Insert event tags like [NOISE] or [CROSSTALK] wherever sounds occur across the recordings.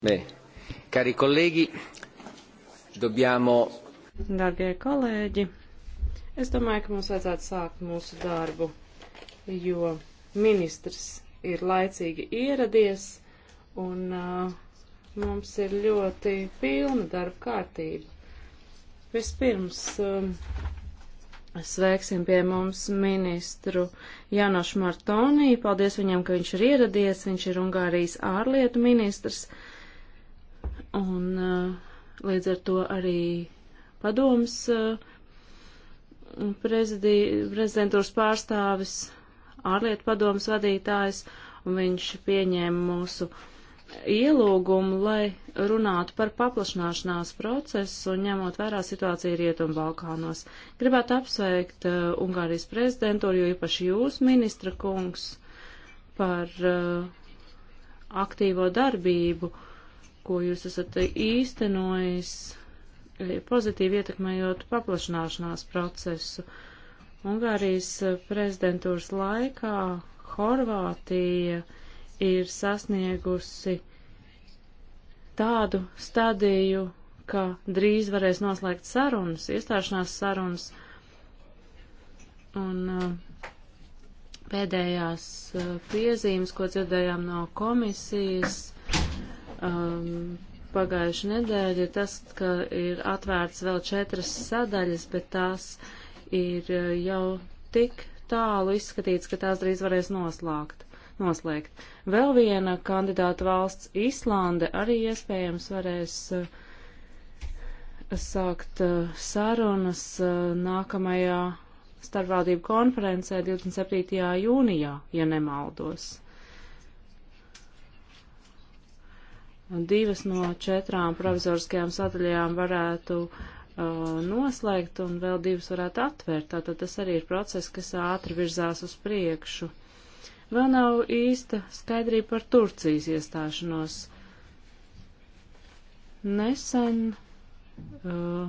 Bene. Cari colleghi, dobbiamo. Dargie kolēģi, es domāju, ka mums vajadzētu sākt mūsu darbu, jo ministrs ir laicīgi ieradies un uh, mums ir ļoti pilna darba kārtība. Vispirms um, sveiksim pie mums ministru Janošu Martonī. Paldies viņam, ka viņš ir ieradies. Viņš ir Ungārijas ārlietu ministrs. Uh, un uh, līdz ar to arī padoms uh, prezidentūras pārstāvis, ārlietu padomas vadītājs, un viņš pieņēma mūsu ielūgumu, lai runātu par paplašināšanās procesu un ņemot vērā situāciju Rietumbalkānos. Gribētu apsveikt uh, Ungārijas prezidentūru, jo īpaši jūs, ministra kungs, par uh, aktīvo darbību uh, ko jūs esat īstenojis, pozitīvi ietekmējot paplašanāšanās procesu. Ungārijas prezidentūras laikā Horvātija ir sasniegusi tādu stadiju, ka drīz varēs noslēgt sarunas, iestāšanās sarunas. Un uh, pēdējās uh, piezīmes, ko dzirdējām no komisijas, um, pagājuši nedēļa, ir tas, ka ir atvērts vēl četras sadaļas, bet tās ir uh, jau tik tālu izskatīts, ka tās drīz varēs noslēgt. Noslēgt. Vēl viena kandidāta valsts - Islande - arī iespējams varēs uh, sākt uh, sarunas uh, nākamajā starpvaldību konferencē 27. jūnijā, ja nemaldos. divas no četrām provizoriskajām sadaļām varētu uh, noslēgt un vēl divas varētu atvērt. Tātad tas arī ir process, kas ātri virzās uz priekšu. Vēl nav īsta skaidrība par Turcijas iestāšanos. Nesen uh, uh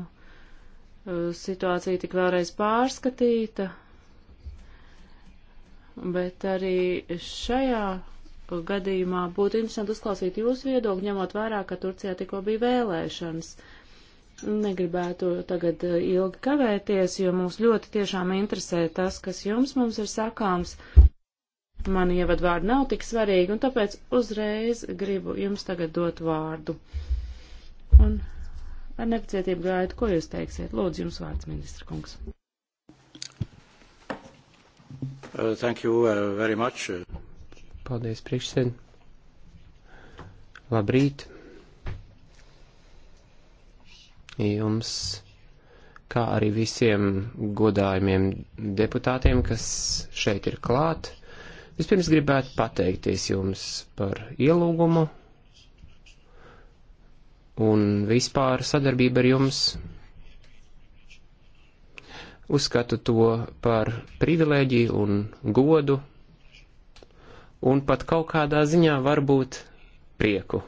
situācija tik vēlreiz pārskatīta, bet arī šajā gadījumā būtu interesanti uzklausīt jūsu viedokli, ņemot vērā, ka Turcijā tikko bija vēlēšanas. Negribētu tagad eh, ilgi kavēties, jo mums ļoti tiešām interesē tas, kas jums mums ir sakāms. Man ievadvārdi nav tik svarīgi, un tāpēc uzreiz gribu jums tagad dot vārdu. Un ar nepacietību gaidu, ko jūs teiksiet. Lūdzu, jums vārds, ministra kungs. Uh, thank you uh, very much. Paldies, priekšsēd. Labrīt. Jums, kā arī visiem godājumiem deputātiem, kas šeit ir klāt, vispirms gribētu pateikties jums par ielūgumu un vispār sadarbību ar jums uzskatu to par privilēģiju un godu un pat kaut kādā ziņā varbūt prieku.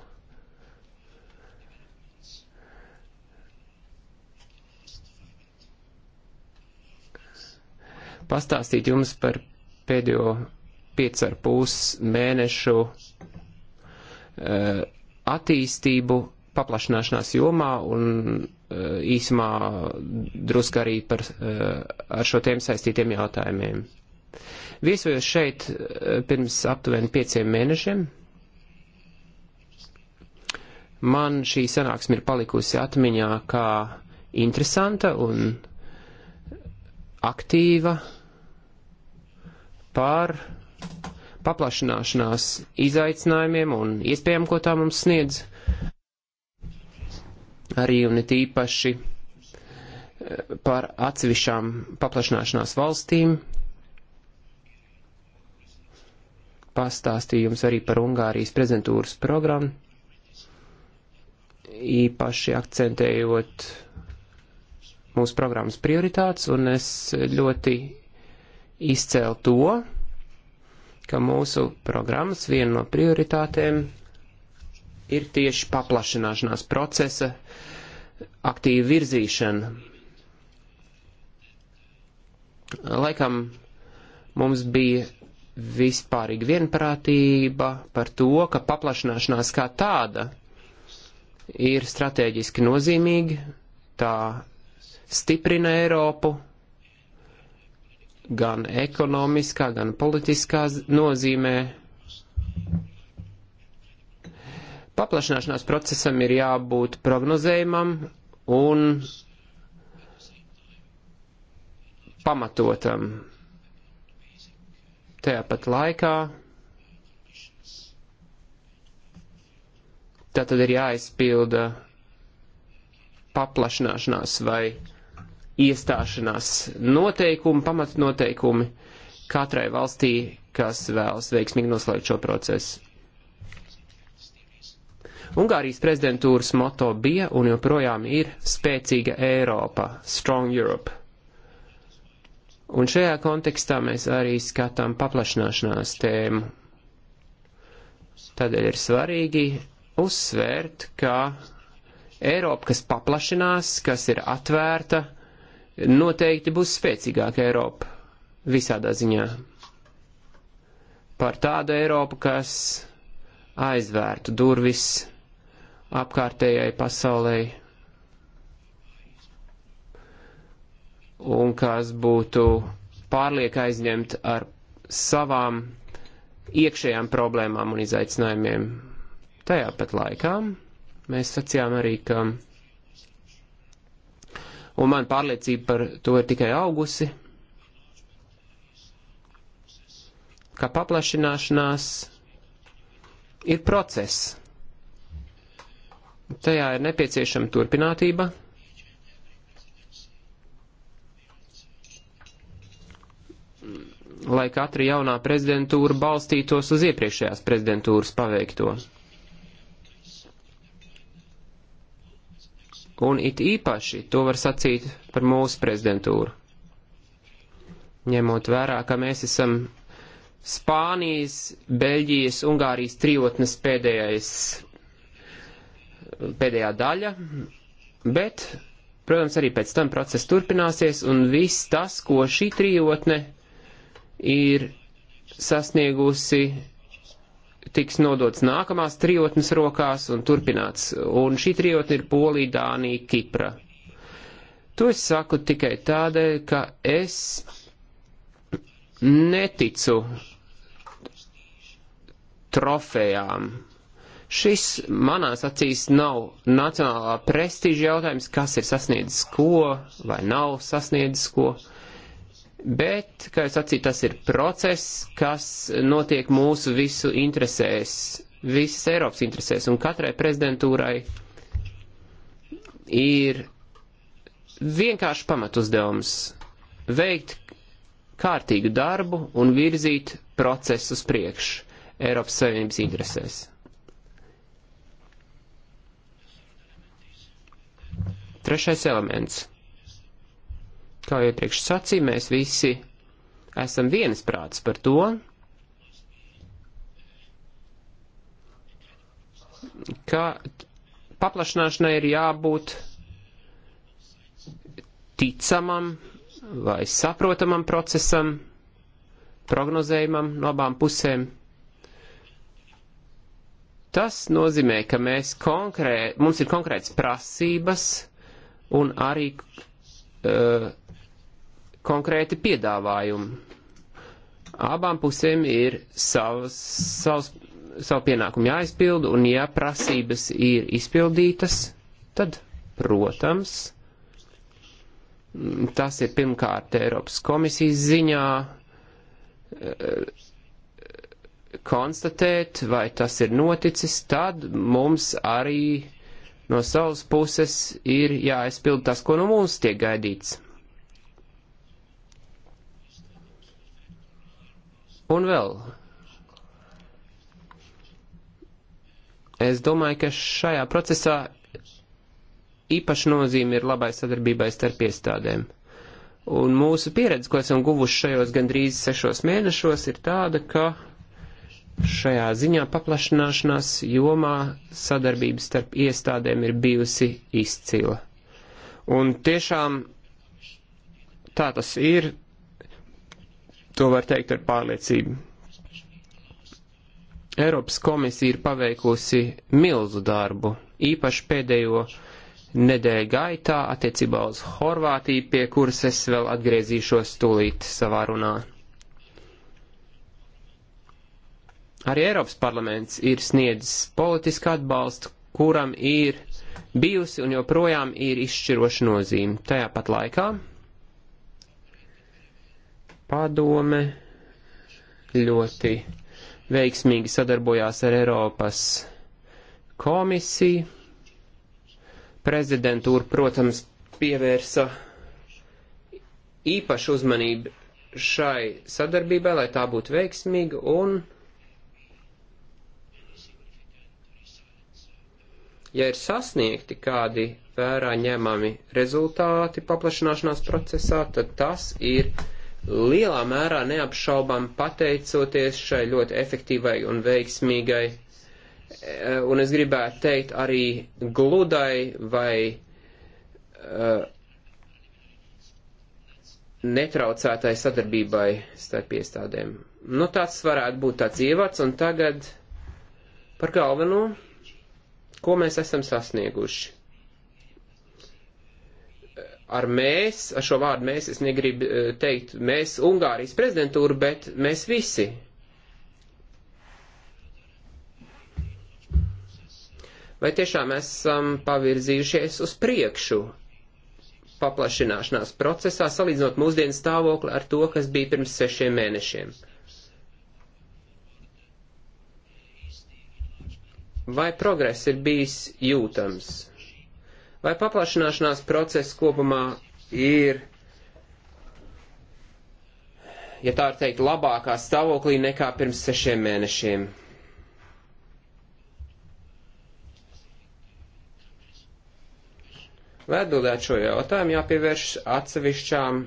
Pastāstīt jums par pēdējo piec ar pūs mēnešu uh, attīstību paplašanāšanās jomā un uh, īsumā drusku arī par uh, ar šo tiem saistītiem jautājumiem. Uh, Viesojos šeit eh, pirms aptuveni pieciem mēnešiem. Man šī sanāksme ir palikusi atmiņā kā interesanta un aktīva par paplašināšanās izaicinājumiem un iespējām, ko tā mums sniedz. Arī un it īpaši eh, par atsevišķām paplašināšanās valstīm, pastāstīju jums arī par Ungārijas prezentūras programmu, īpaši akcentējot mūsu programmas prioritātes, un es ļoti izcēlu to, ka mūsu programmas viena no prioritātēm ir tieši paplašināšanās procesa aktīva virzīšana. Laikam mums bija vispārīga vienprātība par to, ka paplašināšanās kā tāda ir strateģiski nozīmīga, tā stiprina Eiropu gan ekonomiskā, gan politiskā nozīmē. Paplašināšanās procesam ir jābūt prognozējumam un pamatotam Tāpat laikā tā tad ir jāizpilda paplašināšanās vai iestāšanās noteikumi, pamatnoteikumi katrai valstī, kas vēlas veiksmīgi noslēgt šo procesu. Ungārijas prezidentūras moto bija un joprojām ir spēcīga Eiropa, Strong Europe. Un šajā kontekstā mēs arī skatām paplašināšanās tēmu. Tādēļ ir svarīgi uzsvērt, ka Eiropa, kas paplašinās, kas ir atvērta, noteikti būs spēcīgāka Eiropa visādā ziņā. Par tādu Eiropu, kas aizvērtu durvis apkārtējai pasaulei un kas būtu pārliek aizņemt ar savām iekšējām problēmām un izaicinājumiem. Tajā pat laikā mēs sacījām arī, ka, un man pārliecība par to ir tikai augusi, ka paplašināšanās ir process. Tajā ir nepieciešama turpinātība lai katra jaunā prezidentūra balstītos uz iepriekšējās prezidentūras paveikto. Un it īpaši to var sacīt par mūsu prezidentūru. Ņemot vērā, ka mēs esam Spānijas, Beļģijas, Ungārijas trijotnes pēdējais, pēdējā daļa, bet, protams, arī pēc tam process turpināsies un viss tas, ko šī trijotne ir sasniegusi, tiks nodots nākamās trijotnes rokās un turpināts. Un šī trijotne ir Polija, Dānija, Kipra. To es saku tikai tādēļ, ka es neticu trofejām. Šis manās acīs nav nacionālā prestiža jautājums, kas ir sasniedzis ko vai nav sasniedzis ko. Uh, Bet, kā jau sacīju, tas ir process, kas notiek mūsu visu interesēs, visas Eiropas interesēs, un katrai prezidentūrai ir vienkārši pamatuzdevums veikt kārtīgu darbu un virzīt procesu uz priekšu Eiropas Savienības interesēs. Trešais elements. Kā jau iepriekš sacīju, mēs visi esam viensprāts par to, ka paplašināšanai ir jābūt ticamam vai saprotamam procesam, prognozējumam no abām pusēm. Tas nozīmē, ka mēs konkrē, mums ir konkrēts prasības un arī uh, konkrēti piedāvājumi. Abām pusēm ir savs, savs, savu pienākumu jāizpild, un ja prasības ir izpildītas, tad, protams, mm, tas ir pirmkārt Eiropas komisijas ziņā eh, konstatēt, vai tas ir noticis, tad mums arī no savas puses ir jāaizpild tas, ko no mums tiek gaidīts. Un vēl. Es domāju, ka šajā procesā īpaši nozīme ir labai sadarbībai starp iestādēm. Un mūsu pieredze, ko esam guvuši šajos gandrīz sešos mēnešos, ir tāda, ka šajā ziņā paplašināšanās jomā sadarbības starp iestādēm ir bijusi izcila. Un tiešām tā tas ir, To var teikt ar pārliecību. Eiropas komisija ir paveikusi milzu darbu, īpaši pēdējo nedēļu gaitā attiecībā uz Horvātiju, pie kuras es vēl atgriezīšos tūlīt savā runā. Arī Eiropas parlaments ir sniedzis politisku atbalstu, kuram ir bijusi un joprojām ir izšķiroša nozīme. Tajā pat laikā Padome ļoti veiksmīgi sadarbojās ar Eiropas komisiju. Prezidentūra, protams, pievērsa īpašu uzmanību šai sadarbībai, lai tā būtu veiksmīga un, ja ir sasniegti kādi vērā ņemami rezultāti paplašanāšanās procesā, tad tas ir lielā mērā neapšaubām pateicoties šai ļoti efektīvai un veiksmīgai, e, un es gribētu teikt arī gludai vai uh, netraucētai sadarbībai starp iestādēm. Nu, tas varētu būt tāds ievads, un tagad par galveno, ko mēs esam sasnieguši ar mēs, ar šo vārdu mēs, es negribu eh, teikt mēs Ungārijas prezidentūru, bet mēs visi. Vai tiešām esam pavirzījušies uz priekšu paplašināšanās procesā, salīdzinot mūsdienu stāvokli ar to, kas bija pirms sešiem mēnešiem? Vai progress ir bijis jūtams? Vai paplašināšanās process kopumā ir, ja tā var teikt, labākā stāvoklī nekā pirms sešiem mēnešiem? Lai atbildētu šo jautājumu, jāpievērš atsevišķām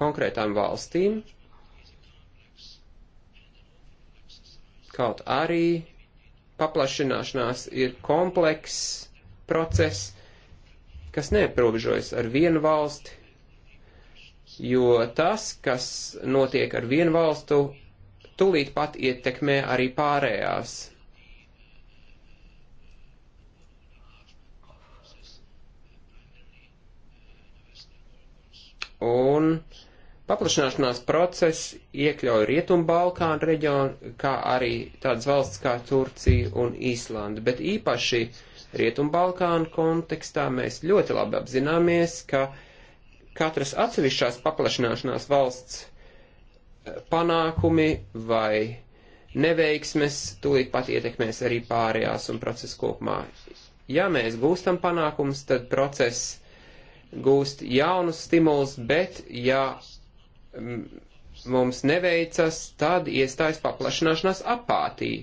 konkrētām valstīm, kaut arī paplašināšanās ir komplekss process, kas neaprobežojas ar vienu valsti, jo tas, kas notiek ar vienu valstu, tūlīt pat ietekmē arī pārējās. Un paplašināšanās process iekļauj Rietumbalkānu reģionu, kā arī tādas valsts kā Turcija un Īslanda, bet īpaši uh, Rietumbalkānu kontekstā mēs ļoti labi apzināmies, ka katras atsevišķās paplašināšanās valsts eh, panākumi vai neveiksmes tūlīt pat ietekmēs arī pārējās un procesu kopumā. Ja mēs gūstam panākumus, tad process gūst jaunus stimulus, bet ja mm, mums neveicas, tad iestājas paplašināšanās apātī.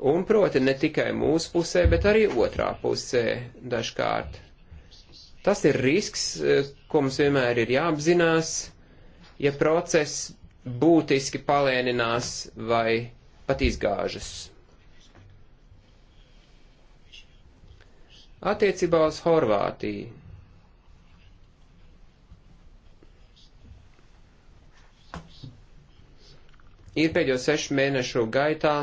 Un proti ne tikai mūsu pusē, bet arī otrā pusē dažkārt. Tas ir risks, e, ko mums vienmēr ir jāapzinās, ja process būtiski palēninās vai pat izgāžas. Attiecībā uz Horvātiju. Ir pēdējo sešu mēnešu gaitā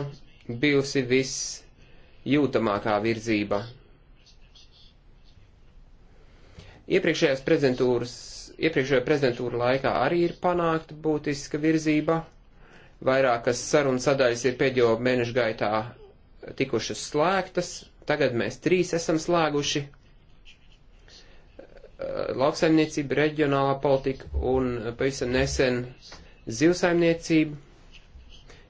bijusi visjūtamākā virzība. Iepriekšējās prezentūras, iepriekšējā prezentūra laikā arī ir panākta būtiska virzība. Vairākas sarunu sadaļas ir pēdējo mēnešu gaitā tikušas slēgtas, tagad mēs trīs esam slēguši eh, - lauksaimniecība, reģionālā politika un pavisam nesen zivsaimniecība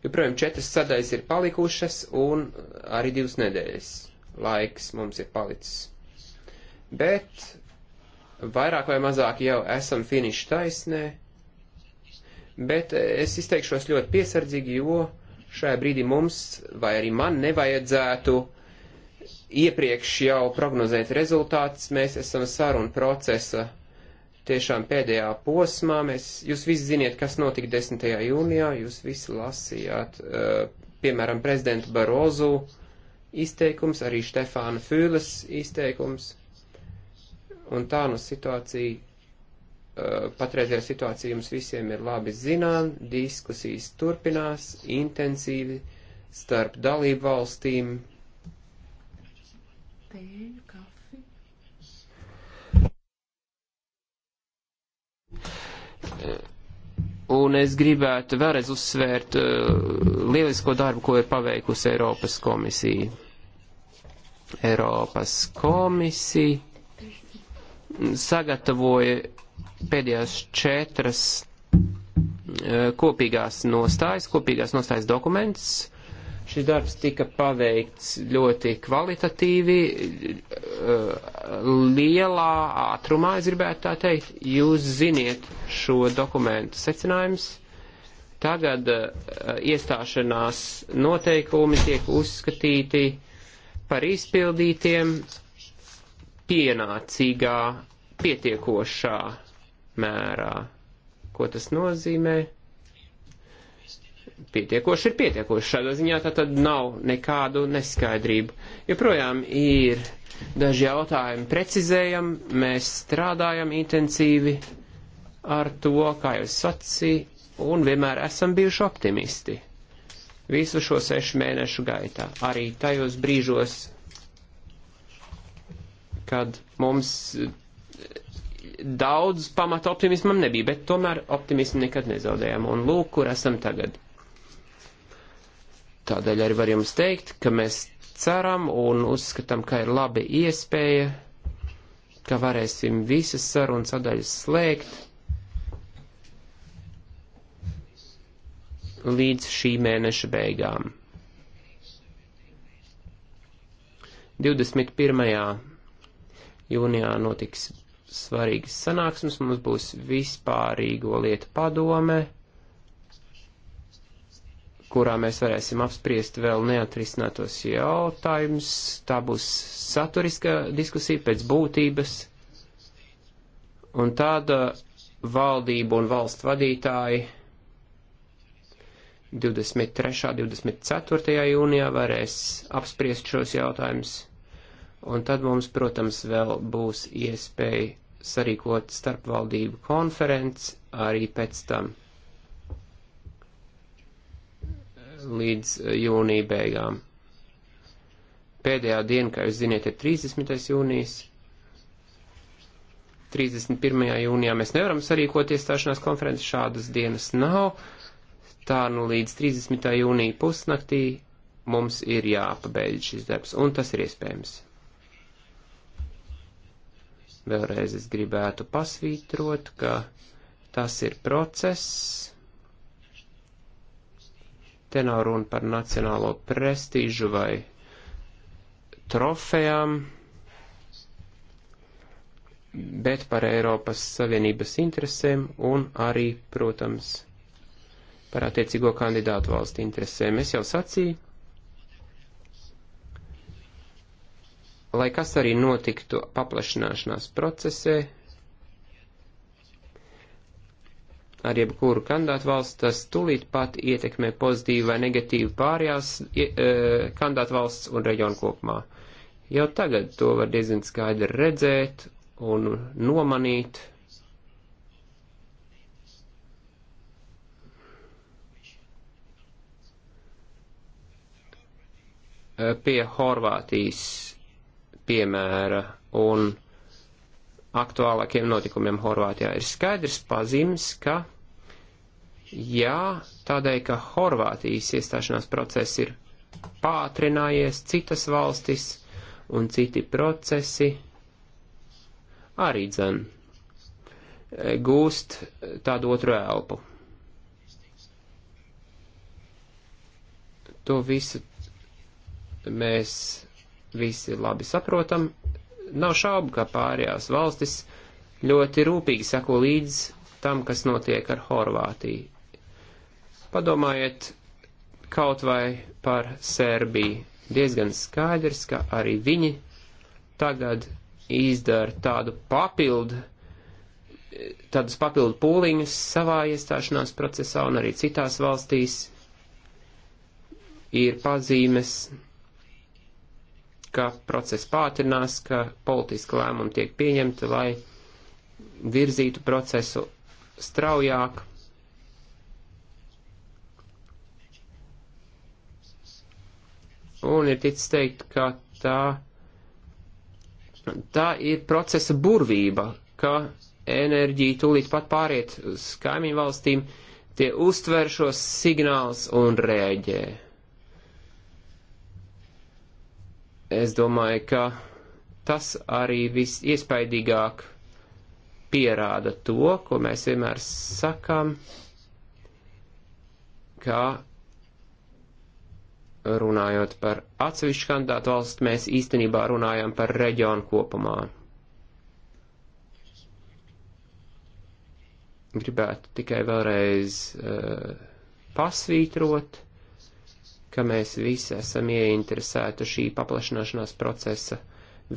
Joprojām četras sadaļas ir palikušas un arī divas nedēļas laiks mums ir palicis. Bet vairāk vai mazāk jau esam finiši taisnē, bet es izteikšos ļoti piesardzīgi, jo šajā brīdī mums vai arī man nevajadzētu iepriekš jau prognozēt rezultātus. Mēs esam saruna procesa tiešām pēdējā posmā. Mēs, jūs visi ziniet, kas notika 10. jūnijā, jūs visi lasījāt, eh, piemēram, prezidenta Barozu izteikums, arī Štefāna Fūles izteikums. Un tā nu situācija, eh, patreizējā situācija jums visiem ir labi zinām, diskusijas turpinās intensīvi starp dalību valstīm. Tēļ. Eh, un es gribētu vēlreiz uzsvērt uh, lielisko darbu, ko ir paveikusi Eiropas komisija. Eiropas komisija sagatavoja pēdējās četras uh, kopīgās nostājas, kopīgās nostājas dokuments, Šis darbs tika paveikts ļoti kvalitatīvi, uh, lielā ātrumā, es gribētu tā teikt. Jūs ziniet šo dokumentu secinājumus. Tagad uh, iestāšanās noteikumi tiek uzskatīti par izpildītiem pienācīgā, pietiekošā mērā. Ko tas nozīmē? pietiekoši ir pietiekoši. Šādā ziņā tā tad nav nekādu neskaidrību. Joprojām ir daži jautājumi precizējam, mēs strādājam intensīvi ar to, kā jau es sacīju, un vienmēr esam bijuši optimisti. Visu šo sešu mēnešu gaitā, arī tajos brīžos, kad mums daudz pamata optimismam nebija, bet tomēr optimismu nekad nezaudējām. Un lūk, kur esam tagad. Tādēļ arī var jums teikt, ka mēs ceram un uzskatām, ka ir labi iespēja, ka varēsim visas sarunas sadaļas slēgt līdz šī mēneša beigām. 21. jūnijā notiks svarīgas sanāksmes, mums būs vispārīgo lietu padome kurā mēs varēsim apspriest vēl neatrisinātos jautājumus. Tā būs saturiska diskusija pēc būtības. Un tāda valdība un valsts vadītāji 23. un 24. jūnijā varēs apspriest šos jautājumus, un tad mums, protams, vēl būs iespēja sarīkot starpvaldību konferenci arī pēc tam. līdz eh, jūnija beigām. Pēdējā diena, kā jūs ziniet, ir 30. jūnijas. 31. jūnijā mēs nevaram sarīkot iestāšanās konferences, šādas dienas nav. Tā nu līdz 30. jūnija pusnaktī mums ir jāpabeidz šis darbs, un tas ir iespējams. Vēlreiz es gribētu pasvītrot, ka tas ir process, Te nav runa par nacionālo prestīžu vai trofejām, bet par Eiropas Savienības interesēm un arī, protams, par attiecīgo kandidātu valstu interesēm. Es jau sacīju, lai kas arī notiktu paplašināšanās procesē, ar jebkuru kandidātu valsts, tas tulīt pat ietekmē pozitīvi vai negatīvi pārējās e, kandidātu valsts un reģionu kopumā. Jau tagad to var diezgan skaidri redzēt un nomanīt. E, pie Horvātijas piemēra un aktuālākiem notikumiem Horvātijā. Ir skaidrs pazīmes, ka jā, tādēļ, ka Horvātijas iestāšanās process ir pātrinājies, citas valstis un citi procesi arī dzen e, gūst tādu otru elpu. To visu mēs visi labi saprotam, Nav šaubu, ka pārējās valstis ļoti rūpīgi sako līdz tam, kas notiek ar Horvātiju. Padomājiet kaut vai par Serbiju. Diezgan skaidrs, ka arī viņi tagad izdara tādu papildu, tādus papildu pūliņus savā iestāšanās procesā un arī citās valstīs ir pazīmes ka process pātrinās, ka politiska lēmuma tiek pieņemta, lai virzītu procesu straujāk. Un ir ticis teikt, ka tā, tā ir procesa burvība, ka enerģija tūlīt pat pāriet uz kaimiņu valstīm, tie uztver šos signālus un rēģē. es domāju, ka tas arī visiespaidīgāk pierāda to, ko mēs vienmēr sakām, ka runājot par atsevišķu kandidātu valsts, mēs īstenībā runājam par reģionu kopumā. Gribētu tikai vēlreiz uh, pasvītrot ka mēs visi esam ieinteresēti šī paplašināšanās procesa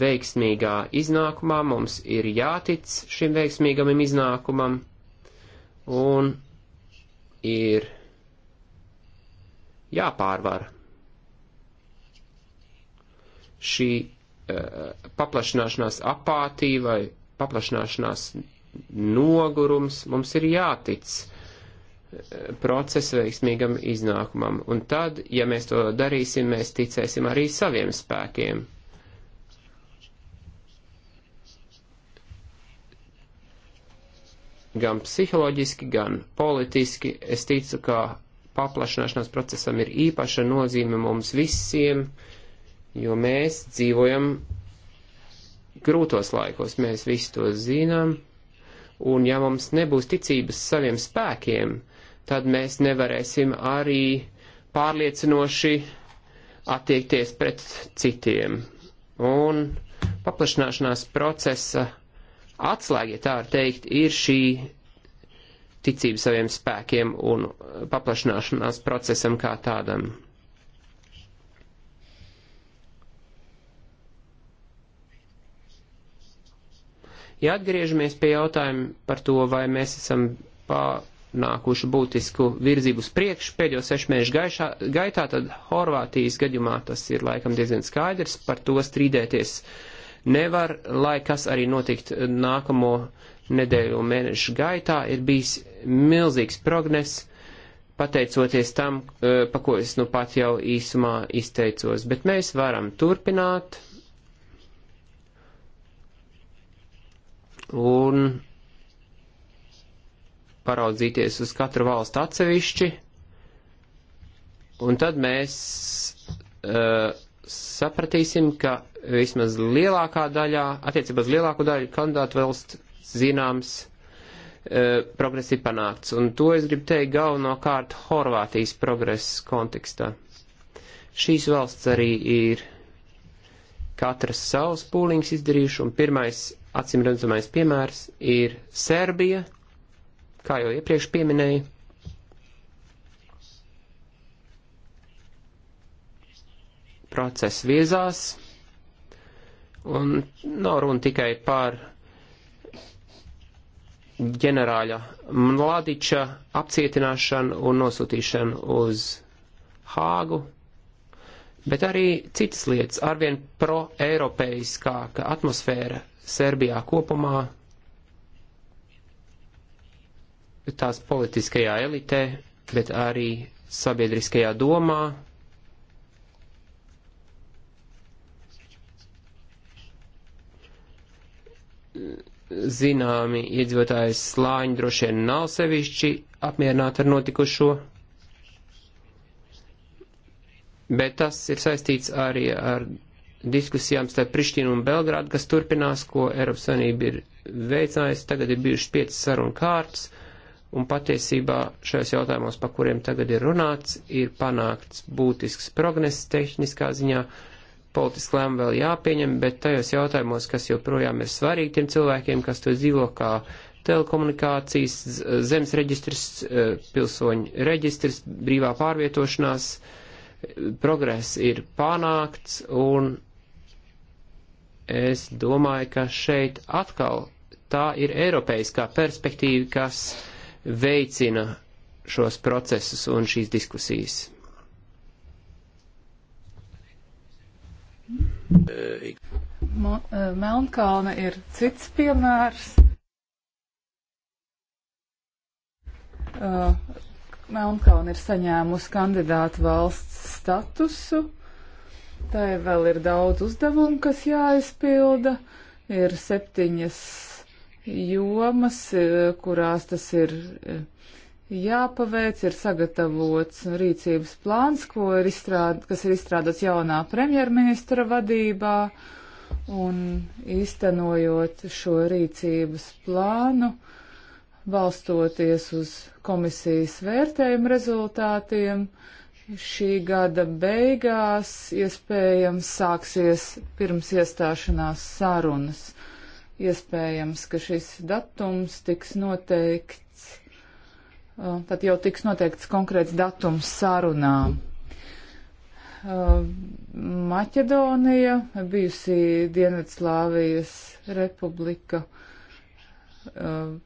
veiksmīgā iznākumā, mums ir jātic šim veiksmīgam iznākumam un ir jāpārvar šī uh, paplašināšanās apātī vai paplašināšanās nogurums, mums ir jātic uh, procesa veiksmīgam iznākumam. Un tad, ja mēs to darīsim, mēs ticēsim arī saviem spēkiem. Gan psiholoģiski, gan politiski es ticu, ka paplašināšanās procesam ir īpaša nozīme mums visiem, jo mēs dzīvojam grūtos laikos, mēs visi to zinām, un ja mums nebūs ticības saviem spēkiem, tad mēs nevarēsim arī pārliecinoši attiekties pret citiem. Un paplašanāšanās procesa atslēga, ja tā var teikt, ir šī ticība saviem spēkiem un paplašanāšanās procesam kā tādam. Ja atgriežamies pie jautājuma par to, vai mēs esam pā, panākuši būtisku virzību uz priekšu pēdējo sešu mēnešu gaišā, gaitā, tad Horvātijas gadījumā tas ir laikam diezgan skaidrs, par to strīdēties nevar, lai kas arī notikt nākamo nedēļu un mēnešu gaitā, ir bijis milzīgs progress, pateicoties tam, eh, pa ko es nu pat jau īsumā izteicos, bet mēs varam turpināt. Un paraudzīties uz katru valstu atsevišķi, un tad mēs uh, sapratīsim, ka vismaz lielākā daļā, attiecībā uz lielāko daļu kandidātu valsts zināms uh, progress ir panākts, un to es gribu teikt galvenokārt Horvātijas progress kontekstā. Šīs valsts arī ir katras savas pūliņas izdarījuši, un pirmais acīmredzamais piemērs ir Serbija, kā jau iepriekš pieminēju. Process viezās, un nav runa tikai par ģenerāļa Mladiča apcietināšanu un nosūtīšanu uz Hāgu, bet arī citas lietas, arvien pro-eiropeiskāka atmosfēra Serbijā kopumā tās politiskajā elitē, bet arī sabiedriskajā domā. Zināmi iedzīvotāji slāņi droši vien nav sevišķi apmierināti ar notikušo, bet tas ir saistīts arī ar diskusijām starp Prištinu un Belgrādu, kas turpinās, ko Eiropas Savienība ir veicinājusi. Tagad ir bijušas piecas sarunu kārtas. Uh, un patiesībā šajos jautājumos, pa kuriem tagad ir runāts, ir panākts būtisks progress tehniskā ziņā, politiski lēma vēl jāpieņem, bet tajos jautājumos, kas joprojām ir svarīgi tiem cilvēkiem, kas to dzīvo kā telekomunikācijas, zemes reģistrs, eh, pilsoņu reģistrs, brīvā pārvietošanās, progress ir panākts un es domāju, ka šeit atkal tā ir eiropeiskā perspektīva, kas veicina šos procesus un šīs diskusijas. Eh, Melnkalne ir cits piemērs. Eh, Melnkalna ir saņēmusi kandidātu valsts statusu. Tai vēl ir daudz uzdevumu, kas jāizpilda. Ir septiņas jomas, e, kurās tas ir e, jāpaveic, ir sagatavots rīcības plāns, ir izstrād, kas ir izstrādāts jaunā premjerministra vadībā. Un īstenojot šo rīcības plānu, balstoties uz komisijas vērtējumu rezultātiem, šī gada beigās iespējams sāksies pirms iestāšanās sarunas Iespējams, ka šis datums tiks noteikts, uh, tad jau tiks noteikts konkrēts datums sarunām. Uh, Maķedonija, bijusi Dienvidslāvijas republika, uh,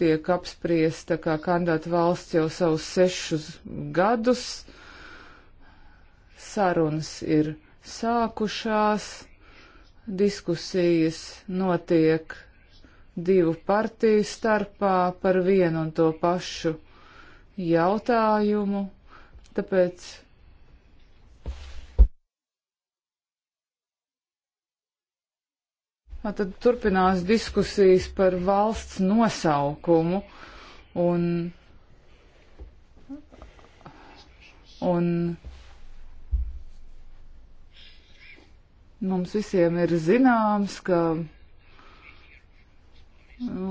tiek apspriesta kā kandidāta valsts jau savus sešus gadus. Sarunas ir sākušās diskusijas notiek divu partiju starpā par vienu un to pašu jautājumu, tāpēc. Tad turpinās diskusijas par valsts nosaukumu un, un Mums visiem ir zināms, ka nu,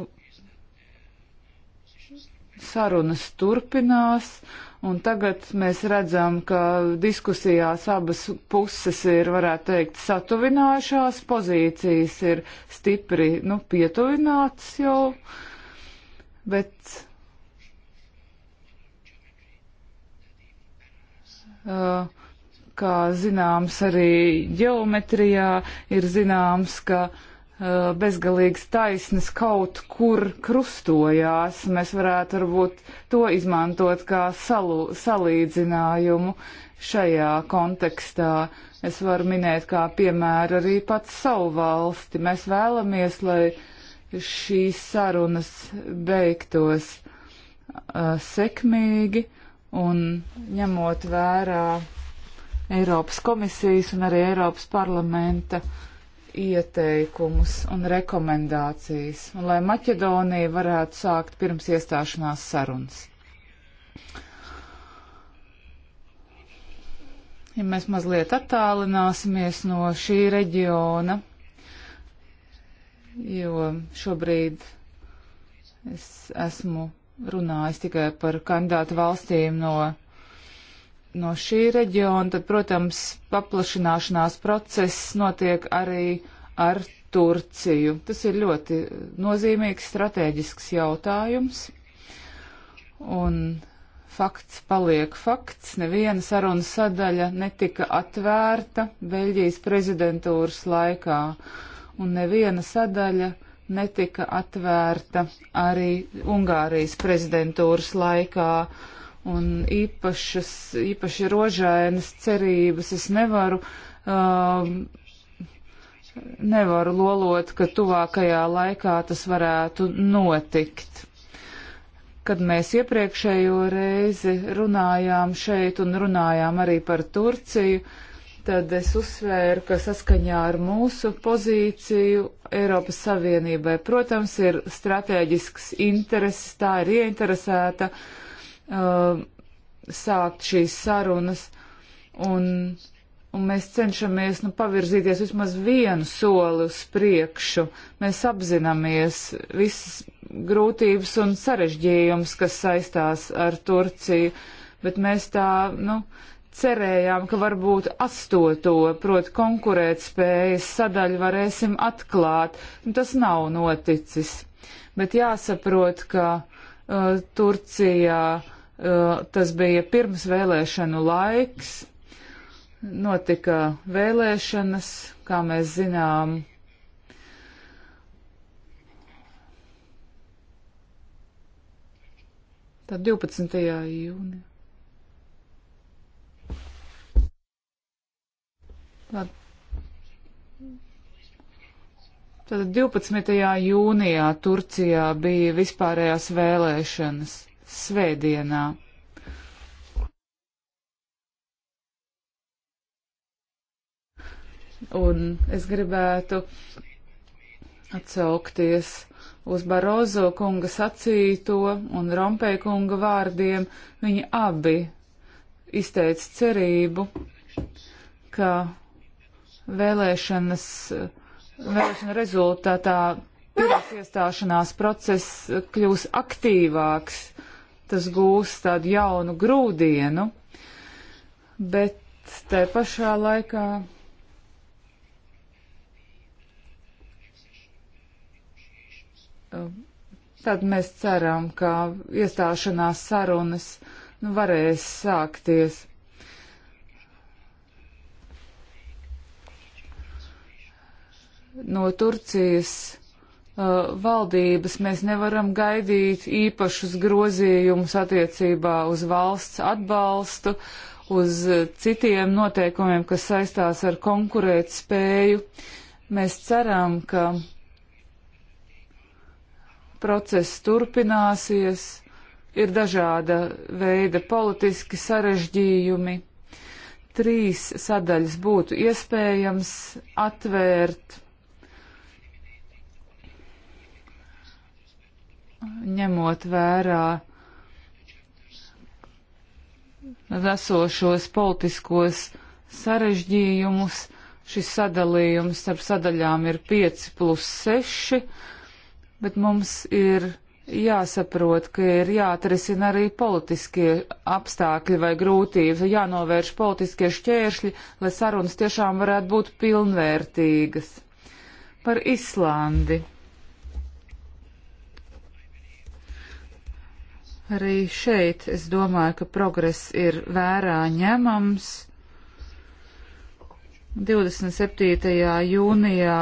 sarunas turpinās, un tagad mēs redzam, ka diskusijās abas puses ir, varētu teikt, satuvinājušās, pozīcijas ir stipri, nu, pietuvināts jau, bet. Uh, kā zināms arī ģeometrijā, ir zināms, ka uh, bezgalīgs taisnes kaut kur krustojās. Mēs varētu varbūt to izmantot kā salu, salīdzinājumu šajā kontekstā. Es varu minēt kā piemēru arī pats savu valsti. Mēs vēlamies, lai šīs sarunas beigtos uh, sekmīgi un ņemot vērā Eiropas komisijas un arī Eiropas parlamenta ieteikumus un rekomendācijas, un lai Maķedonija varētu sākt pirms iestāšanās sarunas. Ja mēs mazliet attālināsimies no šī reģiona, jo šobrīd es esmu runājis tikai par kandidātu valstīm no no šī reģiona, tad, protams, paplašināšanās process notiek arī ar Turciju. Tas ir ļoti nozīmīgs strateģisks jautājums. Un fakts paliek fakts. Neviena saruna sadaļa netika atvērta Beļģijas prezidentūras laikā. Un neviena sadaļa netika atvērta arī Ungārijas prezidentūras laikā. Uh, un īpašas, īpaši rožainas cerības es nevaru. Um, Nevaru lolot, ka tuvākajā laikā tas varētu notikt kad mēs iepriekšējo reizi runājām šeit un runājām arī par Turciju, tad es uzsvēru, ka saskaņā ar mūsu pozīciju Eiropas Savienībai, protams, ir strateģisks intereses, tā ir ieinteresēta uh, sākt šīs sarunas, un, un mēs cenšamies nu, pavirzīties vismaz vienu soli uz priekšu. Mēs apzināmies visas grūtības un sarežģījums, kas saistās ar Turciju, bet mēs tā, nu, cerējām, ka varbūt astoto, proti konkurētspējas sadaļu varēsim atklāt. Nu, tas nav noticis. Bet jāsaprot, ka uh, Turcijā uh, Eh, tas bija pirms vēlēšanu laiks, notika vēlēšanas, kā mēs zinām. Tad 12. jūnijā. Tad 12. jūnijā Turcijā bija vispārējās vēlēšanas svētdienā. Un es gribētu atsaukties uz Barozo kunga sacīto un Rompē kunga vārdiem. Viņi abi izteica cerību, ka vēlēšanas, vēlēšana rezultātā pirms iestāšanās process kļūs aktīvāks tas gūst tādu jaunu grūdienu, bet te pašā laikā. Tad mēs ceram, ka iestāšanās sarunas nu, varēs sākties. No Turcijas Uh, valdības mēs nevaram gaidīt īpašus grozījumus attiecībā uz valsts atbalstu, uz citiem noteikumiem, kas saistās ar konkurēt spēju. Mēs ceram, ka process turpināsies, ir dažāda veida politiski sarežģījumi. Trīs sadaļas būtu iespējams atvērt ņemot vērā esošos politiskos sarežģījumus. Šis sadalījums starp sadaļām ir 5 plus 6, bet mums ir jāsaprot, ka ir jāatrisina arī politiskie apstākļi vai grūtības, jānovērš politiskie šķēršļi, lai sarunas tiešām varētu būt pilnvērtīgas. Par Islandi. Arī šeit es domāju, ka progress ir vērā ņemams. 27. jūnijā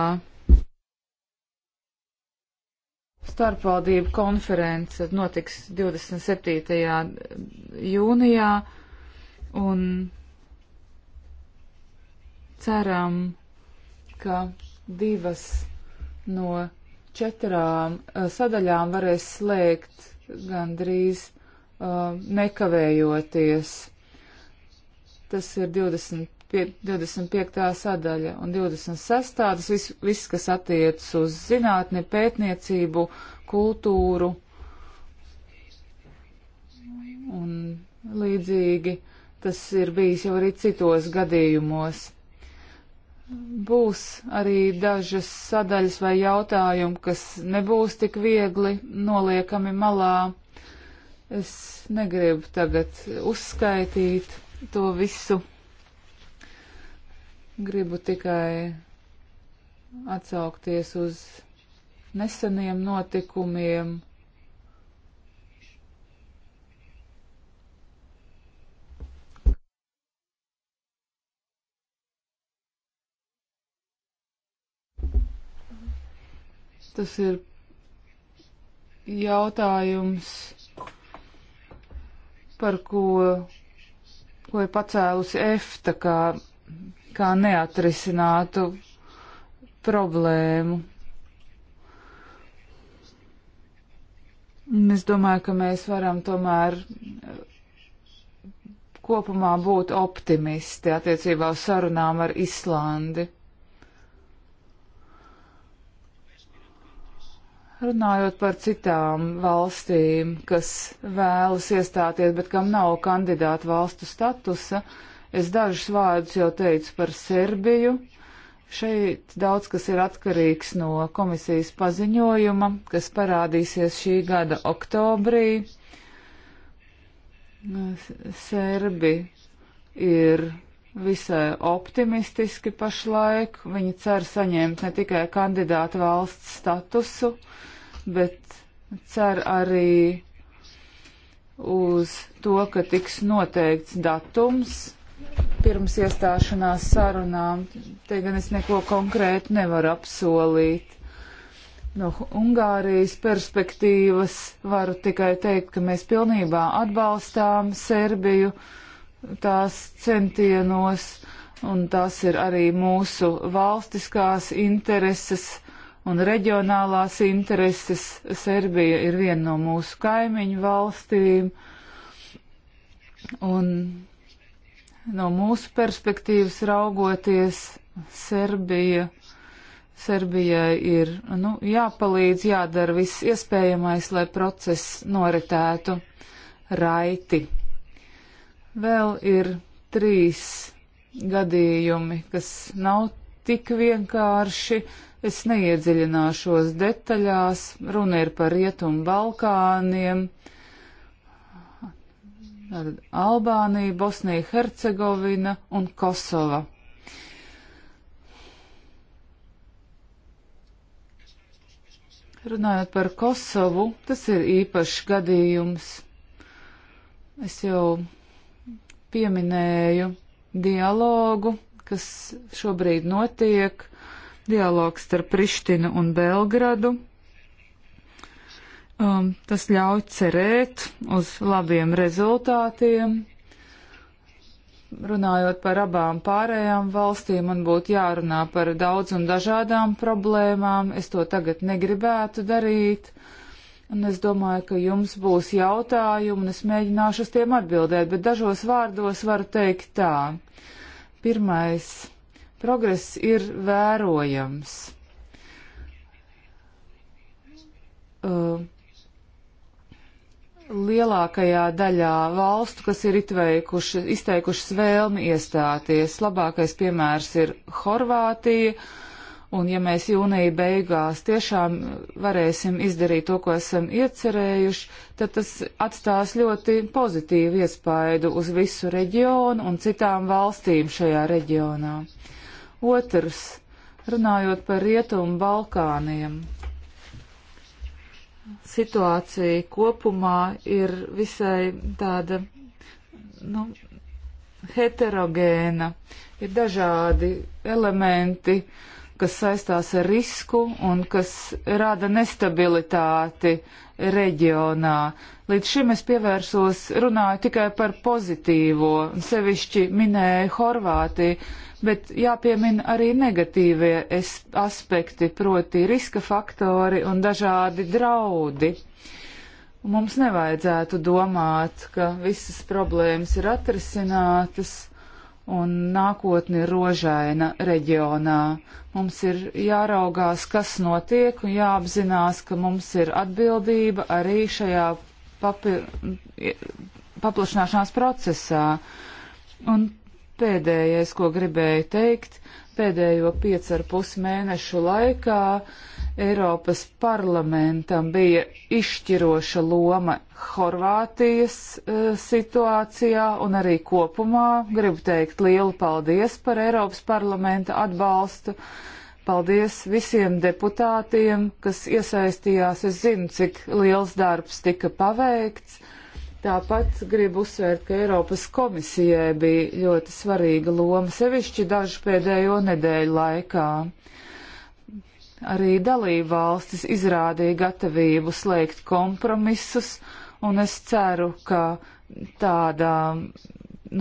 starpvaldību konference notiks 27. jūnijā un ceram, ka divas no četrām sadaļām varēs slēgt gandrīz uh, nekavējoties. Tas ir 20, 25. sadaļa un 26. tas viss, vis, kas attiecas uz zinātni, pētniecību, kultūru un līdzīgi tas ir bijis jau arī citos gadījumos būs arī dažas sadaļas vai jautājumi, kas nebūs tik viegli noliekami malā. Es negribu tagad uzskaitīt to visu. Gribu tikai atsaukties uz neseniem notikumiem Tas ir jautājums, par ko, ko ir pacēlusi EFTA, kā, kā neatrisinātu problēmu. Es domāju, ka mēs varam tomēr kopumā būt optimisti attiecībā uz sarunām ar Islandi. Runājot par citām valstīm, kas vēlas iestāties, bet kam nav kandidātu valstu statusa, es dažus vārdus jau teicu par Serbiju. Šeit daudz kas ir atkarīgs no komisijas paziņojuma, kas parādīsies šī gada oktobrī. Serbi ir visai optimistiski pašlaik. Viņi cer saņemt ne tikai kandidātu valsts statusu, uh, bet cer arī uz to, ka tiks noteikts datums pirms iestāšanās sarunām. Te gan es neko konkrētu nevaru apsolīt. No Ungārijas perspektīvas varu tikai teikt, ka mēs pilnībā atbalstām Serbiju tās centienos, un tas ir arī mūsu valstiskās intereses un reģionālās intereses. Serbija ir viena no mūsu kaimiņu valstīm, un no mūsu perspektīvas raugoties, Serbija, Serbijai ir nu, jāpalīdz, jādara viss iespējamais, lai process noritētu raiti. Vēl ir trīs gadījumi, kas nav tik vienkārši, Es neiedziļināšos detaļās, runa ir par Rietumu Balkāniem, Albāniju, Bosniju, Hercegovina un Kosova. Runājot par Kosovu, tas ir īpašs gadījums. Es jau pieminēju dialogu, kas šobrīd notiek dialogs starp Prištinu un Belgradu. Um, tas ļauj cerēt uz labiem rezultātiem. Runājot par abām pārējām valstīm, man būtu jārunā par daudz un dažādām problēmām. Es to tagad negribētu darīt. Un es domāju, ka jums būs jautājumi, un es mēģināšu uz tiem atbildēt, bet dažos vārdos varu teikt tā. Pirmais progress ir vērojams. Uh, lielākajā daļā valstu, kas ir itveikuši, izteikušas vēlmi iestāties. Labākais piemērs ir Horvātija, un ja mēs jūnija beigās tiešām varēsim izdarīt to, ko esam iecerējuši, tad tas atstās ļoti pozitīvu iespaidu uz visu reģionu un citām valstīm šajā reģionā. Uh, Otrs, runājot par Rietumu Balkāniem, situācija kopumā ir visai tāda, nu, heterogēna. Ir dažādi elementi, kas saistās ar risku un kas rada nestabilitāti reģionā. Līdz šim es pievērsos, runāju tikai par pozitīvo, un sevišķi minēju Horvātiju, bet jāpiemina arī negatīvie aspekti, proti riska faktori un dažādi draudi. Mums nevajadzētu domāt, ka visas problēmas ir atrisinātas un nākotni rožaina reģionā. Mums ir jāraugās, kas notiek un jāapzinās, ka mums ir atbildība arī šajā papir... paplašināšanās procesā. Un pēdējais, ko gribēju teikt, pēdējo piecu ar pus mēnešu laikā Eiropas parlamentam bija izšķiroša loma Horvātijas uh, situācijā un arī kopumā. Gribu teikt lielu paldies par Eiropas parlamenta atbalstu. Paldies visiem deputātiem, kas iesaistījās. Es zinu, cik liels darbs tika paveikts. Tāpat gribu uzsvērt, ka Eiropas komisijai bija ļoti svarīga loma, sevišķi dažu pēdējo nedēļu laikā. Uh, Arī dalība valstis izrādīja gatavību slēgt kompromisus, un es ceru, ka tāda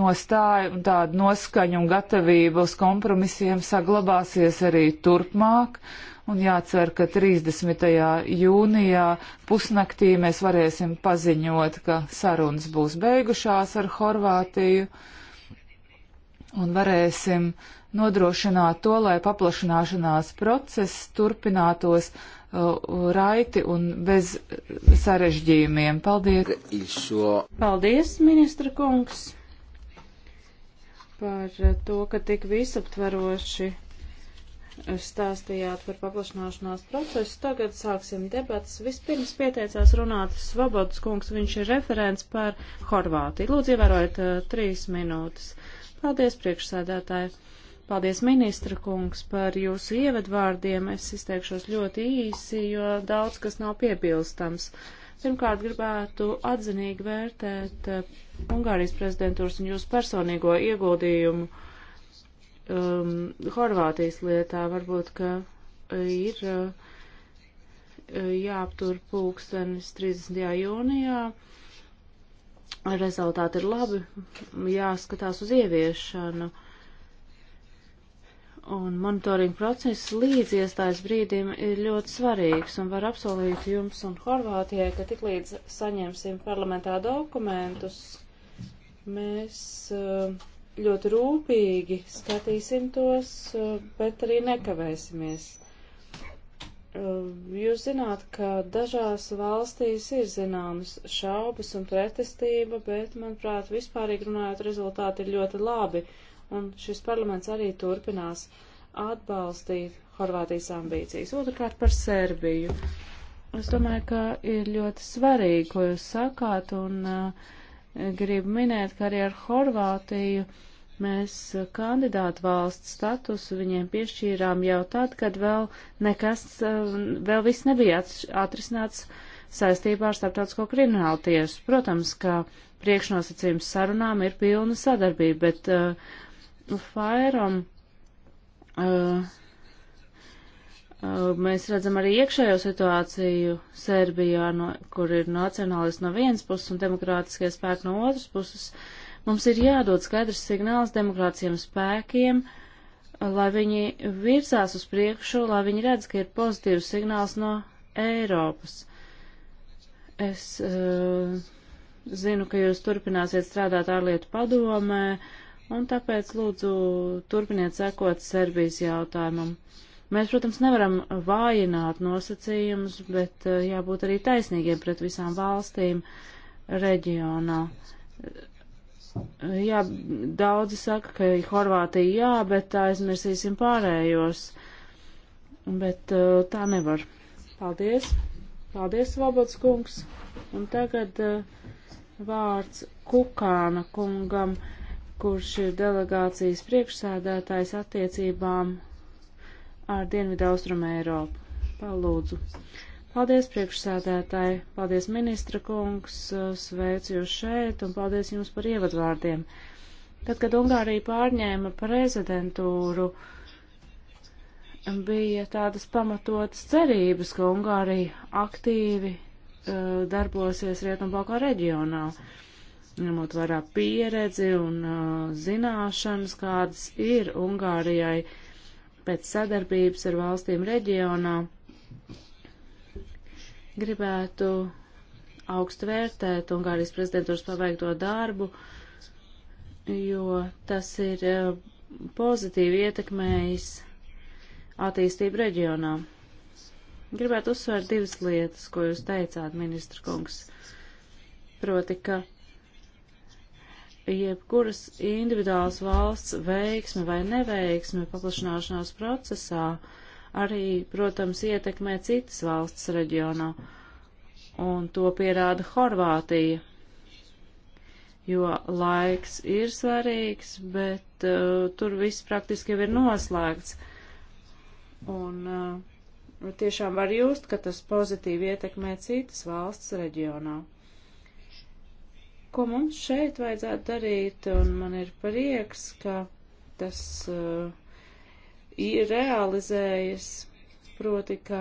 nostāja un tāda noskaņa un gatavība uz kompromisiem saglabāsies arī turpmāk. Un jācer, ka 30. jūnijā pusnaktī mēs varēsim paziņot, ka sarunas būs beigušās ar Horvātiju un varēsim uh, nodrošināt to, lai paplašanāšanās process turpinātos uh, raiti un bez sarežģījumiem. Paldies! Paldies, ministra kungs, par to, ka tik visaptveroši stāstījāt par paplašanāšanās procesu. Tagad sāksim debatas. Vispirms pieteicās runāt Svobodas kungs, viņš ir referents par Horvātiju. Lūdzu, ievērojiet uh, trīs minūtes. Paldies, priekšsēdētāji! Paldies, ministra kungs, par jūsu ievedvārdiem. Es izteikšos ļoti īsi, jo daudz kas nav piebilstams. Pirmkārt, gribētu atzinīgi vērtēt eh, Ungārijas prezidentūras un jūsu personīgo ieguldījumu um, Horvātijas lietā. Varbūt, ka ir uh, jāaptur pulkstenis 30. jūnijā. Rezultāti ir labi, jāskatās uz ieviešanu. Uh, Un monitoringa process līdz iestājas brīdim ir ļoti svarīgs un var apsolīt jums un Horvātijai, ka tik līdz saņemsim parlamentā dokumentus, mēs eh, ļoti rūpīgi skatīsim tos, eh, bet arī nekavēsimies. Eh, jūs zināt, ka dažās valstīs ir zināmas šaubas un pretestība, bet, manuprāt, vispārīgi runājot, rezultāti ir ļoti labi. Uh, un šis parlaments arī turpinās atbalstīt Horvātijas ambīcijas. Otrakārt par Serbiju. Es domāju, ka ir ļoti svarīgi, ko jūs sakāt, un uh, gribu minēt, ka arī ar Horvātiju mēs eh, kandidātu valsts statusu viņiem piešķīrām jau tad, kad vēl nekas, uh, vēl viss nebija atrisināts saistībā ar starptautisko kriminālu tiesu. Protams, ka priekšnosacījums sarunām ir pilna sadarbība, bet uh, Fairam uh, uh, mēs redzam arī iekšējo situāciju Serbijā, no, kur ir nacionālisti no vienas puses un demokrātiskie spēki no otras puses. Mums ir jādod skaidrs signāls demokrātiskiem spēkiem, lai viņi virzās uz priekšu, lai viņi redz, ka ir pozitīvs signāls no Eiropas. Es uh, zinu, ka jūs turpināsiet strādāt ārlietu padomē un tāpēc lūdzu turpiniet sekot Serbijas jautājumam. Mēs, protams, nevaram vājināt nosacījumus, bet eh, jābūt arī taisnīgiem pret visām valstīm reģionā. Jā, daudzi saka, ka Horvātija jā, bet aizmirsīsim pārējos. Bet eh, tā nevar. Paldies! Paldies, Vabats kungs! Un tagad eh, vārds Kukāna kungam kurš ir delegācijas priekšsēdētājs attiecībām ar Dienvidaustrumu Eiropu. Palūdzu. Paldies priekšsēdētāji, paldies ministra kungs, sveicu jūs šeit un paldies jums par ievadvārdiem. Tad, kad Ungārija pārņēma prezidentūru, bija tādas pamatotas cerības, ka Ungārija aktīvi uh, darbosies Rietumbalkā reģionā. Uh, ņemot vērā pieredzi un uh, zināšanas, kādas ir Ungārijai pēc sadarbības ar valstīm reģionā, gribētu augstu vērtēt Ungārijas prezidentūras paveikto darbu, jo tas ir uh, pozitīvi ietekmējis attīstību reģionā. Gribētu uzsvērt divas lietas, ko jūs teicāt, ministra kungs. Proti, ka jebkuras individuālas valsts veiksme vai neveiksme paplašanāšanās procesā arī, protams, ietekmē citas valsts reģionā, un to pierāda Horvātija, jo laiks ir svarīgs, bet uh, tur viss praktiski jau ir noslēgts, un uh, tiešām var just, ka tas pozitīvi ietekmē citas valsts reģionā. Ko mums šeit vajadzētu darīt, un man ir prieks, ka tas uh, ir realizējies, proti, ka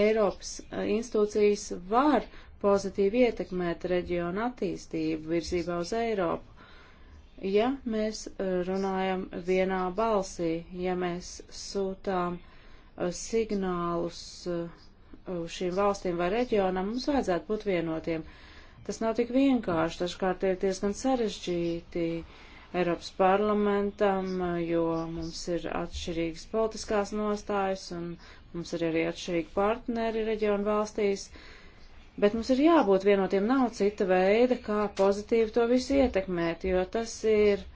Eiropas uh, institūcijas var pozitīvi ietekmēt reģionu attīstību virzībā uz Eiropu. Ja mēs uh, runājam vienā balsī, ja mēs sūtām uh, signālus šīm valstīm vai reģionam, mums vajadzētu būt vienotiem. Uh, Tas nav tik vienkārši, dažkārt ir diezgan sarežģīti Eiropas parlamentam, jo mums ir atšķirīgas politiskās nostājas un mums ir arī atšķirīgi partneri reģionu valstīs. Bet mums ir jābūt vienotiem, nav cita veida, kā pozitīvi to visu ietekmēt, jo tas ir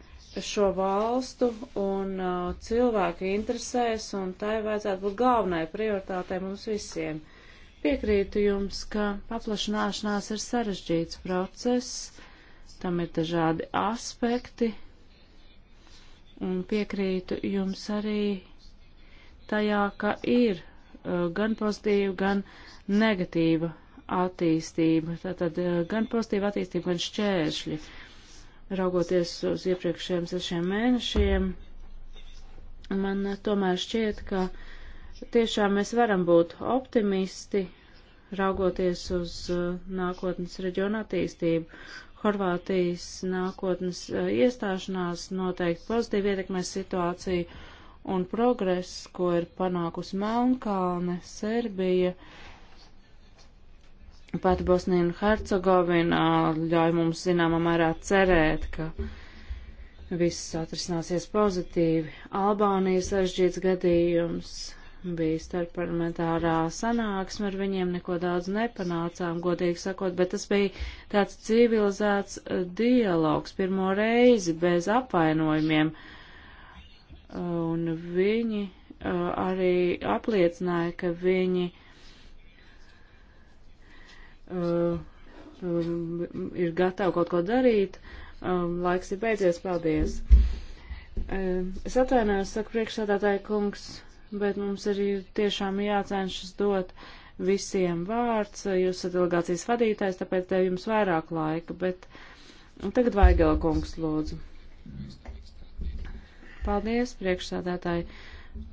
šo valstu un uh, cilvēku interesēs, un tai vajadzētu būt galvenai prioritātei mums visiem. Uh, Piekrītu jums, ka paplašanāšanās ir sarežģīts process, tam ir dažādi aspekti, un piekrītu jums arī tajā, ka ir uh, gan pozitīva, gan negatīva attīstība, tātad uh, gan pozitīva attīstība, gan šķēršļi. Raugoties uz iepriekšējiem sešiem mēnešiem, man uh, tomēr šķiet, ka tiešām mēs varam būt optimisti, raugoties uz uh, nākotnes reģiona attīstību. Horvātijas nākotnes uh, iestāšanās noteikti pozitīvi ietekmēs situāciju un progress, ko ir panākusi Melnkalne, Serbija, pat Bosnija un Hercegovina uh, ļauj mums zināmā mērā cerēt, ka viss atrisināsies pozitīvi. Albānijas sarežģīts gadījums bija starpparlamentārā sanāksme, ar viņiem neko daudz nepanācām, godīgi sakot, bet tas bija tāds civilizēts uh, dialogs pirmo reizi bez apvainojumiem. Un viņi uh, arī apliecināja, ka viņi uh, um, ir gatavi kaut ko darīt. Um, laiks ir beidzies, paldies! Um, es atvainojos, saka priekšsādātāja kungs bet mums arī tiešām jācenšas dot visiem vārds. Jūs esat delegācijas vadītājs, tāpēc tev jums vairāk laika, bet tagad Vaigela kungs lūdzu. Paldies, priekšsādātāji.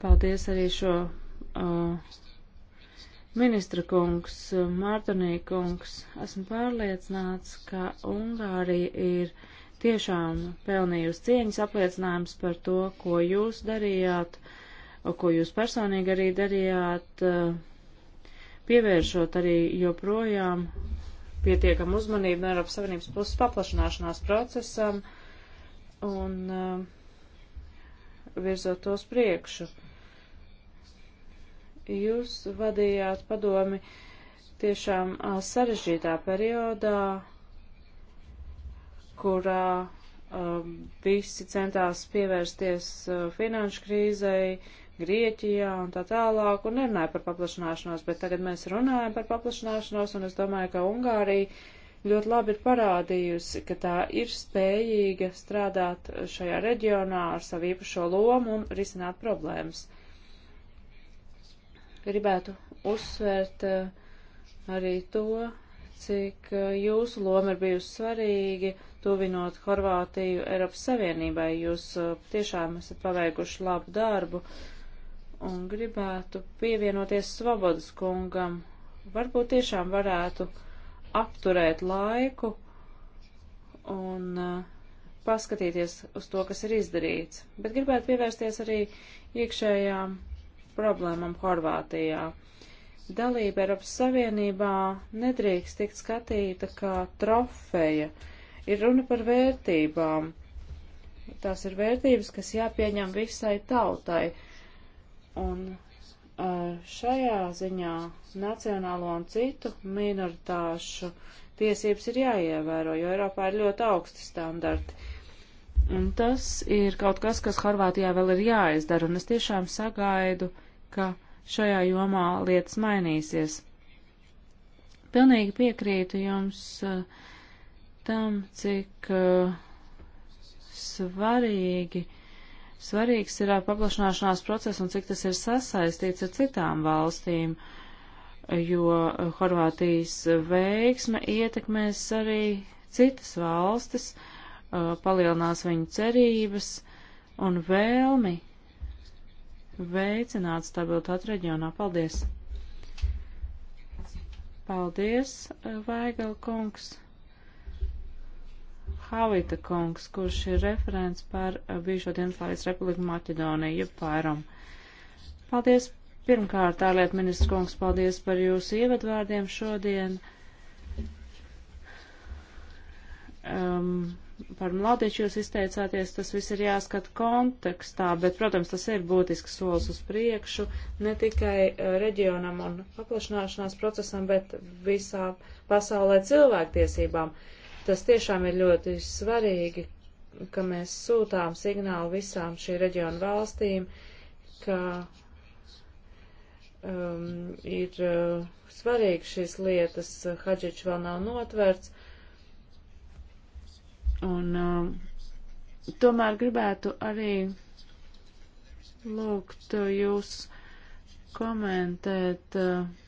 Paldies arī šo uh, ministra kungs, Mārtonī kungs. Esmu pārliecināts, ka Ungārija ir tiešām pelnījusi cieņas apliecinājums par to, ko jūs darījāt. Uh, ko jūs personīgi arī darījāt, eh, pievēršot arī joprojām pietiekam uzmanību no Eiropas Savienības puses paplašanāšanās procesam un eh, virzot tos priekšu. Jūs vadījāt padomi tiešām eh, sarežģītā periodā, kurā visi centās pievērsties finanšu krīzei, Grieķijā un tā tālāk, un nerunāja par paplašanāšanos, bet tagad mēs runājam par paplašanāšanos, un es domāju, ka Ungārija ļoti labi ir parādījusi, ka tā ir spējīga strādāt šajā reģionā ar savu īpašo lomu un risināt problēmas. Gribētu uzsvērt uh, arī to, cik uh, jūsu loma ir bijusi svarīga, tuvinot Horvātiju Eiropas Savienībai. Jūs uh, tiešām esat paveikuši labu darbu. Uh, un gribētu pievienoties Svobodas kungam. Varbūt tiešām varētu apturēt laiku un uh, paskatīties uz to, kas ir izdarīts. Bet gribētu pievērsties arī iekšējām problēmām Horvātijā. Dalība Eiropas Savienībā nedrīkst tikt skatīta kā trofeja. Ir runa par vērtībām. Tās ir vērtības, kas jāpieņem visai tautai. Un šajā ziņā nacionālo un citu minoritāšu tiesības ir jāievēro, jo Eiropā ir ļoti augsti standarti. Un tas ir kaut kas, kas Horvātijā vēl ir jāizdara, un es tiešām sagaidu, ka šajā jomā lietas mainīsies. Pilnīgi piekrītu jums tam, cik svarīgi uh, svarīgs ir paplašanāšanās process un cik tas ir sasaistīts ar citām valstīm, jo Horvātijas veiksme ietekmēs arī citas valstis, palielinās viņu cerības un vēlmi veicināt stabilitāti reģionā. Paldies! Paldies, Vaigel kungs! Havita kungs, kurš ir referents par bijušo Dienaslāvijas republiku Maķedoniju, jeb pairam. Paldies pirmkārt, ārlietu ministrs kungs, paldies par jūsu ievadvārdiem šodien. Um, par Mladiču jūs izteicāties, tas viss ir jāskat kontekstā, bet, protams, tas ir būtisks solis uz priekšu ne tikai uh, reģionam un paplašanāšanās procesam, bet visā pasaulē cilvēktiesībām. Uh, Tas tiešām ir ļoti svarīgi, ka mēs sūtām signālu visām šī reģiona valstīm, ka um, ir uh, svarīgi šīs lietas. Hadžič vēl nav notverts. Un um, tomēr gribētu arī lūgt jūs komentēt. Uh,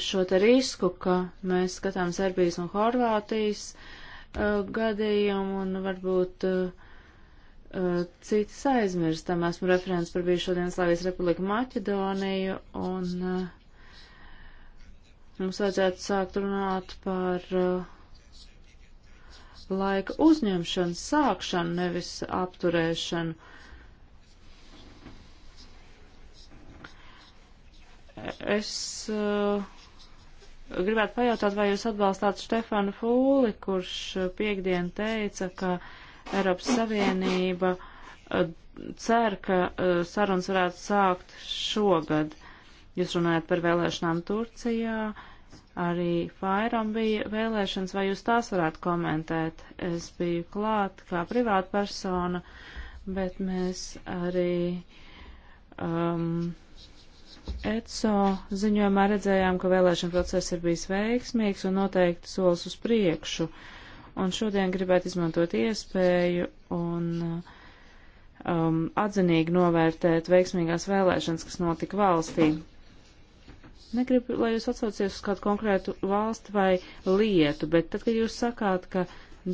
šo te risku, ka mēs skatām Serbijas un Horvātijas uh, gadījumu un varbūt uh, uh, citas aizmirstam. Esmu referents par bijušo Dienaslāvijas Republiku Maķedoniju un uh, mums vajadzētu sākt runāt par uh, laika uzņemšanu, sākšanu, nevis apturēšanu. Es uh, gribētu pajautāt, vai jūs atbalstāt Štefanu Fūli, kurš piekdien teica, ka Eiropas Savienība eh, cer, ka eh, sarunas varētu sākt šogad. Jūs runājat par vēlēšanām Turcijā, arī Fairam bija vēlēšanas, vai jūs tās varētu komentēt? Es biju klāt kā privāta persona, bet mēs arī. Um, ECO ziņojumā redzējām, ka vēlēšana process ir bijis veiksmīgs un noteikti solis uz priekšu. Un šodien gribētu izmantot iespēju un um, atzinīgi novērtēt veiksmīgās vēlēšanas, kas notika valstī. Negribu, lai jūs atsaucies uz kādu konkrētu valsti vai lietu, bet tad, kad jūs sakāt, ka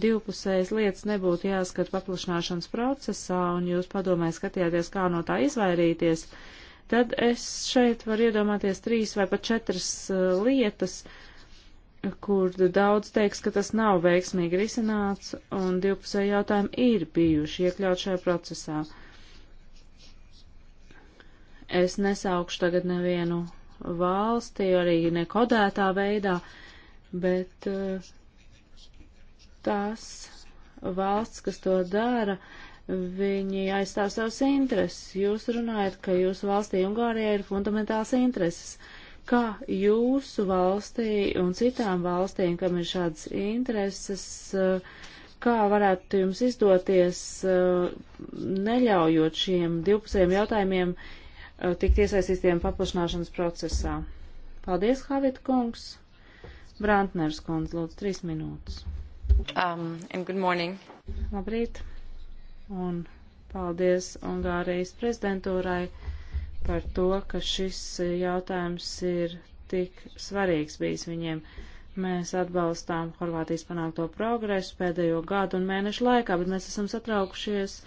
divpusējas lietas nebūtu jāskat paplašināšanas procesā un jūs padomē skatījāties, kā no tā izvairīties, uh, tad es šeit varu iedomāties trīs vai pat četras uh, lietas, kur daudz teiks, ka tas nav veiksmīgi risināts, un divpusēji jautājumi ir bijuši iekļaut šajā procesā. Es nesaukšu tagad nevienu valsti, arī nekodētā veidā, bet uh, tās valsts, kas to dara, uh, viņi aizstāv savus intereses. Jūs runājat, ka jūsu valstī Ungārijai ir fundamentāls intereses. Kā jūsu valstī un citām valstīm, kam ir šādas intereses, eh, kā varētu jums izdoties, eh, neļaujot šiem divpusējiem jautājumiem eh, tikt iesaistītiem paplašināšanas procesā? Paldies, Havit kungs! Brantners kundze, lūdzu, trīs minūtes. Um, and good morning. Labrīt un paldies Ungārijas prezidentūrai par to, ka šis jautājums ir tik svarīgs bijis viņiem. Mēs atbalstām Horvātijas panākto progresu pēdējo gadu un mēnešu laikā, bet mēs esam satraukušies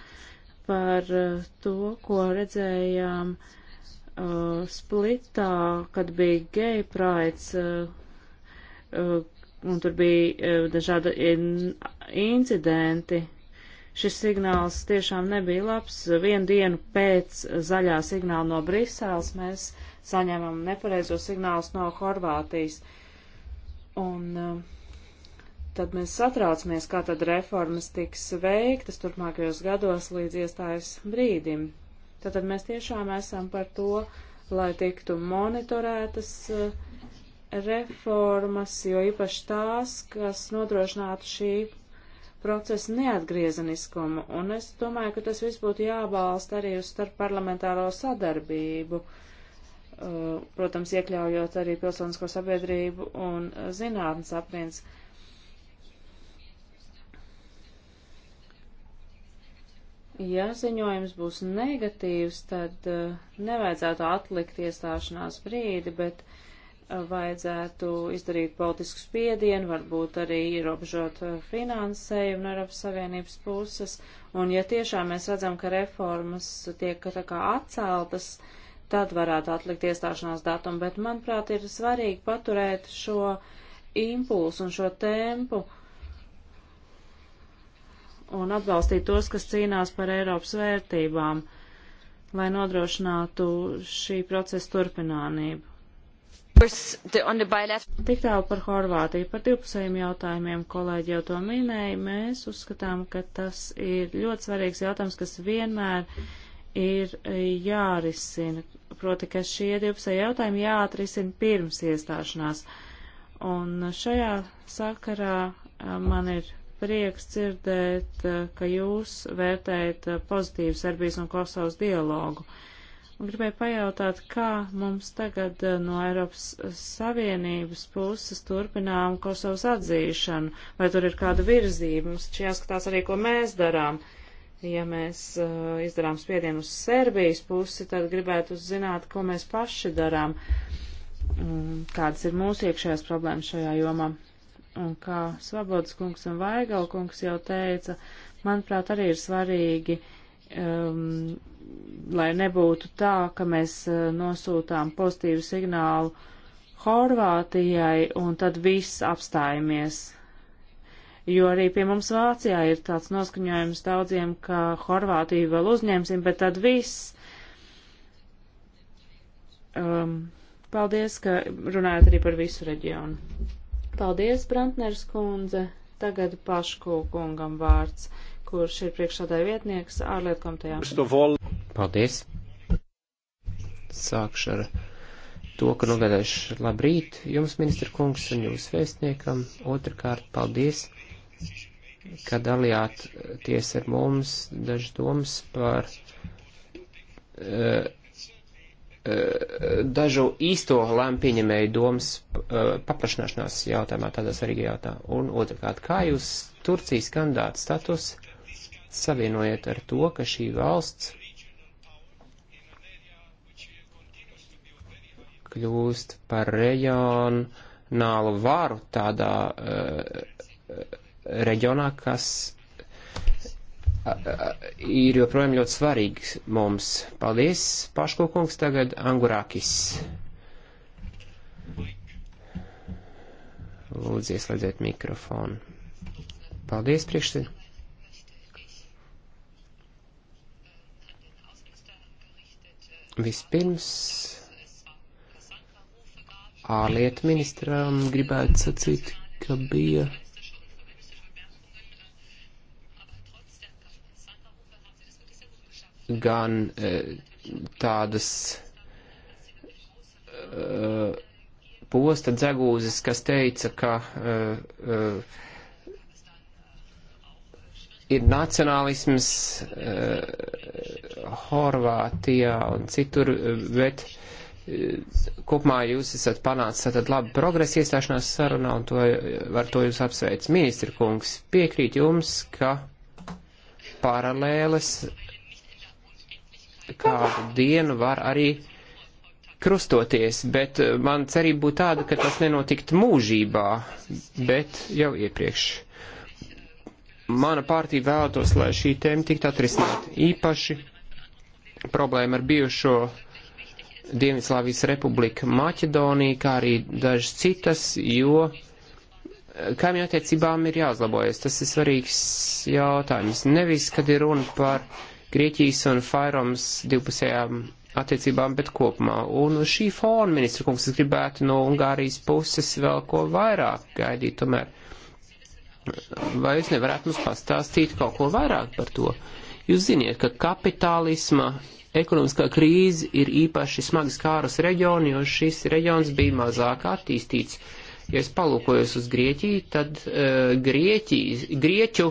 par eh, to, ko redzējām uh, Splitā, kad bija gay prides, uh, uh, un tur bija uh, dažādi incidenti, Šis signāls tiešām nebija labs. Vienu dienu pēc zaļā signāla no Briseles mēs saņēmām nepareizo signālus no Horvātijas. Un eh, tad mēs satraucamies, kā tad reformas tiks veiktas turpmākajos gados līdz iestājas brīdim. Tātad mēs tiešām esam par to, lai tiktu monitorētas eh, reformas, jo īpaši tās, kas nodrošinātu šī procesa neatgriezeniskumu, un es domāju, ka tas viss būtu jābalsta arī uz starpparlamentāro sadarbību, uh, protams, iekļaujot arī pilsonisko sabiedrību un zinātnes apviens. Ja ziņojums būs negatīvs, tad uh, nevajadzētu atlikt iestāšanās brīdi, bet uh, vajadzētu izdarīt politisku spiedienu, varbūt arī ierobežot uh, finansējumu no Eiropas Savienības puses. Un ja tiešām mēs redzam, ka reformas tiek tā kā atceltas, tad varētu atlikt iestāšanās datumu. Bet, manuprāt, ir svarīgi paturēt šo impulsu un šo tempu un atbalstīt tos, kas cīnās par Eiropas vērtībām, lai nodrošinātu šī procesa turpinātību. Tik tālu par Horvātiju, par divpusējiem jautājumiem, kolēģi jau to minēja. Mēs uzskatām, ka tas ir ļoti svarīgs jautājums, kas vienmēr ir e, jārisina. Proti, ka šie divpusēji jautājumi jāatrisina pirms iestāšanās. Un šajā sakarā e, man ir prieks dzirdēt, e, ka jūs vērtējat pozitīvu Serbijas un Kosovas dialogu. Uh, Un gribēju pajautāt, kā mums tagad eh, no Eiropas Savienības puses turpinām Kosovas atzīšanu, vai tur ir kāda virzība, mums jāskatās arī, ko mēs darām. Ja mēs uh, izdarām spiedienu uz Serbijas pusi, tad gribētu zināt, ko mēs paši darām, um, kādas ir mūsu iekšējās problēmas šajā jomā. Un kā Svabodas kungs un Vaigala kungs jau teica, manuprāt, arī ir svarīgi um, lai nebūtu tā, ka mēs eh, nosūtām pozitīvu signālu Horvātijai un tad viss apstājamies. Jo arī pie mums Vācijā ir tāds noskaņojums daudziem, ka Horvātiju vēl uzņemsim, bet tad viss. Um, paldies, ka runājat arī par visu reģionu. Paldies, Brantners kundze. Tagad pašku kungam vārds kurš ir priekšsādāja vietnieks ārlietu komitejā. Paldies! Sākšu ar to, ka novēlēšu labrīt jums, ministra kungs, un jūsu vēstniekam. Otrakārt, paldies, ka dalījāties ar mums dažas domas par uh, uh, dažu īsto lēmu pieņemēju domas uh, paplašināšanās jautājumā, tādā svarīgā jautājumā. Un otrkārt, kā jūs Turcijas kandidāta status savienojiet ar to, ka šī valsts kļūst par reģionālu varu tādā uh, reģionā, kas uh, ir joprojām ļoti svarīgs mums. Paldies, Paško kungs, tagad Angurākis. Lūdzu, ieslēdziet mikrofonu. Paldies, priekšsēdētāji. Vispirms ārlietu ministram gribētu sacīt, ka bija. gan e, tādas e, posta dzegūzes, kas teica, ka uh, uh, ir nacionālisms uh, Horvātijā un citur, eh, bet uh, kopumā jūs esat panācis tātad labu progresu iestāšanās sarunā un to, var to jūs apsveic. Ministri kungs, piekrīt jums, ka paralēles kādu dienu var arī krustoties, bet man cerība būtu tāda, ka tas nenotikt mūžībā, bet jau iepriekš mana pārtība vēlētos, lai šī tēma tiktu atrisināta. Īpaši problēma ar bijušo Dienvidslāvijas republiku Maķedoniju, kā arī dažas citas, jo kaimiņu attiecībām ir jāuzlabojas. Tas ir svarīgs jautājums. Nevis, kad ir runa par Grieķijas un Fairoms divpusējām attiecībām, bet kopumā. Un uz šī fona, ministra kungs, es gribētu no Ungārijas puses vēl ko vairāk gaidīt tomēr Vai jūs nevarētu mums pastāstīt kaut ko vairāk par to? Jūs ziniet, ka kapitālisma ekonomiskā krīze ir īpaši smagi skārus reģionu, jo šis reģions bija mazāk attīstīts. Ja es palūkojos uz Grieķiju, tad uh, e, Grieķiju, Grieķu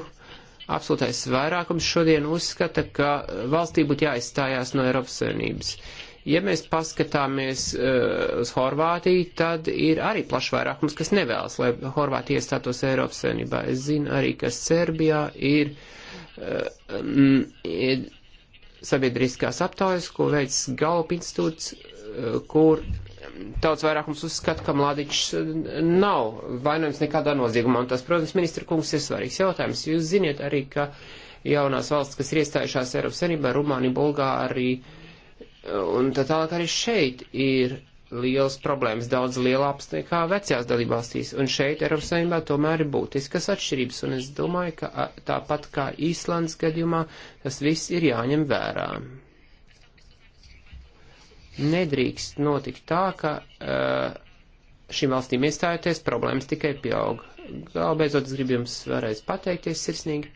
absolūtais vairākums šodien uzskata, ka valstī būtu jāizstājās no Eiropas Savienības. Uh, Ja mēs paskatāmies uh, uz Horvātiju, tad ir arī plašs vairākums, kas nevēlas, lai Horvātija iestātos Eiropas savienībā. Es zinu arī, ka Serbijā ir uh, mm, sabiedriskās aptaujas, ko veids Galop institūts, uh, kur tauts vairākums uzskata, ka Mladiņš nav vainojams nekādā noziegumā. Un tas, protams, ministra kungs ir svarīgs jautājums. Jūs ziniet arī, ka jaunās valsts, kas ir iestājušās Eiropas savienībā, Rumānija, Bulgārija, Un tā tālāk arī šeit ir liels problēmas, daudz lielāks nekā vecajās dalībvalstīs. Un šeit Eiropas Savienībā tomēr ir būtiskas atšķirības, un es domāju, ka tāpat kā Īslandes gadījumā, tas viss ir jāņem vērā. Nedrīkst notikt tā, ka šīm valstīm iestājoties problēmas tikai pieaug. Galbeidzot, es gribu jums vēlreiz pateikties sirsnīgi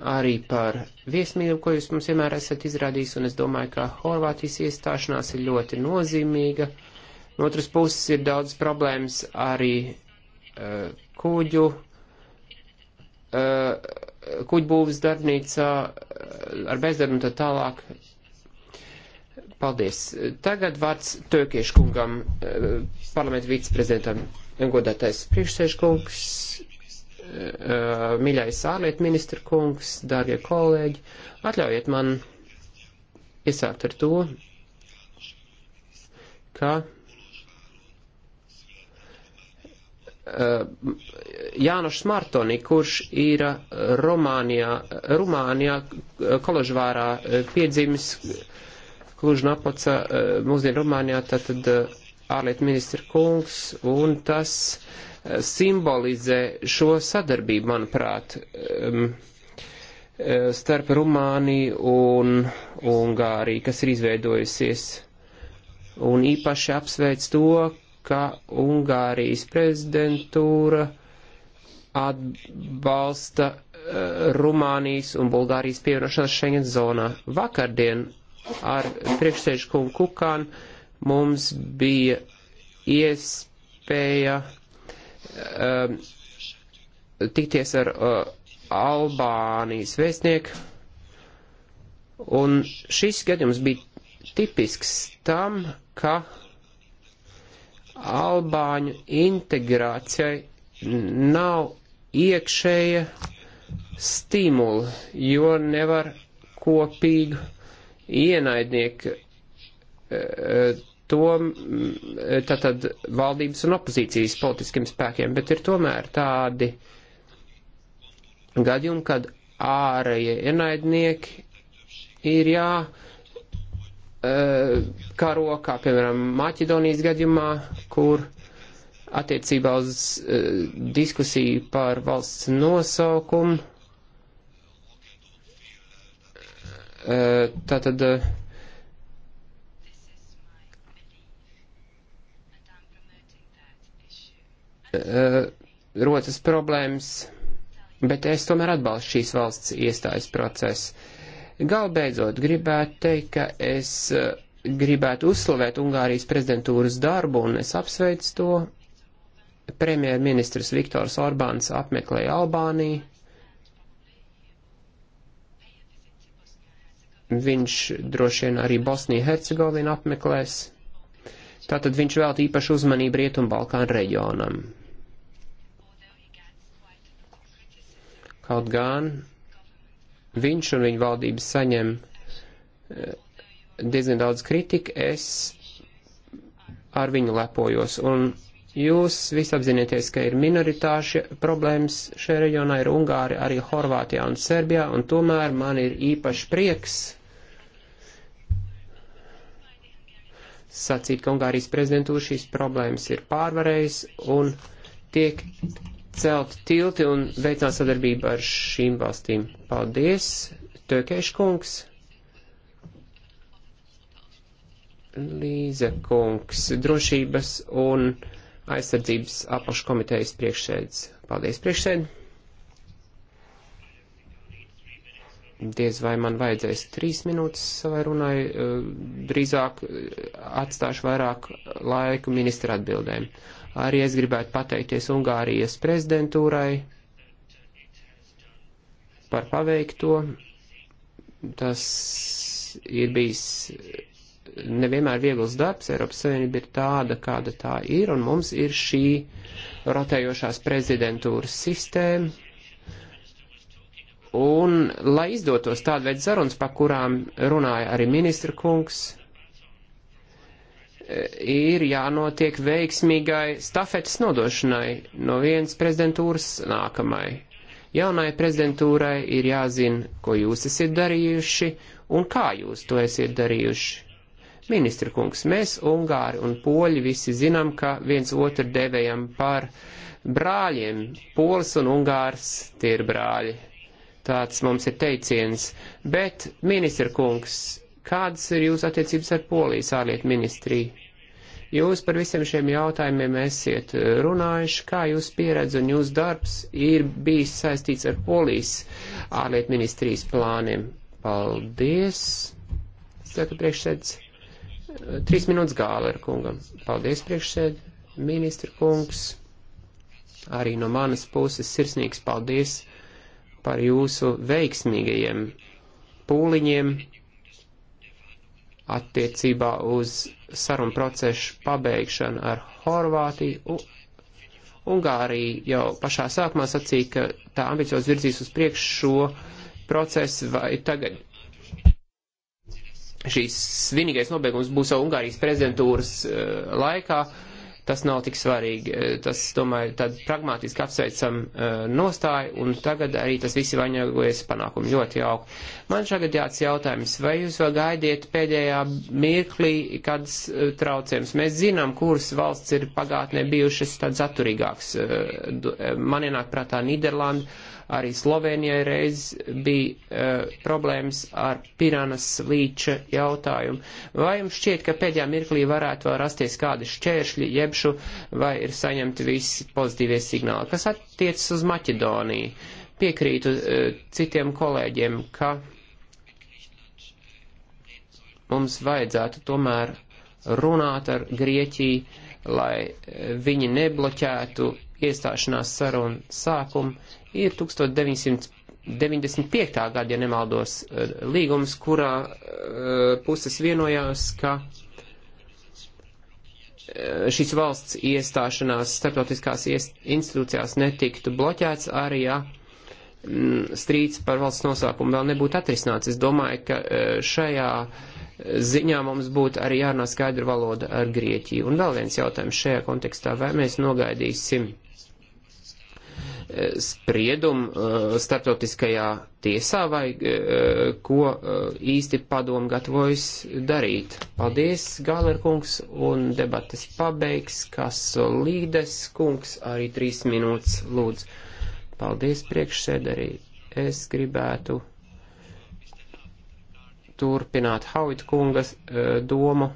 arī par viesmīlu, ko jūs mums vienmēr esat izrādījis, un es domāju, ka Horvātijas iestāšanās ir ļoti nozīmīga. No otras puses ir daudz problēmas arī uh, kuģu, uh, eh, kuģu būvas darbnīcā uh, ar bezdarbu un tā tālāk. Paldies. Tagad vārds Tökiešu kungam, uh, parlamentu viceprezidentam, godātais priekšsēžkungs uh, miļais ārlietu ministra kungs, dārgie kolēģi, atļaujiet man iesākt ar to, ka eh, Jānis Martoni, kurš ir Romānijā, Rumānijā, eh, Koložvārā piedzimis, Klužnapoca, mūsdien Rumānijā, tātad ārlietu ministra kungs, un tas uh, simbolizē šo sadarbību, manuprāt, um, uh, starp Rumāniju un Ungāriju, kas ir izveidojusies. Un īpaši apsveic to, ka Ungārijas prezidentūra atbalsta uh, Rumānijas un Bulgārijas pievienošanās Schengen zonā. Vakardien ar priekšsēžu kungu Kukānu mums bija iespēja um, tikties ar uh, Albānijas vēstnieku, un šis gadījums bija tipisks tam, ka Albāņu integrācijai nav iekšēja stimula, jo nevar kopīgu ienaidnieku uh, to mm, tātad valdības un opozīcijas politiskiem spēkiem, bet ir tomēr tādi gadījumi, kad ārējie ienaidnieki ir jā eh, karo, kā piemēram Maķedonijas gadījumā, kur attiecībā uz uh, diskusiju par valsts nosaukumu. Uh, tātad uh, uh, eh, rodas problēmas, bet es tomēr atbalstu šīs valsts iestājas procesu. Galbeidzot, gribētu teikt, ka es uh, gribētu uzslavēt Ungārijas prezidentūras darbu, un es apsveicu to. Premjerministrs Viktors Orbāns apmeklēja Albāniju. Viņš droši vien arī Bosniju Hercegovinu apmeklēs. Tātad viņš veltīja īpašu uzmanību Rietumbalkānu reģionam. Kaut gan viņš un viņa valdības saņem eh, diezgan daudz kritika, es ar viņu lepojos. Un jūs visi apzināties, ka ir minoritāšu problēmas šajā reģionā, ir Ungāri, arī Horvātijā un Serbijā, un tomēr man ir īpaši prieks sacīt, ka Ungārijas prezidentūra šīs problēmas ir pārvarējis un tiek celti tilti un veicināt sadarbību ar šīm valstīm. Paldies, Tökeiš kungs! Līze kungs, drošības un aizsardzības apakškomitejas priekšsēdz. Paldies, priekšsēd! Diez vai man vajadzēs trīs minūtes savai runai, eh, drīzāk eh, atstāšu vairāk laiku ministra atbildēm. Arī es gribētu pateikties Ungārijas prezidentūrai par paveikto. Tas ir bijis nevienmēr viegls darbs. Eiropas Savienība ir tāda, kāda tā ir, un mums ir šī rotējošās prezidentūras sistēma. Un, lai izdotos tāda veida sarunas, pa kurām runāja arī ministra kungs, ir jānotiek veiksmīgai stafetes nodošanai no vienas prezidentūras nākamai. Jaunai prezidentūrai ir jāzina, ko jūs esat darījuši un kā jūs to esat darījuši. Ministra kungs, mēs, Ungāri un Poļi, visi zinām, ka viens otru devējam par brāļiem. Pols un Ungārs tie ir brāļi. Tāds mums ir teiciens. Bet, ministra kungs, kādas ir jūsu attiecības ar Polijas ārlietu ministriju? Jūs par visiem šiem jautājumiem esiet eh, runājuši, kā jūs pieredze un jūs darbs ir bijis saistīts ar polijas ārlietu ministrijas plāniem. Paldies! Saka priekšsēdz. Trīs minūtes gāla ar kungam. Paldies priekšsēd, ministra kungs. Arī no manas puses sirsnīgs paldies par jūsu veiksmīgajiem pūliņiem attiecībā uz sarunu procesu pabeigšanu ar Horvātiju. Ungārija jau pašā sākumā sacīja, ka tā ambiciozs virzīs uz priekšu šo procesu, vai tagad šīs svinīgais nobeigums būs jau Ungārijas prezidentūras uh, laikā. Uh, tas nav tik svarīgi. Eh, tas, domāju, tad pragmatiski apsveicam eh, nostāju, un tagad arī tas visi vainagojas panākumi ļoti jauki. Man šagad jāts jautājums, vai jūs vēl gaidiet pēdējā mirklī kādas eh, traucējums? Mēs zinām, kuras valsts ir pagātnē bijušas tāds atturīgāks. Man ienāk prātā Nīderlanda Arī Slovenijai reiz bija uh, problēmas ar piranas līča jautājumu. Vai jums šķiet, ka pēdējā mirklī varētu vēl rasties kādi šķēršļi, jebšu, vai ir saņemti visi pozitīvie signāli, kas attiecas uz Maķedoniju? Piekrītu uh, citiem kolēģiem, ka mums vajadzētu tomēr runāt ar Grieķiju, lai eh, viņi nebloķētu iestāšanās sarunu sākumu, Ir 1995. gada, ja nemaldos, eh, līgums, kurā eh, puses vienojās, ka eh, šīs valsts iestāšanās starptautiskās iest, institūcijās netiktu bloķēts, arī ja mm, strīds par valsts nosaukumu vēl nebūtu atrisināts. Es domāju, ka šajā ziņā mums būtu arī jārunā skaidra valoda ar Grieķiju. Un vēl viens jautājums šajā kontekstā, vai mēs nogaidīsim spriedumu eh, starptautiskajā tiesā vai eh, ko eh, īsti padomu gatavojas darīt. Paldies, Gāler kungs, un debates pabeigs, kas līdes kungs, arī trīs minūtes lūdzu. Paldies, priekšsēdarī. Es gribētu turpināt Hauit kungas domu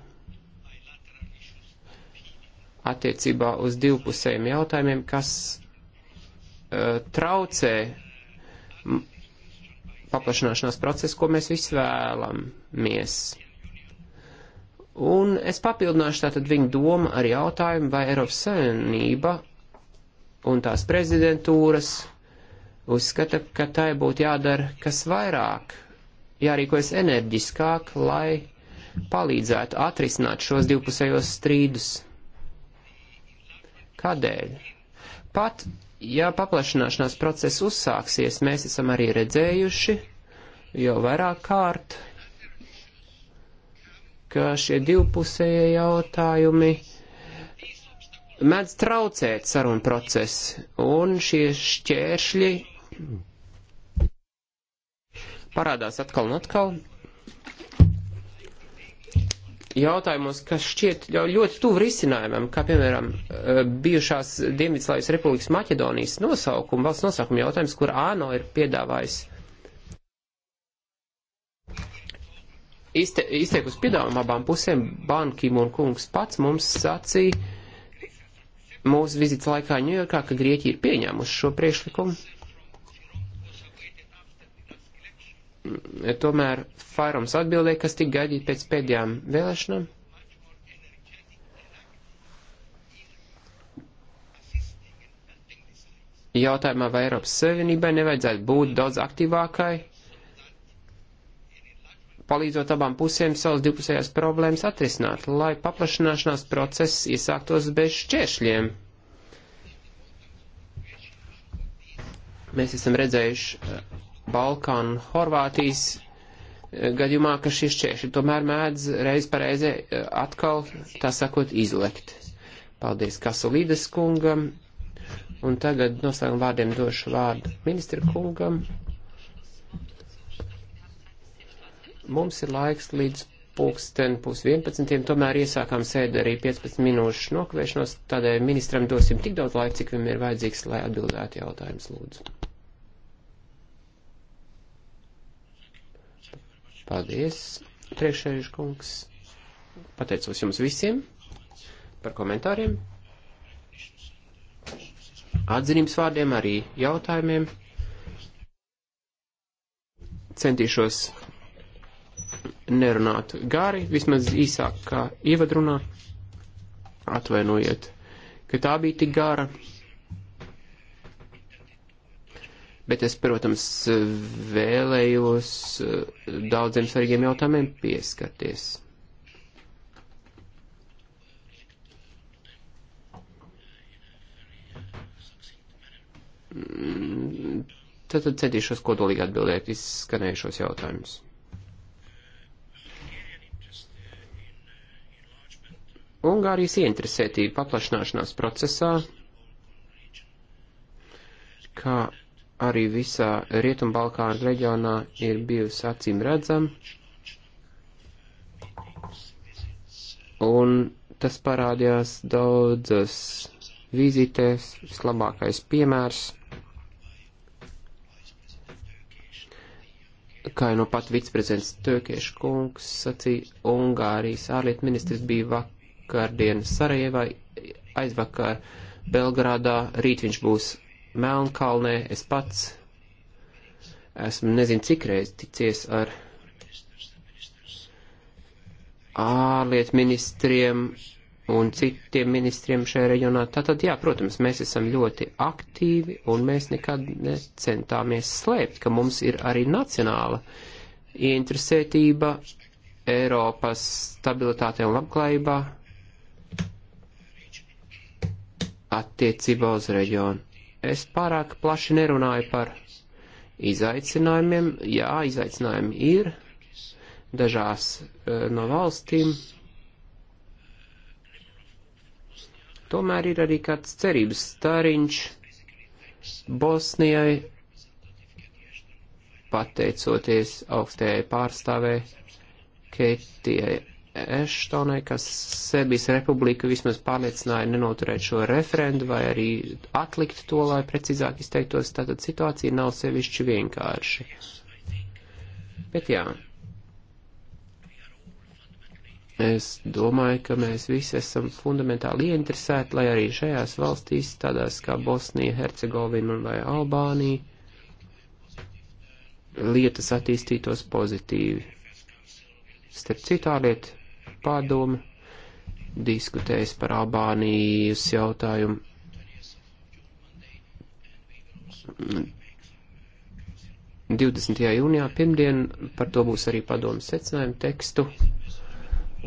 attiecībā uz divpusējiem jautājumiem, kas Eh, traucē paplašanāšanās procesu, ko mēs visi vēlamies. Un es papildināšu tātad viņu domu ar jautājumu, vai Eiropas Savienība un tās prezidentūras uzskata, ka tai būtu jādara kas vairāk, jārīkojas enerģiskāk, lai palīdzētu atrisināt šos divpusējos strīdus. Kādēļ? Pat ja paplašināšanās process uzsāksies, mēs esam arī redzējuši jau vairāk kārt, ka šie divpusējie jautājumi mēdz traucēt sarunu procesu, un šie šķēršļi parādās atkal un atkal, jautājumos, kas šķiet ļoti tuvu risinājumam, kā piemēram eh, bijušās Dienvidslāvijas Republikas Maķedonijas nosaukuma, valsts nosaukuma jautājums, kur ANO ir piedāvājis izte, izteikusi piedāvājumu abām pusēm, Bankim un kungs pats mums sacīja mūsu vizītes laikā Ņujorkā, ka Grieķija ir pieņēmusi šo priekšlikumu Mm, tomēr Fārums atbildēja, kas tika gaidīt pēc pēdējām vēlēšanām. Jautājumā, vai Eiropas Savienībai nevajadzētu būt daudz aktīvākai, palīdzot abām pusēm savas divpusējās problēmas atrisināt, lai paplašanāšanās process iesāktos bez šķēršļiem. Mēs esam redzējuši Balkānu, Horvātijas eh, gadījumā, ka šie šķēršļi tomēr mēdz reiz pareizē eh, atkal, tā sakot, izlekt. Paldies Kasulīdes kungam, un tagad noslēguma vārdiem došu vārdu ministra kungam. Mums ir laiks līdz pulksten pus 11. Tomēr iesākām sēdi arī 15 minūšu nokavēšanos, tādēļ ministram dosim tik daudz laika, cik viņam ir vajadzīgs, lai atbildētu jautājumus lūdzu. Paldies, priekšējuši kungs. Pateicos jums visiem par komentāriem, atzinības vārdiem, arī jautājumiem. Centīšos nerunāt gari, vismaz īsāk kā ievadrunā. Atvainojiet, ka tā bija tik gara. bet es, protams, vēlējos eh, daudziem svarīgiem jautājumiem pieskarties. Mm, tad, tad centīšos kodolīgi atbildēt izskanējušos jautājumus. Ungārijas ieinteresētība paplašināšanās procesā, kā arī visā Rietumbalkānu reģionā ir bijusi acīm redzama. Un tas parādījās daudzas vizītēs, vislabākais piemērs. Kā jau nu no pat viceprezidents Tökiešu kungs sacīja, Ungārijas ārlietu ministrs bija vakardien Sarajevā, aizvakar Belgrādā, rīt viņš būs Melnkalnē, es pats esmu nezinu cik reiz ticies ar ārlietu ministriem un citiem ministriem šajā reģionā. Tātad, jā, protams, mēs esam ļoti aktīvi un mēs nekad necentāmies slēpt, ka mums ir arī nacionāla ieinteresētība Eiropas stabilitātē un labklājībā attiecībā uz reģionu. Es pārāk plaši nerunāju par izaicinājumiem. Jā, izaicinājumi ir dažās e, no valstīm. Tomēr ir arī kāds cerības stariņš Bosnijai, pateicoties augstajai pārstāvē Ketijai Eštonai, ka Serbijas republika vismaz pārliecināja nenoturēt šo referendu vai arī atlikt to, lai precīzāk izteiktos, tātad situācija nav sevišķi vienkārši. Bet jā, es domāju, ka mēs visi esam fundamentāli ieinteresēti, lai arī šajās valstīs, tādās kā Bosnija, Hercegovina vai Albānija, lietas attīstītos pozitīvi. Starp citu, lieta padomi diskutējis par Albānijas jautājumu. Mm. 20. jūnijā pirmdien par to būs arī padomu secinājumu tekstu.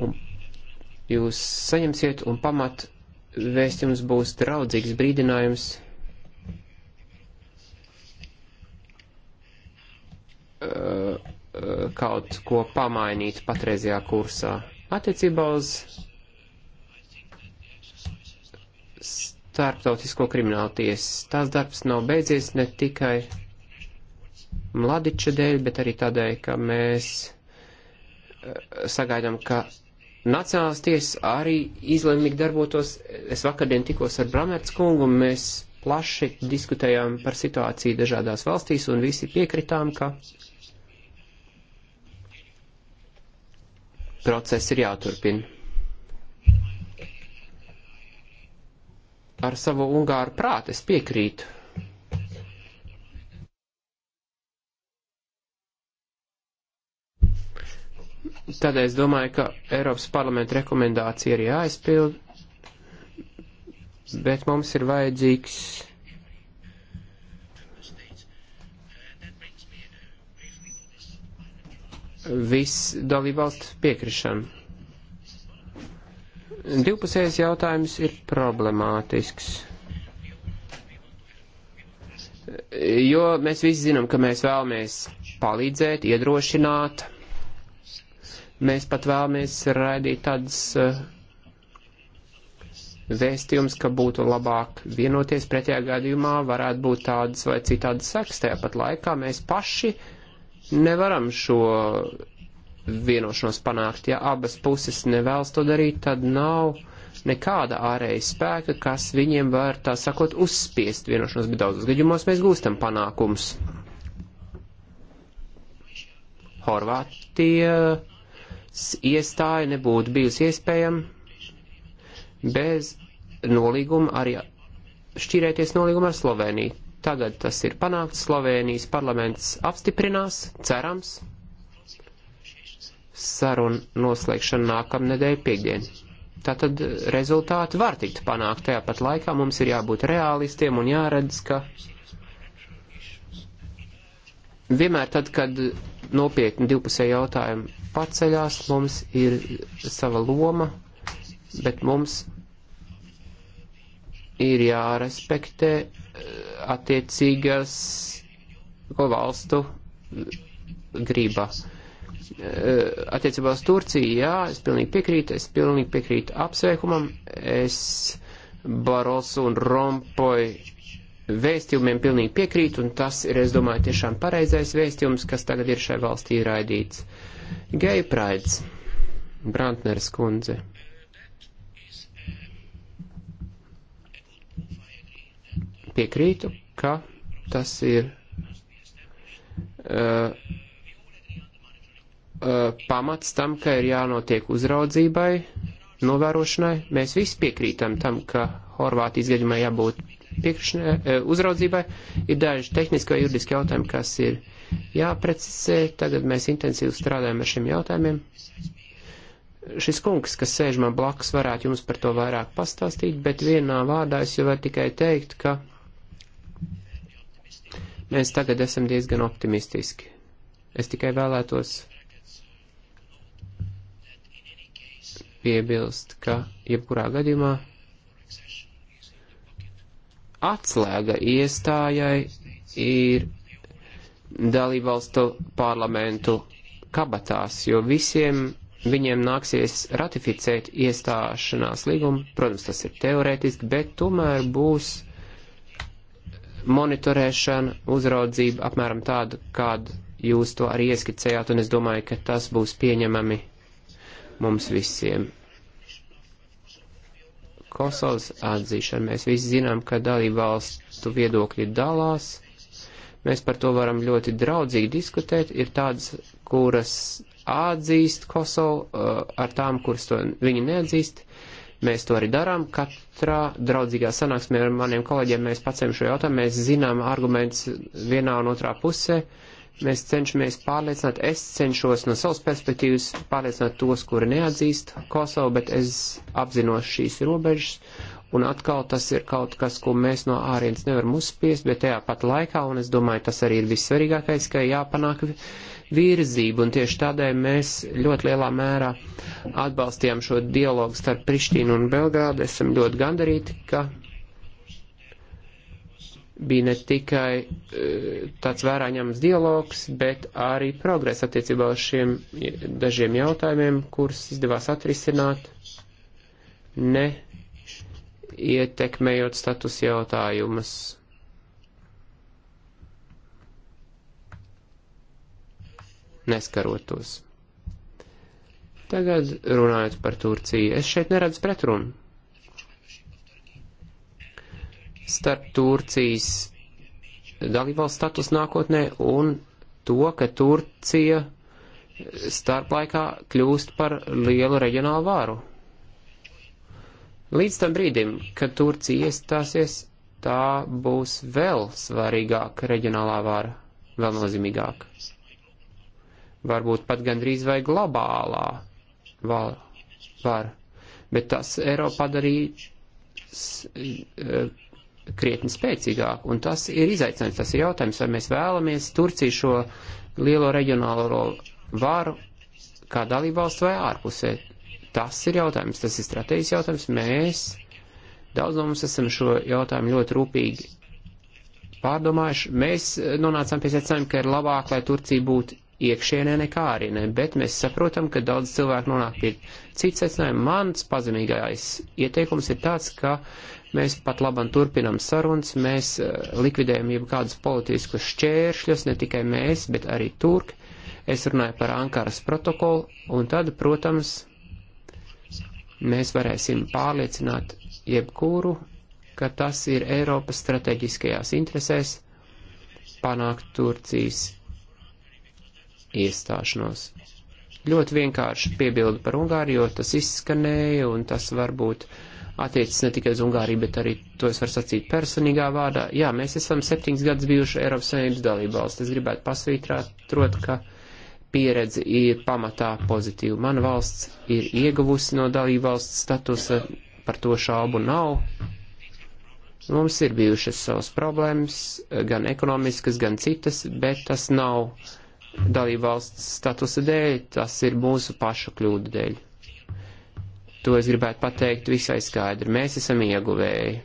Un jūs saņemsiet un pamat vēstījums būs draudzīgs brīdinājums. kaut ko pamainīt patreizajā kursā. Attiecībā uz starptautisko kriminālu tiesu. Tās darbs nav beidzies ne tikai Mladiča dēļ, bet arī tādēļ, ka mēs eh, sagaidām, ka Nacionālās tiesas arī izlēmīgi darbotos. Es vakardien tikos ar Bramerts kungu, un mēs plaši diskutējām par situāciju dažādās valstīs, un visi piekritām, ka process ir jāturpina. Ar savu ungāru prātu es piekrītu. Tad es domāju, ka Eiropas parlamenta rekomendācija ir jāaizpild, bet mums ir vajadzīgs viss dalībvalsts piekrišana. Divpusējais jautājums ir problemātisks. Jo mēs visi zinām, ka mēs vēlamies palīdzēt, iedrošināt. Mēs pat vēlamies raidīt tādas uh, vēstījums, ka būtu labāk vienoties, pretējā gadījumā varētu būt tādas vai citādas sekas. Tāpat laikā mēs paši uh, nevaram šo vienošanos panākt. Ja abas puses nevēlas to darīt, tad nav nekāda ārēja spēka, kas viņiem var, tā sakot, uzspiest vienošanos, bet daudzos gadījumos mēs gūstam panākums. Horvātijas iestāja nebūtu bijusi iespējama bez nolīguma arī šķirēties nolīguma ar Sloveniju. Tagad tas ir panākts, Slovēnijas parlaments apstiprinās, cerams, sarunu noslēgšanu nākamnedēļ piekdien. Tātad rezultāti var tikt panākt, tajā pat laikā mums ir jābūt realistiem un jāredz, ka vienmēr tad, kad nopietni divpusēji jautājumi paceļās, mums ir sava loma, bet mums ir jārespektē attiecīgas ko valstu grība. E, attiecībā uz Turciju, jā, es pilnīgi piekrītu, es pilnīgi piekrītu apsveikumam, es Barosu un Rompoju vēstījumiem pilnīgi piekrītu, un tas ir, es domāju, tiešām pareizais vēstījums, kas tagad ir šai valstī raidīts. Gay Prides, Brantneres kundze. piekrītu, ka tas ir uh, uh, pamats tam, ka ir jānotiek uzraudzībai, novērošanai. Mēs visi piekrītam tam, ka Horvātijas gadījumā jābūt uh, uzraudzībai. Ir daži tehniski vai juridiski jautājumi, kas ir jāprecisē. Tagad mēs intensīvi strādājam ar šiem jautājumiem. Šis kungs, kas sēž man blakus, varētu jums par to vairāk pastāstīt, bet vienā vārdā es jau varu tikai teikt, ka Mēs tagad esam diezgan optimistiski. Es tikai vēlētos piebilst, ka jebkurā gadījumā atslēga iestājai ir dalībvalstu parlamentu kabatās, jo visiem viņiem nāksies ratificēt iestāšanās līgumu. Protams, tas ir teorētiski, bet tomēr būs monitorēšana, uzraudzība apmēram tādu, kādu jūs to arī ieskicējāt, un es domāju, ka tas būs pieņemami mums visiem. Kosovas atzīšana. Mēs visi zinām, ka dalību valstu viedokļi dalās. Mēs par to varam ļoti draudzīgi diskutēt. Ir tādas, kuras atzīst Kosovu, uh, ar tām, kuras to viņi neatzīst. Mēs to arī darām. Katrā draudzīgā sanāksmē ar maniem kolēģiem mēs pacēm šo jautājumu. Mēs zinām argumentus vienā un otrā pusē. Mēs cenšamies pārliecināt, es cenšos no savas perspektīvas pārliecināt tos, kuri neatzīst Kosovu, bet es apzinos šīs robežas. Un atkal tas ir kaut kas, ko mēs no ārienes nevaram uzspiest, bet tajā pat laikā, un es domāju, tas arī ir vissvarīgākais, ka jāpanāk virzību, un tieši tādēļ mēs ļoti lielā mērā atbalstījām šo dialogu starp Prištīnu un Belgrādu. Esam ļoti gandarīti, ka bija ne tikai eh, tāds vērā ņemams dialogs, bet arī progress attiecībā uz šiem dažiem jautājumiem, kurus izdevās atrisināt, ne ietekmējot status jautājumus. neskarotos. Tagad runājot par Turciju, es šeit neredzu pretrunu. Starp Turcijas dalībvalsts status nākotnē un to, ka Turcija starplaikā kļūst par lielu reģionālu vāru. Līdz tam brīdim, kad Turcija iestāsies, tā būs vēl svarīgāka reģionālā vāra, vēl nozīmīgāka varbūt pat gandrīz vai globālā var. var. Bet tas Eiropu padarīja eh, krietni spēcīgāk, un tas ir izaicinājums, tas ir jautājums, vai mēs vēlamies Turciju šo lielo reģionālo varu kā dalībvalstu vai ārpusē. Tas ir jautājums, tas ir strateģisks jautājums. Mēs daudz no mums esam šo jautājumu ļoti rūpīgi pārdomājuši. Mēs nonācām pie secinājuma, ka ir labāk, lai Turcija būtu iekšienē nekā ārienē, bet mēs saprotam, ka daudz cilvēku nonāk pie cits secinājums. Mans pazemīgais ieteikums ir tāds, ka mēs pat labam turpinam sarunas, mēs eh, likvidējam jau kādus politiskus šķēršļus, ne tikai mēs, bet arī turki. Es runāju par Ankaras protokolu, un tad, protams, mēs varēsim pārliecināt jebkuru, ka tas ir Eiropas strateģiskajās interesēs panākt Turcijas iestāšanos. Ļoti vienkārši piebildu par Ungāriju, jo tas izskanēja un tas varbūt attiecas ne tikai uz Ungāriju, bet arī to es varu sacīt personīgā vārdā. Jā, mēs esam septiņas gadus bijuši Eiropas Savienības dalībvalsts. Es gribētu pasvītrāt, ka pieredze ir pamatā pozitīva. Mana valsts ir ieguvusi no dalībvalsts statusa, par to šaubu nav. Mums ir bijušas savas problēmas, gan ekonomiskas, gan citas, bet tas nav dalībvalsts statusa dēļ, tas ir mūsu pašu kļūdu dēļ. To es gribētu pateikt visai skaidri. Mēs esam ieguvēji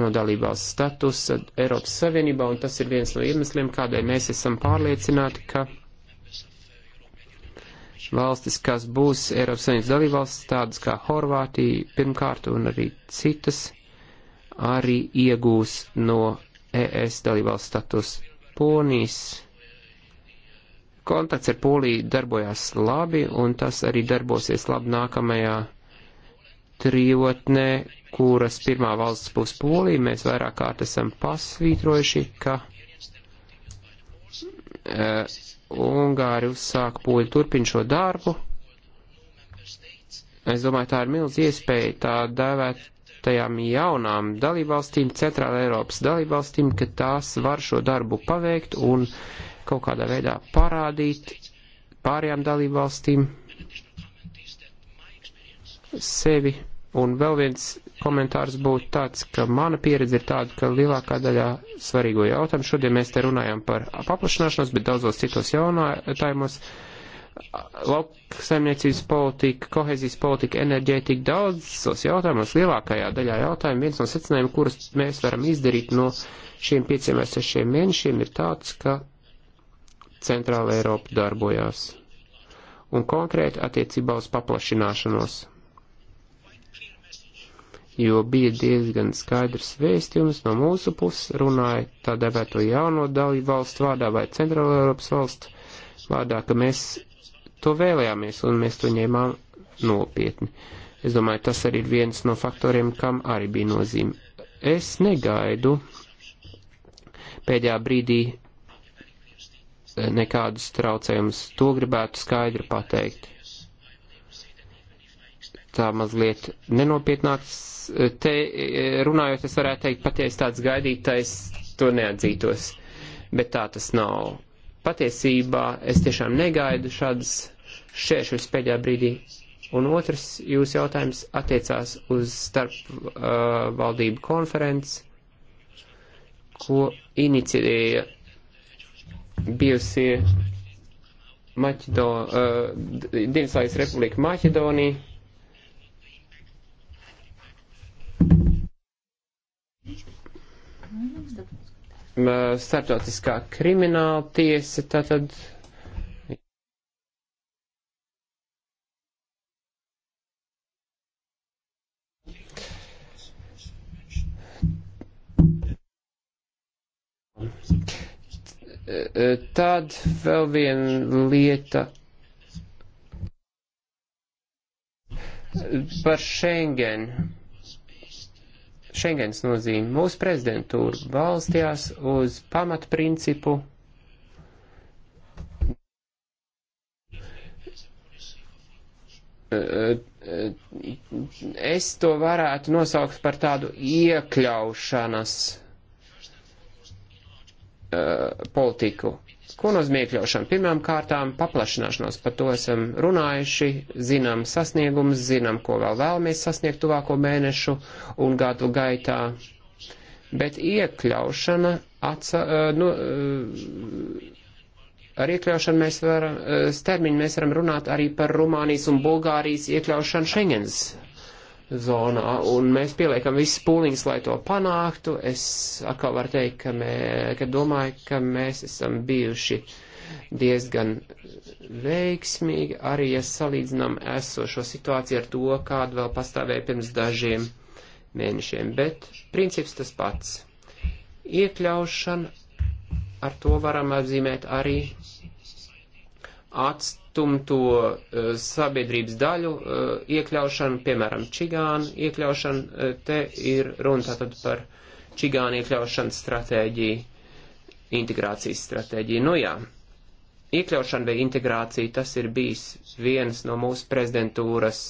no dalībvalsts statusa Eiropas Savienībā, un tas ir viens no iemesliem, kādēļ mēs esam pārliecināti, ka valstis, kas būs Eiropas Savienības dalībvalstis, tādas kā Horvātija pirmkārt un arī citas, arī iegūs no ES dalībvalsts status Ponijas Kontakts ar Poliju darbojās labi, un tas arī darbosies labi nākamajā trijotnē, kuras pirmā valsts būs Polija. Mēs vairāk kārt esam pasvītrojuši, ka uh, Ungāri uzsāk poļu turpin šo darbu. Es domāju, tā ir milz iespēja tā dēvēt tajām jaunām dalībvalstīm, centrāla Eiropas dalībvalstīm, ka tās var šo darbu paveikt un kaut kādā veidā parādīt pārējām dalībvalstīm sevi. Un vēl viens komentārs būtu tāds, ka mana pieredze ir tāda, ka lielākā daļā svarīgo jautājumu šodien mēs te runājam par paplašināšanos, bet daudzos citos jautājumos lauksaimniecības politika, kohezijas politika, enerģētika, daudzos jautājumos, lielākajā daļā jautājumu, viens no secinājumiem, kurus mēs varam izdarīt no šiem pieciem vai sešiem mēnešiem, ir tāds, ka Centrāla Eiropa darbojās. Un konkrēti attiecībā uz paplašināšanos. Jo bija diezgan skaidrs vēstījums no mūsu puses, runāja tā devēto jauno dalību valstu vārdā vai Centrāla Eiropas valstu vārdā, ka mēs to vēlējāmies un mēs to ņēmām nopietni. Es domāju, tas arī ir viens no faktoriem, kam arī bija nozīme. Es negaidu pēdējā brīdī nekādus traucējumus. To gribētu skaidri pateikt. Tā mazliet nenopietnāks. Te runājot, es varētu teikt, patiesi tāds gaidītais to neatzītos. Bet tā tas nav. Patiesībā es tiešām negaidu šādas šķēršļus pēdējā brīdī. Un otrs jūsu jautājums attiecās uz starp uh, valdību konferenci, ko inicijēja bijusi Maķedo, uh, eh, Dienaslāvijas republika Maķedonija. Eh, starptautiskā krimināla tiesa tātad. E, e, tad vēl viena lieta par Schengen. Schengens nozīme mūsu prezidentūra balstījās uz pamatprincipu e, Es to varētu nosaukt par tādu iekļaušanas Eh, politiku. Ko nozīmē iekļaušana? Pirmām kārtām paplašināšanos, par to esam runājuši, zinām sasniegumus, zinām, ko vēl vēlamies sasniegt tuvāko mēnešu un gadu gaitā. Bet iekļaušana, atsa, eh, nu, eh, ar iekļaušanu mēs varam, termiņu mēs varam runāt arī par Rumānijas un Bulgārijas iekļaušanu Schengens zonā, un mēs pieliekam visas pūliņas, lai to panāktu. Es atkal varu teikt, ka, mē, ka domāju, ka mēs esam bijuši diezgan veiksmīgi, arī ja salīdzinām esošo situāciju ar to, kāda vēl pastāvēja pirms dažiem mēnešiem, bet princips tas pats. Iekļaušana ar to varam apzīmēt arī atst atkritumto uh, e, sabiedrības daļu uh, iekļaušanu, piemēram, čigānu iekļaušanu, uh, te ir runa tātad par čigānu iekļaušanu stratēģiju, integrācijas stratēģiju. Nu jā, iekļaušana vai integrācija tas ir bijis viens no mūsu prezidentūras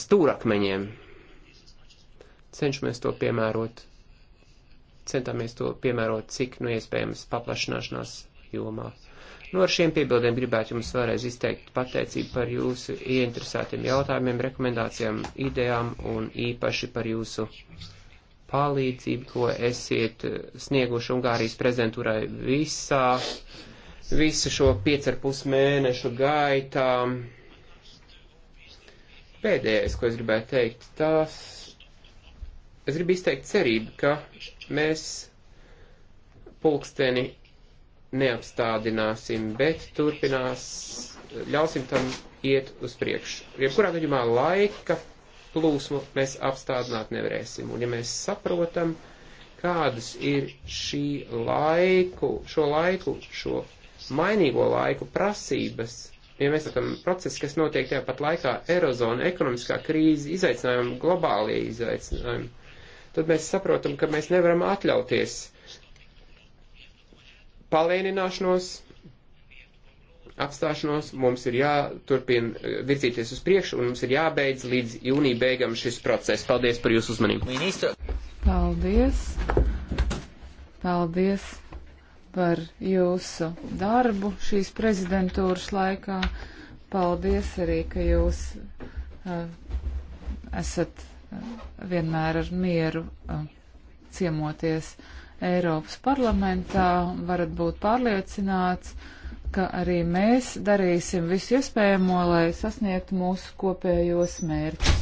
stūrakmeņiem. Cenšamies to piemērot, centāmies to piemērot cik nu iespējams paplašināšanās jomā. Nu, ar šiem piebildēm gribētu jums vēlreiz izteikt pateicību par jūsu ieinteresētiem jautājumiem, rekomendācijām, idejām un īpaši par jūsu palīdzību, ko esiet snieguši Ungārijas prezidentūrai visā, visu šo 5,5 mēnešu gaitā. Pēdējais, ko es gribēju teikt, tas, es gribu izteikt cerību, ka mēs pulksteni neapstādināsim, bet turpinās, ļausim tam iet uz priekšu. Jebkurā gadījumā laika plūsmu mēs apstādināt nevarēsim. Un ja mēs saprotam, kādas ir šī laiku, šo laiku, šo mainīgo laiku prasības, ja mēs saprotam procesu, kas notiek tajā pat laikā, erozona, ekonomiskā krīze, izaicinājumi, globālie izaicinājumi, tad mēs saprotam, ka mēs nevaram atļauties palēnināšanos, apstāšanos, mums ir jāturpina eh, virzīties uz priekšu un mums ir jābeidz līdz jūnija beigam šis process. Paldies par jūsu uzmanību. Ministra. Paldies. Paldies par jūsu darbu šīs prezidentūras laikā. Paldies arī, ka jūs uh, esat uh, vienmēr ar mieru uh, ciemoties. Eiropas parlamentā, varat būt pārliecināts, ka arī mēs darīsim visu iespējamo, lai sasniegtu mūsu kopējos mērķus.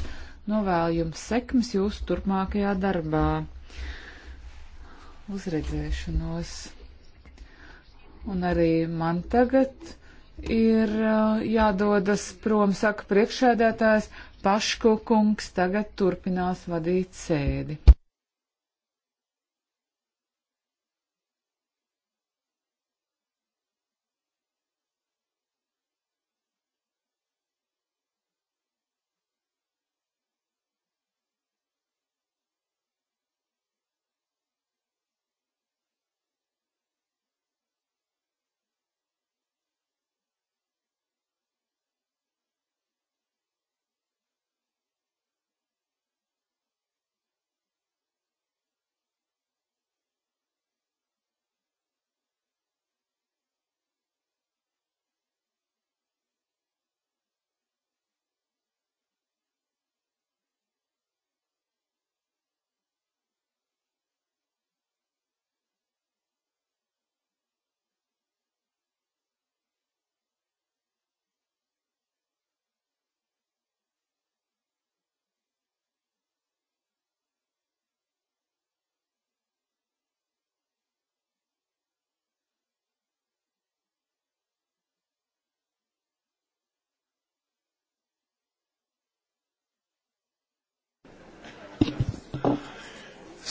Novēlu jums sekmes jūsu turpmākajā darbā. Uzredzēšanos. Un arī man tagad ir uh, jādodas prom, saka priekšēdētājs, Paškukungs tagad turpinās vadīt sēdi.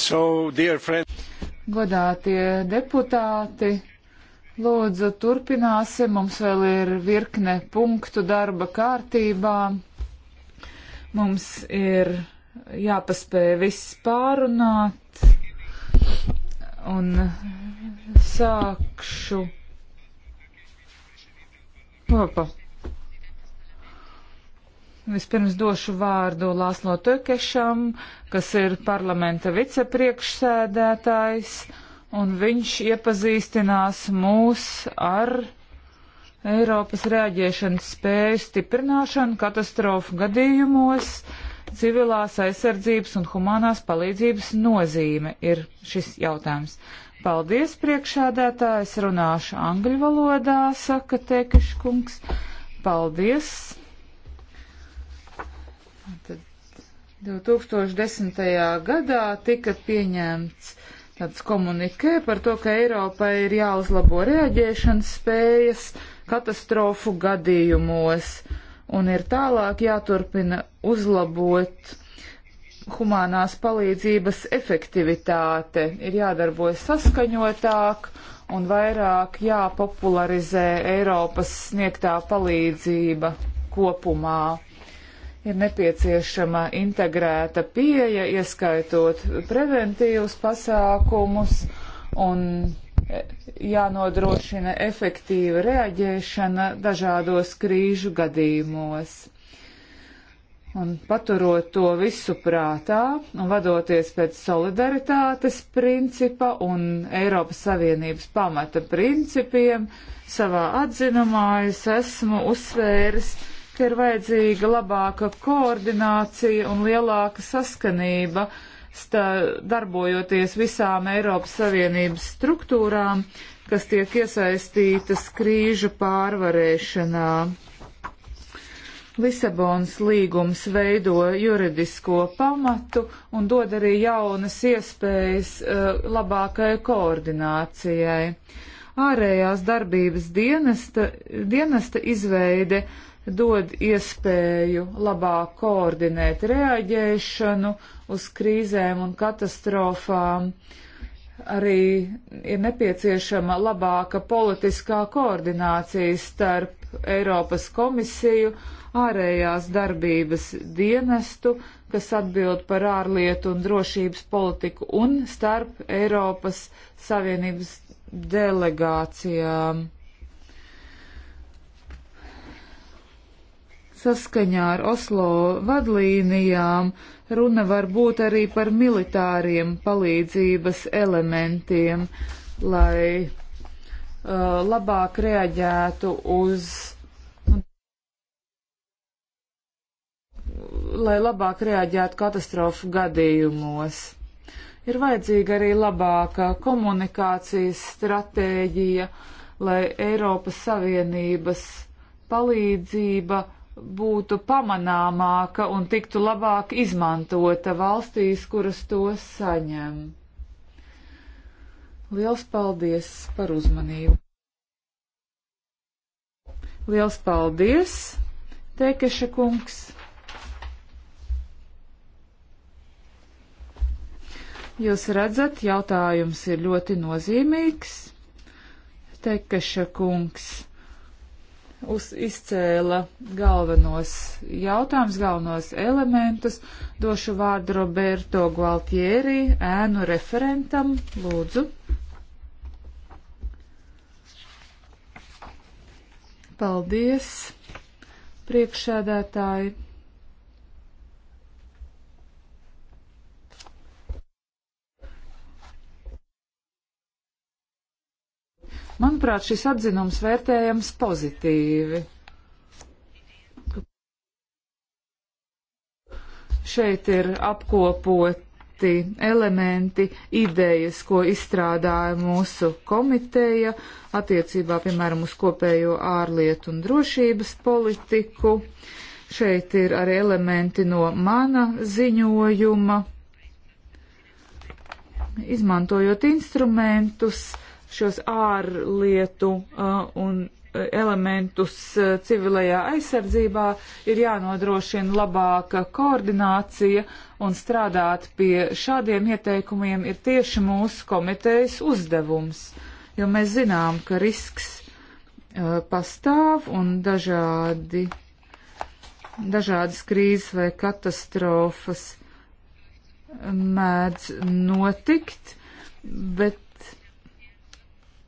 So, Godātie deputāti, lūdzu turpināsim, mums vēl ir virkne punktu darba kārtībā. Mums ir jāpaspēja viss pārunāt un sākšu. Opa. Vispirms došu vārdu Lāslo Tökešam, kas ir parlamenta vicepriekšsēdētājs, un viņš iepazīstinās mūs ar Eiropas reaģēšanas spēju stiprināšanu katastrofu gadījumos. Civilās aizsardzības un humanās palīdzības nozīme ir šis jautājums. Paldies, priekšādētājs, runāšu angļu valodā, saka Tekeškungs. Paldies! Tad 2010. gadā tika pieņemts tāds komunikē par to, ka Eiropai ir jāuzlabo reaģēšanas spējas katastrofu gadījumos un ir tālāk jāturpina uzlabot humanās palīdzības efektivitāte, ir jādarbojas saskaņotāk un vairāk jāpopularizē Eiropas sniegtā palīdzība kopumā ir nepieciešama integrēta pieeja, ieskaitot preventīvus pasākumus un e, jānodrošina efektīva reaģēšana dažādos krīžu gadījumos. Un paturot to visu prātā un vadoties pēc solidaritātes principa un Eiropas Savienības pamata principiem, savā atzinumā es esmu uzsvēris, ka ir vajadzīga labāka koordinācija un lielāka saskanība stā, darbojoties visām Eiropas Savienības struktūrām, kas tiek iesaistītas krīžu pārvarēšanā. Lisabons līgums veido juridisko pamatu un dod arī jaunas iespējas uh, labākai koordinācijai. Ārējās darbības dienesta, dienesta izveide uh, dod iespēju labāk koordinēt reaģēšanu uz krīzēm un katastrofām. Arī ir nepieciešama labāka politiskā koordinācija starp Eiropas komisiju, ārējās darbības dienestu, kas atbild par ārlietu un drošības politiku, un starp Eiropas Savienības delegācijām. Saskaņā ar Oslo vadlīnijām runa var būt arī par militāriem palīdzības elementiem, lai uh, labāk reaģētu uz. lai labāk reaģētu katastrofu gadījumos. Ir vajadzīga arī labāka komunikācijas stratēģija, lai Eiropas Savienības palīdzība uh, būtu pamanāmāka un tiktu labāk izmantota valstīs, kuras to saņem. Liels paldies par uzmanību! Liels paldies, Tekeša kungs! Jūs redzat, jautājums ir ļoti nozīmīgs. Tekeša kungs uz, izcēla galvenos jautājumus, galvenos elementus. Došu vārdu Roberto Gualtieri, ēnu referentam, lūdzu. Paldies, priekšsēdētāji. Manuprāt, šis atzinums vērtējams pozitīvi. Šeit ir apkopoti elementi, idejas, ko izstrādāja mūsu komiteja attiecībā, piemēram, uz kopējo ārlietu un drošības politiku. Šeit ir arī elementi no mana ziņojuma. Izmantojot instrumentus, uh, šos ārlietu uh, un e, elementus e, civilajā aizsardzībā, ir jānodrošina labāka koordinācija un strādāt pie šādiem ieteikumiem ir tieši mūsu komitejas uzdevums, jo mēs zinām, ka risks uh, pastāv un dažādi, dažādas krīzes vai katastrofas mēdz notikt, bet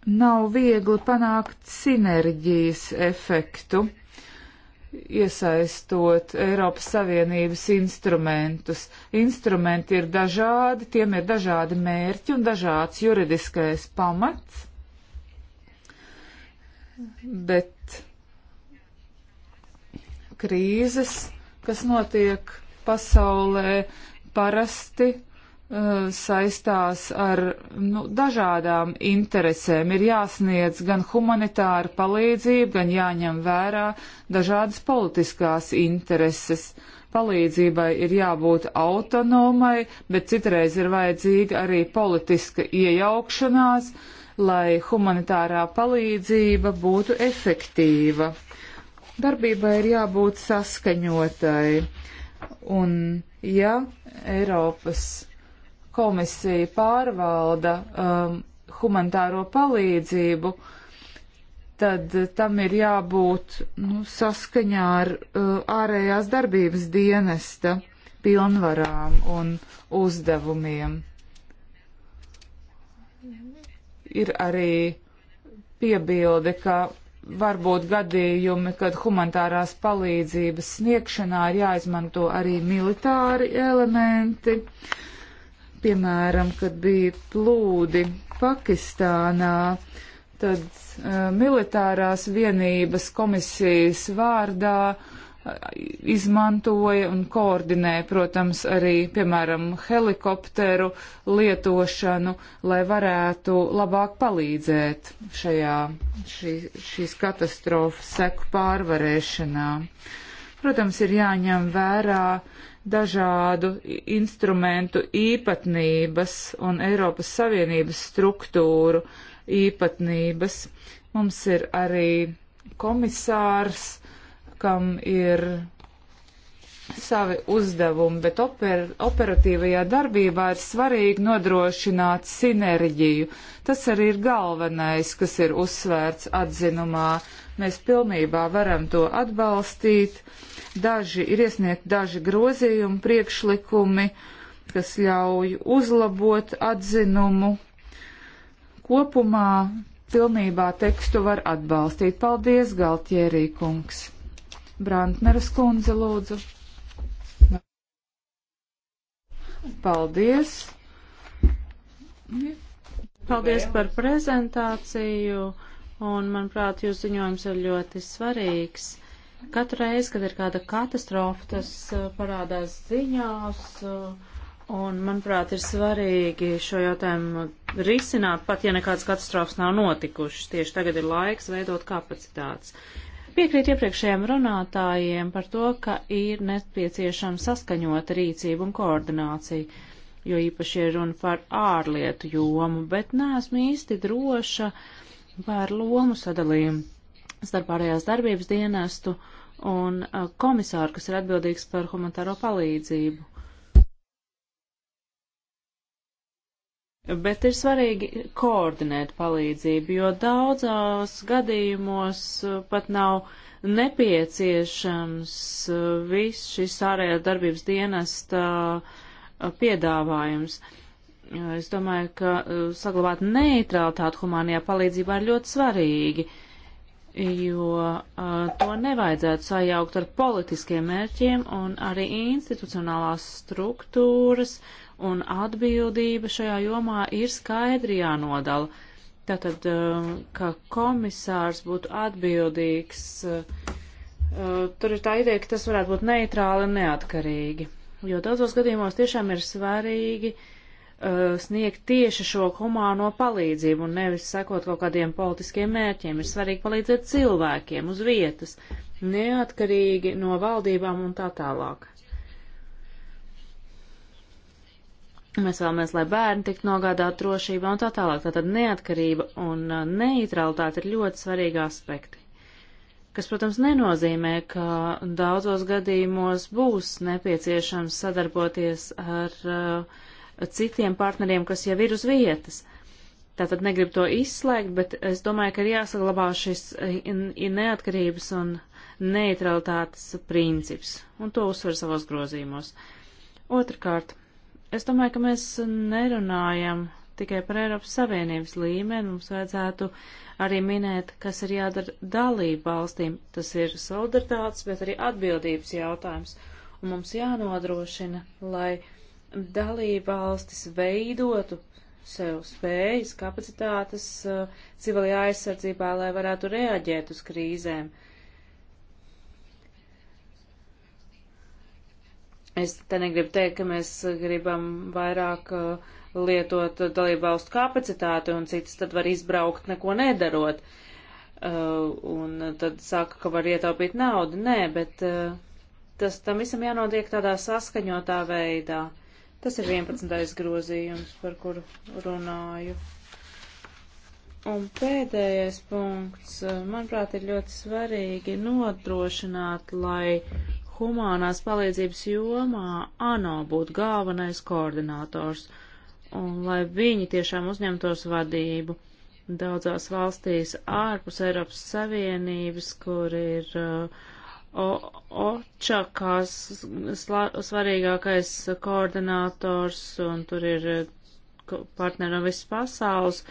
nav viegli panākt sinerģijas efektu, iesaistot Eiropas Savienības instrumentus. Instrumenti ir dažādi, tiem ir dažādi mērķi un dažāds juridiskais pamats, bet krīzes, kas notiek pasaulē, parasti Eh, saistās ar nu, dažādām interesēm. Ir jāsniedz gan humanitāra palīdzība, gan jāņem vērā dažādas politiskās intereses. Palīdzībai ir jābūt autonomai, bet citreiz ir vajadzīga arī politiska iejaukšanās, lai humanitārā palīdzība būtu efektīva. Darbībai ir jābūt saskaņotai. Un ja Eiropas komisija pārvalda um, humanitāro palīdzību, tad tam ir jābūt nu, saskaņā ar uh, ārējās darbības dienesta pilnvarām un uzdevumiem. Ir arī piebilde, ka var būt gadījumi, kad humanitārās palīdzības sniegšanā ir jāizmanto arī militāri elementi. Uh, Piemēram, kad bija plūdi Pakistānā, tad uh, militārās vienības komisijas vārdā uh, izmantoja un koordinēja, protams, arī, piemēram, helikopteru lietošanu, lai varētu labāk palīdzēt šajā, šī, šīs katastrofas seku pārvarēšanā. Protams, ir jāņem vērā uh, dažādu instrumentu īpatnības un Eiropas Savienības struktūru īpatnības. Mums ir arī komisārs, kam ir savi uzdevumi, bet oper, operatīvajā darbībā ir svarīgi nodrošināt sinerģiju. Tas arī ir galvenais, kas ir uzsvērts atzinumā. Mēs pilnībā varam to atbalstīt. Daži ir iesniegt daži grozījumi priekšlikumi, kas ļauj uzlabot atzinumu. Kopumā pilnībā tekstu var atbalstīt. Paldies, Galtierī kungs! Brantneras kundze lūdzu. Paldies! Paldies par prezentāciju, un, manuprāt, jūs ziņojums ir ļoti svarīgs. Katru reizi, kad ir kāda katastrofa, tas uh, parādās ziņās, uh, un, manuprāt, ir svarīgi šo jautājumu risināt, pat ja nekādas katastrofas nav notikušas. Tieši tagad ir laiks veidot kapacitātes. Piekrīt iepriekšējiem runātājiem par to, ka ir nepieciešama saskaņota rīcība un koordinācija, jo īpaši ir runa par ārlietu jomu, bet neesmu īsti droša par lomu sadalījumu starp ārējās darbības dienestu un komisāru, kas ir atbildīgs par humanitāro palīdzību. Bet ir svarīgi koordinēt palīdzību, jo daudzos gadījumos uh, pat nav nepieciešams uh, viss šis ārējā darbības dienesta uh, piedāvājums. Es domāju, ka saglabāt neutralitāti humānajā palīdzībā ir ļoti svarīgi, jo to nevajadzētu sajaukt ar politiskiem mērķiem un arī institucionālās struktūras uh, un atbildība šajā jomā ir skaidri jānodala. Tātad, um, ka komisārs būtu atbildīgs, uh, uh, tur ir tā ideja, ka tas varētu būt neitrāli un neatkarīgi. Jo daudzos gadījumos tiešām ir svarīgi uh, sniegt tieši šo humāno palīdzību un nevis sekot kaut kādiem politiskiem mērķiem. Ir svarīgi palīdzēt cilvēkiem uz vietas, neatkarīgi no valdībām un tā tālāk. Mēs vēlamies, lai bērni tiktu nogādāti drošībā un tā tālāk. Tātad neatkarība un uh, neitralitāte ir ļoti svarīgi aspekti. Kas, protams, nenozīmē, ka daudzos gadījumos būs nepieciešams sadarboties ar uh, citiem partneriem, kas jau ir uz vietas. Tātad negribu to izslēgt, bet es domāju, ka ir jāsaglabā šis uh, neatkarības un neutralitātes princips, un to uzsver savos grozījumos. Otrakārt Es domāju, ka mēs nerunājam tikai par Eiropas Savienības līmeni, mums vajadzētu arī minēt, kas ir jādara dalību valstīm. Tas ir solidaritātes, bet arī atbildības jautājums. Un mums jānodrošina, lai dalību valstis veidotu sev spējas, kapacitātes uh, civilajā aizsardzībā, lai varētu reaģēt uz krīzēm. Uh, Es te negribu teikt, ka mēs gribam vairāk uh, lietot uh, dalībvalstu kapacitāti un citas tad var izbraukt neko nedarot. Uh, un tad saka, ka var ietaupīt naudu. Nē, bet uh, tas tam visam jānotiek tādā saskaņotā veidā. Tas ir 11. grozījums, par kuru runāju. Un pēdējais punkts, uh, manuprāt, ir ļoti svarīgi nodrošināt, lai uh, humānās palīdzības jomā ANO būtu galvenais koordinators, un lai viņi tiešām uzņemtos vadību daudzās valstīs ārpus Eiropas Savienības, kur ir uh, OČA, kā svarīgākais koordinators, un tur ir uh, partneri no visas pasaules,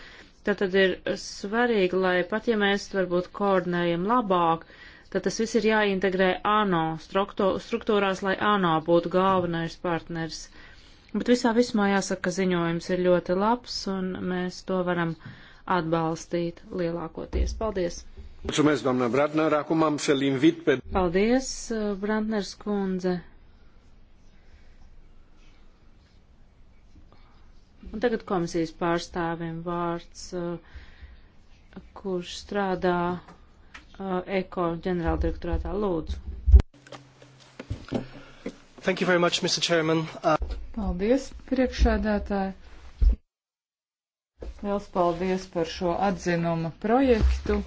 tad, tad ir svarīgi, lai pat ja mēs varbūt koordinējam labāk, uh, Tad tas viss ir jāintegrē ANO struktūrās, lai ANO būtu galvenais partners. Bet visā vismā jāsaka, ka ziņojums ir ļoti labs un mēs to varam atbalstīt lielākoties. Paldies! Mulțumesc, doamna Bratner. Acum am să-l invit pe... Paldies, uh, Brantner Skundze. Un tagad komisijas pārstāvim vārds, uh, kurš strādā Uh, Eko ģenerāldirektorātā. Lūdzu. Thank you very much, Mr. Chairman. Uh... Paldies, priekšsēdētāji. Liels paldies par šo atzinuma projektu.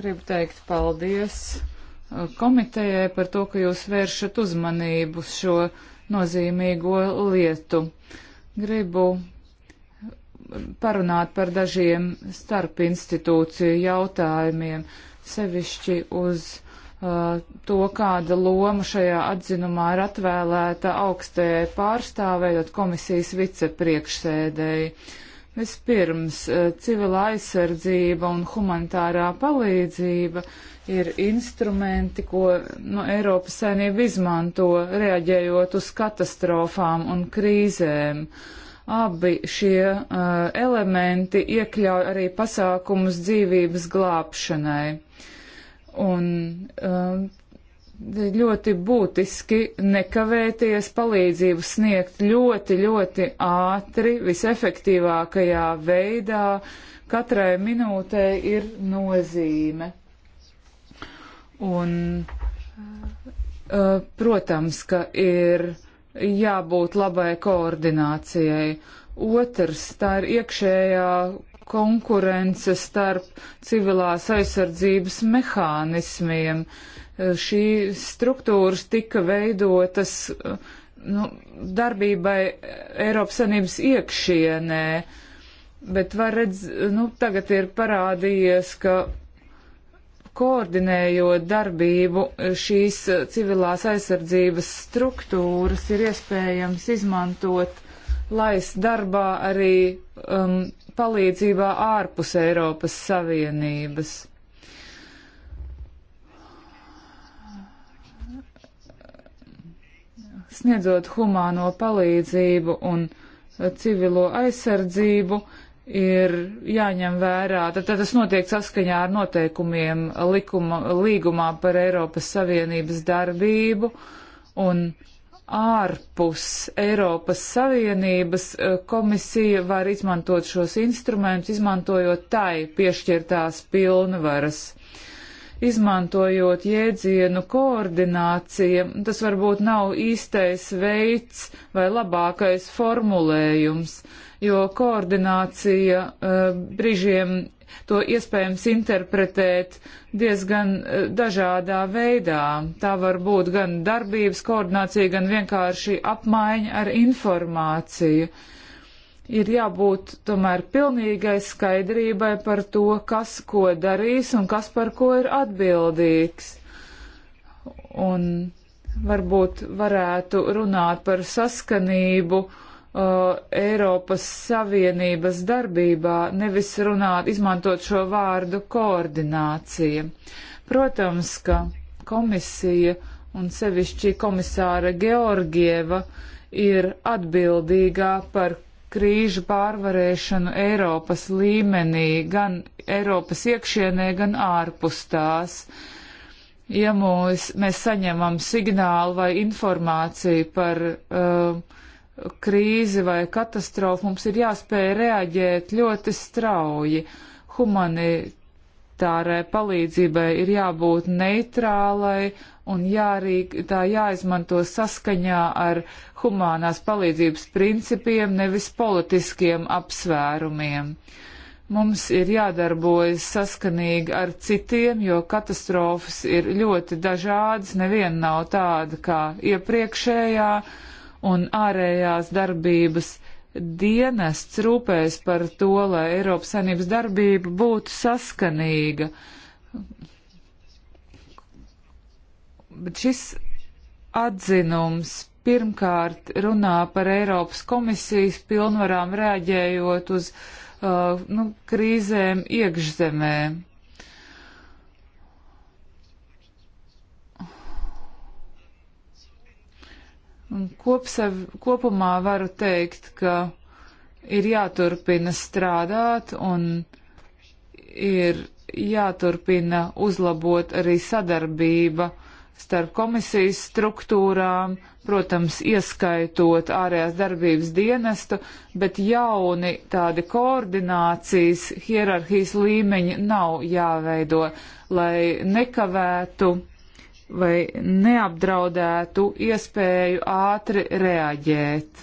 Gribu teikt paldies uh, komitejai par to, ka jūs vēršat uzmanību šo nozīmīgo lietu. Gribu parunāt par dažiem starpinstitūciju jautājumiem. Uh, sevišķi uz uh, to, kāda loma šajā atzinumā ir atvēlēta augstajai pārstāvēji, tad komisijas vicepriekšsēdēji. Vispirms, uh, civila aizsardzība un humanitārā palīdzība ir instrumenti, ko nu, Eiropas saimnieba izmanto reaģējot uz katastrofām un krīzēm. Uh, Abi šie uh, elementi iekļauj arī pasākumus dzīvības glābšanai. Un um, ļoti būtiski nekavēties palīdzību sniegt ļoti, ļoti ātri, visefektīvākajā veidā. Katrai minūtei ir nozīme. Un, protams, ka ir jābūt labai koordinācijai. Otrs, tā ir iekšējā konkurence starp civilās aizsardzības mehānismiem. Šīs struktūras tika veidotas nu, darbībai Eiropas Sanības iekšienē, bet var redz, nu, tagad ir parādījies, ka koordinējot darbību šīs civilās aizsardzības struktūras ir iespējams izmantot, lai darbā arī um, palīdzībā ārpus Eiropas Savienības. Sniedzot humāno palīdzību un civilo aizsardzību, uh, ir jāņem vērā, tad, tad tas notiek saskaņā ar noteikumiem likuma, līgumā par Eiropas Savienības darbību un ārpus Eiropas Savienības e, komisija var izmantot šos instrumentus, izmantojot tai piešķirtās pilnvaras. Izmantojot jēdzienu koordinācija, tas varbūt nav īstais veids vai labākais formulējums jo koordinācija uh, brīžiem to iespējams interpretēt diezgan uh, dažādā veidā. Tā var būt gan darbības koordinācija, gan vienkārši apmaiņa ar informāciju. Ir jābūt tomēr pilnīgai skaidrībai par to, kas ko darīs un kas par ko ir atbildīgs. Un varbūt varētu runāt par saskanību uh, Uh, Eiropas Savienības darbībā, nevis runāt, izmantot šo vārdu koordinācija. Protams, ka komisija un sevišķi komisāra Georgieva ir atbildīgā par krīžu pārvarēšanu Eiropas līmenī, gan Eiropas iekšienē, gan ārpus tās. Ja mūs, mēs saņemam signālu vai informāciju par uh, krīzi vai katastrofu, mums ir jāspēj reaģēt ļoti strauji. Humanitārai palīdzībai ir jābūt neitrālai un jārīk, tā jāizmanto saskaņā ar humānās palīdzības principiem, nevis politiskiem apsvērumiem. Mums ir jādarbojas saskanīgi ar citiem, jo katastrofas ir ļoti dažādas, neviena nav tāda kā iepriekšējā. Ja un ārējās darbības dienests rūpējas par to, lai Eiropas saimnības darbība būtu saskanīga. Bet šis atzinums pirmkārt runā par Eiropas komisijas pilnvarām rēģējot uz uh, nu, krīzēm iekšzemēm. Un kopsev, kopumā varu teikt, ka ir jāturpina strādāt un ir jāturpina uzlabot arī sadarbība starp komisijas struktūrām, protams, ieskaitot ārējās darbības dienestu, bet jauni tādi koordinācijas hierarhijas līmeņi nav jāveido, lai nekavētu vai neapdraudētu iespēju ātri reaģēt.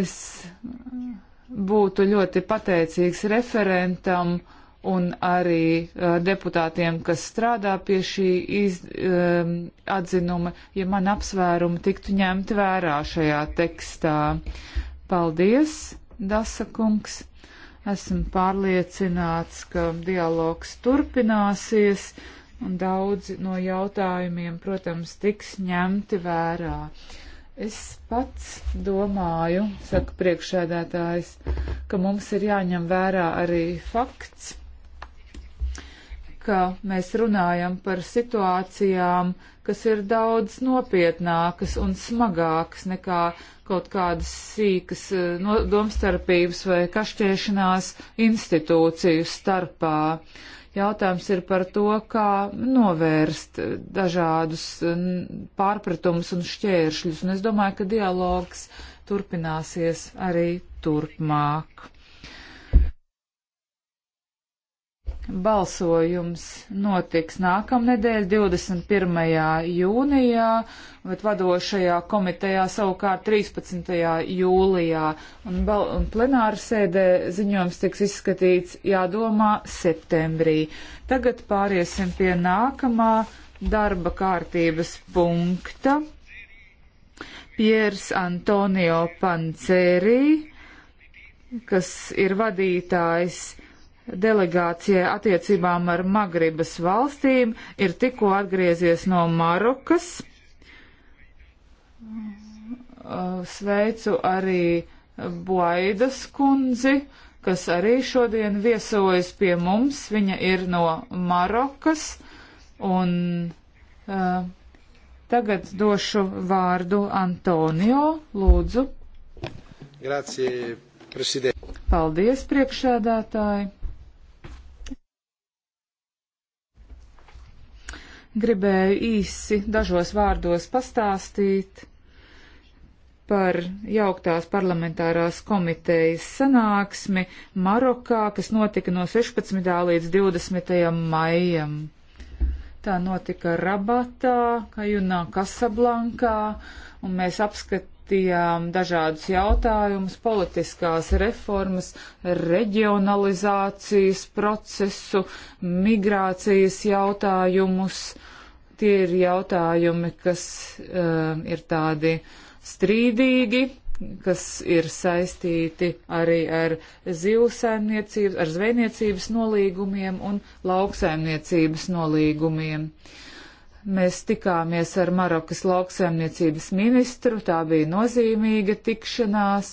Es būtu ļoti pateicīgs referentam un arī uh, deputātiem, kas strādā pie šī iz, uh, atzinuma, ja man apsvērumi tiktu ņemti vērā šajā tekstā. Paldies, Dasa kungs! Esmu pārliecināts, ka dialogs turpināsies un daudzi no jautājumiem, protams, tiks ņemti vērā. Es pats domāju, saka priekšēdētājs, ka mums ir jāņem vērā arī fakts, ka mēs runājam par situācijām, kas ir daudz nopietnākas un smagākas nekā kaut kādas sīkas eh, no, domstarpības vai kašķēšanās institūciju starpā. Uh, Jautājums ir par to, kā novērst dažādus pārpratumus un šķēršļus, un es domāju, ka dialogs turpināsies arī turpmāk. Balsojums notiks nākamnedēļ, 21. jūnijā, bet vadošajā komitejā savukārt 13. jūlijā. Un, un plenāra sēdē ziņojums tiks izskatīts jādomā septembrī. Tagad pāriesim pie nākamā darba kārtības punkta. Piers Antonio Panceri, kas ir vadītājs delegācijai attiecībām ar Magribas valstīm ir tikko atgriezies no Marokas. Uh, sveicu arī Buaidas kundzi, kas arī šodien viesojas pie mums. Viņa ir no Marokas un uh, tagad došu vārdu Antonio, lūdzu. Grazie, prezident. Paldies, priekšsēdētāji. gribēju īsi dažos vārdos pastāstīt par jauktās parlamentārās komitejas sanāksmi Marokā, kas notika no 16. līdz 20. maijam. Tā notika Rabatā, Kajunā, Kasablankā, un mēs apskat, skatījām dažādus jautājumus, politiskās reformas, reģionalizācijas procesu, migrācijas jautājumus. Tie ir jautājumi, kas uh, ir tādi strīdīgi, kas ir saistīti arī ar zivsaimniecības, ar zvejniecības nolīgumiem un lauksaimniecības nolīgumiem. Uh, mēs tikāmies ar Marokas lauksaimniecības ministru, tā bija nozīmīga tikšanās,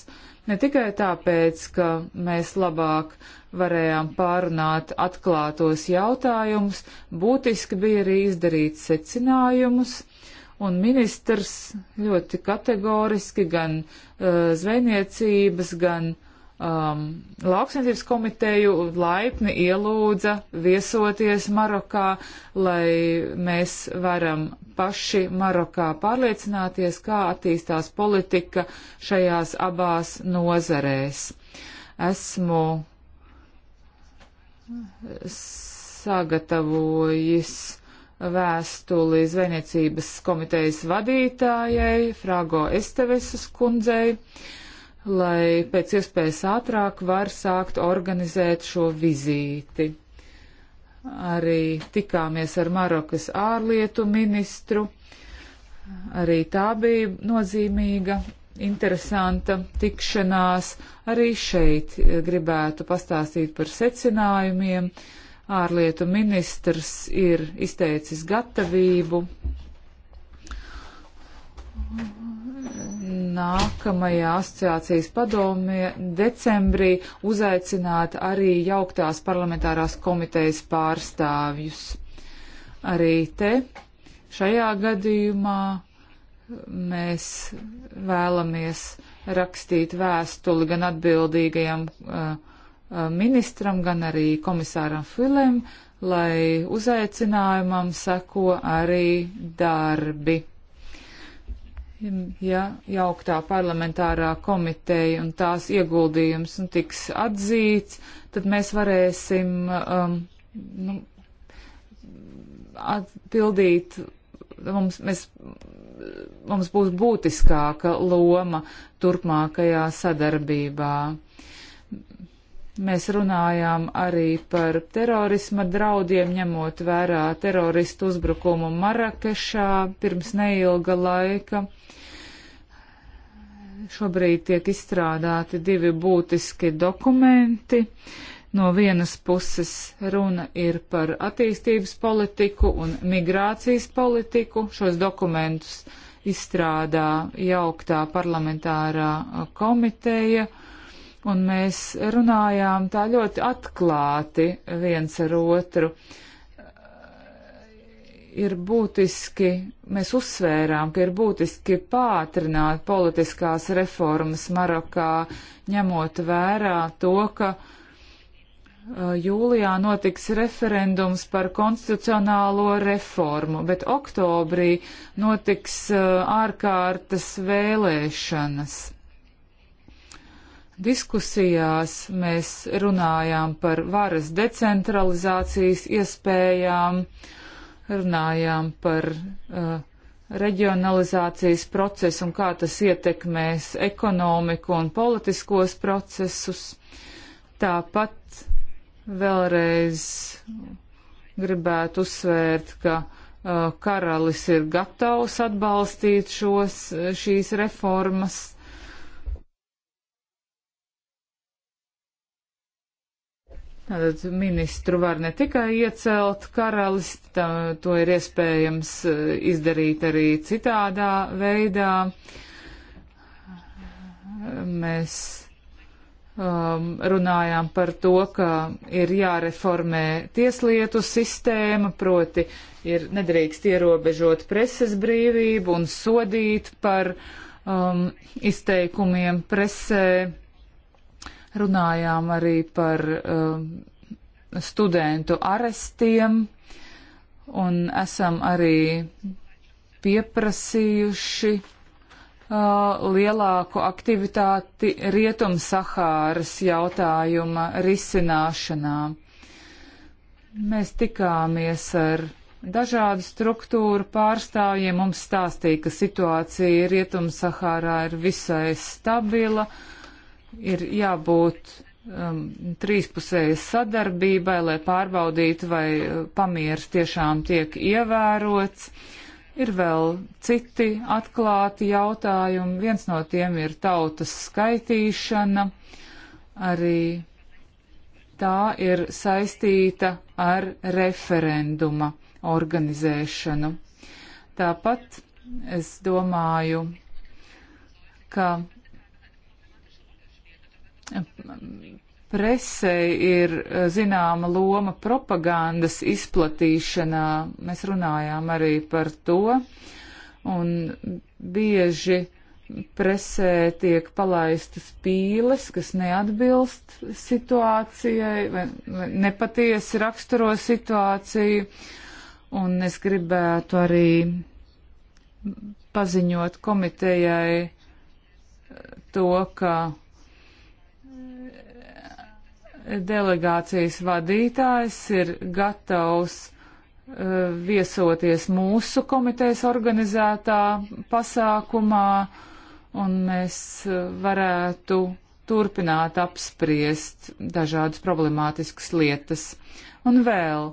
ne tikai tāpēc, ka mēs labāk varējām pārunāt atklātos jautājumus, būtiski bija arī izdarīt secinājumus, un ministrs ļoti kategoriski gan uh, zvejniecības, gan uh, um, lauksniecības komiteju laipni ielūdza viesoties Marokā, lai mēs varam paši Marokā pārliecināties, kā attīstās politika šajās abās nozarēs. Esmu sagatavojis vēstuli zvejniecības komitejas vadītājai Frago Estevesas kundzei. Uh, lai pēc iespējas ātrāk var sākt organizēt šo vizīti. Arī tikāmies ar Marokas ārlietu ministru. Arī tā bija nozīmīga, interesanta tikšanās. Arī šeit gribētu pastāstīt par secinājumiem. Ārlietu ministrs ir izteicis gatavību nākamajā asociācijas padomē decembrī uzaicināt arī jauktās parlamentārās komitejas pārstāvjus. Arī te šajā gadījumā mēs vēlamies rakstīt vēstuli gan atbildīgajam uh, uh ministram, gan arī komisāram Filem, lai uzaicinājumam seko arī darbi ja jauktā parlamentārā komiteja un tās ieguldījums un nu, tiks atzīts, tad mēs varēsim um, nu, atbildīt, mums, mēs, mums būs būtiskāka loma turpmākajā sadarbībā. Mēs runājām arī par terorisma draudiem, ņemot vērā teroristu uzbrukumu Marakešā pirms neilga laika. Šobrīd tiek izstrādāti divi būtiski dokumenti. No vienas puses runa ir par attīstības politiku un migrācijas politiku. Šos dokumentus izstrādā jauktā parlamentārā komiteja. Uh, un mēs runājām tā ļoti atklāti viens ar otru. Ir būtiski, mēs uzsvērām, ka ir būtiski pātrināt politiskās reformas Marokā, ņemot vērā to, ka jūlijā notiks referendums par konstitucionālo reformu, bet oktobrī notiks ārkārtas vēlēšanas diskusijās mēs runājām par varas decentralizācijas iespējām, runājām par uh, reģionalizācijas procesu un kā tas ietekmēs ekonomiku un politiskos procesus. Tāpat vēlreiz gribētu uzsvērt, ka uh, karalis ir gatavs atbalstīt šos, šīs reformas Tātad ministru var ne tikai iecelt karalis, tā, to ir iespējams eh, izdarīt arī citādā veidā. Mēs um, runājām par to, ka ir jāreformē tieslietu sistēma, proti ir nedrīkst ierobežot preses brīvību un sodīt par um, izteikumiem presē Runājām arī par um, studentu arestiem un esam arī pieprasījuši uh, lielāku aktivitāti Rietum-Sahāras jautājuma risināšanā. Mēs tikāmies ar dažādu struktūru pārstāvjiem. Mums stāstīja, ka situācija Rietum-Sahārā ir visai stabila. Uh, ir jābūt um, trīspusējas sadarbībai, lai pārbaudītu, vai uh, pamieris tiešām tiek ievērots. Ir vēl citi atklāti jautājumi. Viens no tiem ir tautas skaitīšana. Arī tā ir saistīta ar referenduma organizēšanu. Tāpat es domāju, ka Presē ir eh, zināma loma propagandas izplatīšanā. Mēs runājām arī par to, un bieži presē tiek palaistas pīles, kas neatbilst situācijai, vai, vai nepatiesi raksturo situāciju. Un es gribētu arī paziņot komitejai to, ka delegācijas vadītājs ir gatavs uh, viesoties mūsu komitejas organizētā pasākumā, un mēs eh, varētu turpināt apspriest dažādas problemātiskas lietas. Un vēl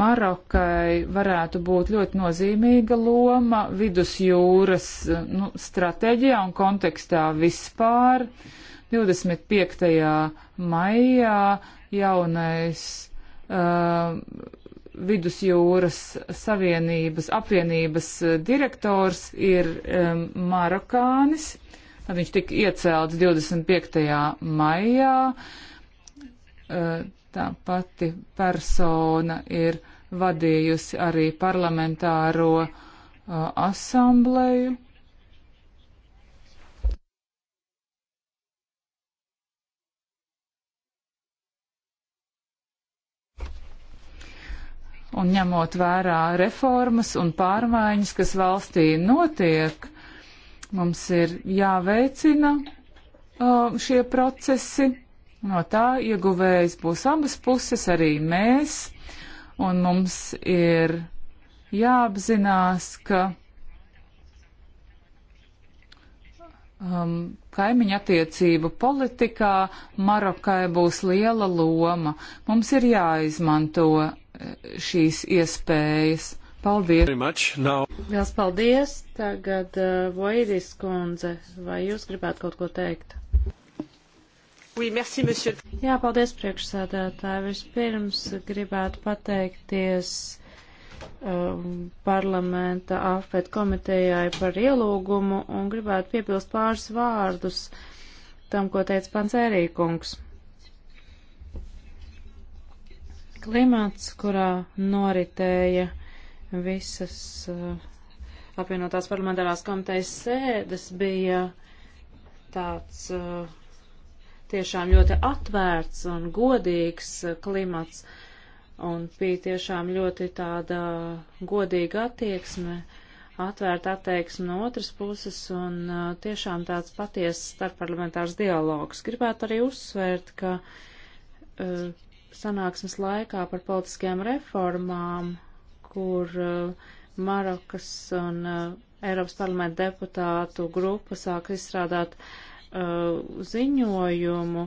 Marokai varētu būt ļoti nozīmīga loma vidusjūras eh, nu, stratēģijā un kontekstā vispār. Uh, 25. maijā jaunais uh, Vidusjūras Savienības apvienības uh, direktors ir um, Marokānis. Viņš tika iecelts 25. maijā. Uh, tā pati persona ir vadījusi arī parlamentāro uh, asambleju. un ņemot vērā reformas un pārmaiņas, kas valstī notiek, mums ir jāveicina uh, šie procesi. No tā ieguvējs būs abas puses, arī mēs, un mums ir jāapzinās, ka um, kaimiņa attiecību politikā Marokai būs liela loma. Mums ir jāizmanto šīs iespējas. Paldies! Lielas paldies! Tagad uh, Voidis kundze, vai jūs gribētu kaut ko teikt? Oui, merci, monsieur. Jā, paldies priekšsādātāji. Vispirms gribētu pateikties um, parlamenta afet komitejai par ielūgumu un gribētu piebilst pāris vārdus tam, ko teica pants Ērīkungs. Klimats, kurā noritēja visas eh, apvienotās parlamentārās komitejas sēdes, bija tāds eh, tiešām ļoti atvērts un godīgs klimats, un bija tiešām ļoti tāda godīga attieksme, atvērta attieksme no otras puses, un eh, tiešām tāds patiesas starpparlamentārs dialogs. Gribētu arī uzsvērt, ka uh, sanāksmes laikā par politiskajām reformām, kur uh, Marokas un uh, Eiropas parlamenta deputātu grupa sāk izstrādāt uh, ziņojumu.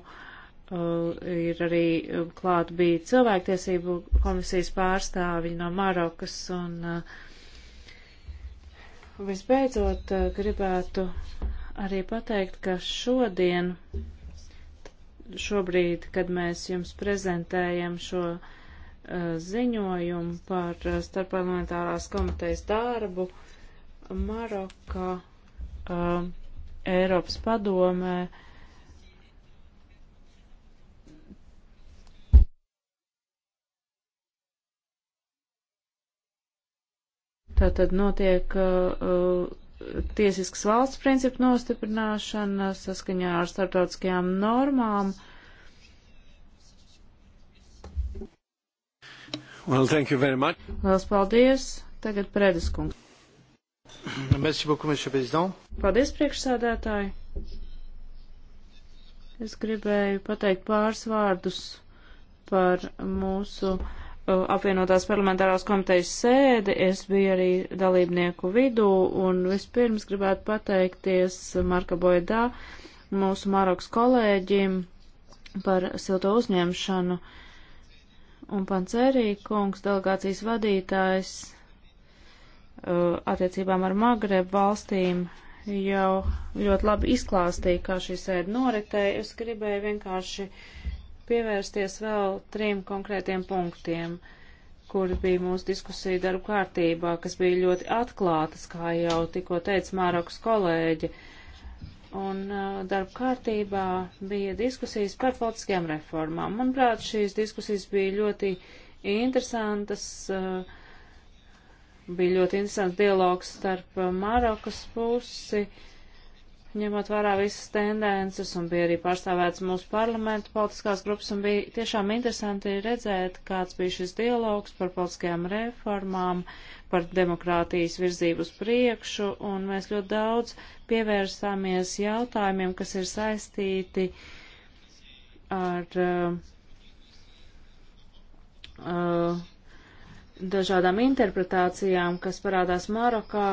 Uh, ir arī uh, klāt bija cilvēktiesību komisijas pārstāvi no Marokas un uh, visbeidzot gribētu arī pateikt, ka šodien šobrīd, kad mēs jums prezentējam šo uh, ziņojumu par uh, starpparlamentārās komitejas darbu Marokā, uh, Eiropas padomē, Tātad notiek uh, uh tiesiskas valsts principu nostiprināšana saskaņā ar starptautiskajām normām. Well, thank you very much. Lielas paldies. Tagad Prēdes kungs. Merci beaucoup, monsieur président. Paldies, priekšsādātāji. Es gribēju pateikt pāris vārdus par mūsu uh, Uh, apvienotās parlamentārās komitejas sēdi, es biju arī dalībnieku vidū, un vispirms gribētu pateikties Marka Boidā, mūsu Maroks kolēģim, par silto uzņemšanu, un Pancerī kungs, delegācijas vadītājs, uh, attiecībām ar Magreb valstīm jau ļoti labi izklāstīja, kā šī sēde noritēja. Es gribēju vienkārši pievērsties vēl trim konkrētiem punktiem, kuri bija mūsu diskusija darba kārtībā, kas bija ļoti atklātas, kā jau tikko teica Mārokas kolēģi. Un uh, darba kārtībā bija diskusijas par politiskajām reformām. Manuprāt, šīs diskusijas bija ļoti interesantas. Uh, bija ļoti interesants dialogs starp uh, Mārokas pusi. Uh, ņemot vērā visas tendences, un bija arī pārstāvēts mūsu parlamentu politiskās grupas, un bija tiešām interesanti redzēt, kāds bija šis dialogs par politiskajām reformām, par demokrātijas virzību uz priekšu, un mēs ļoti daudz pievērsāmies jautājumiem, kas ir saistīti ar uh, uh, dažādām interpretācijām, kas parādās Marokā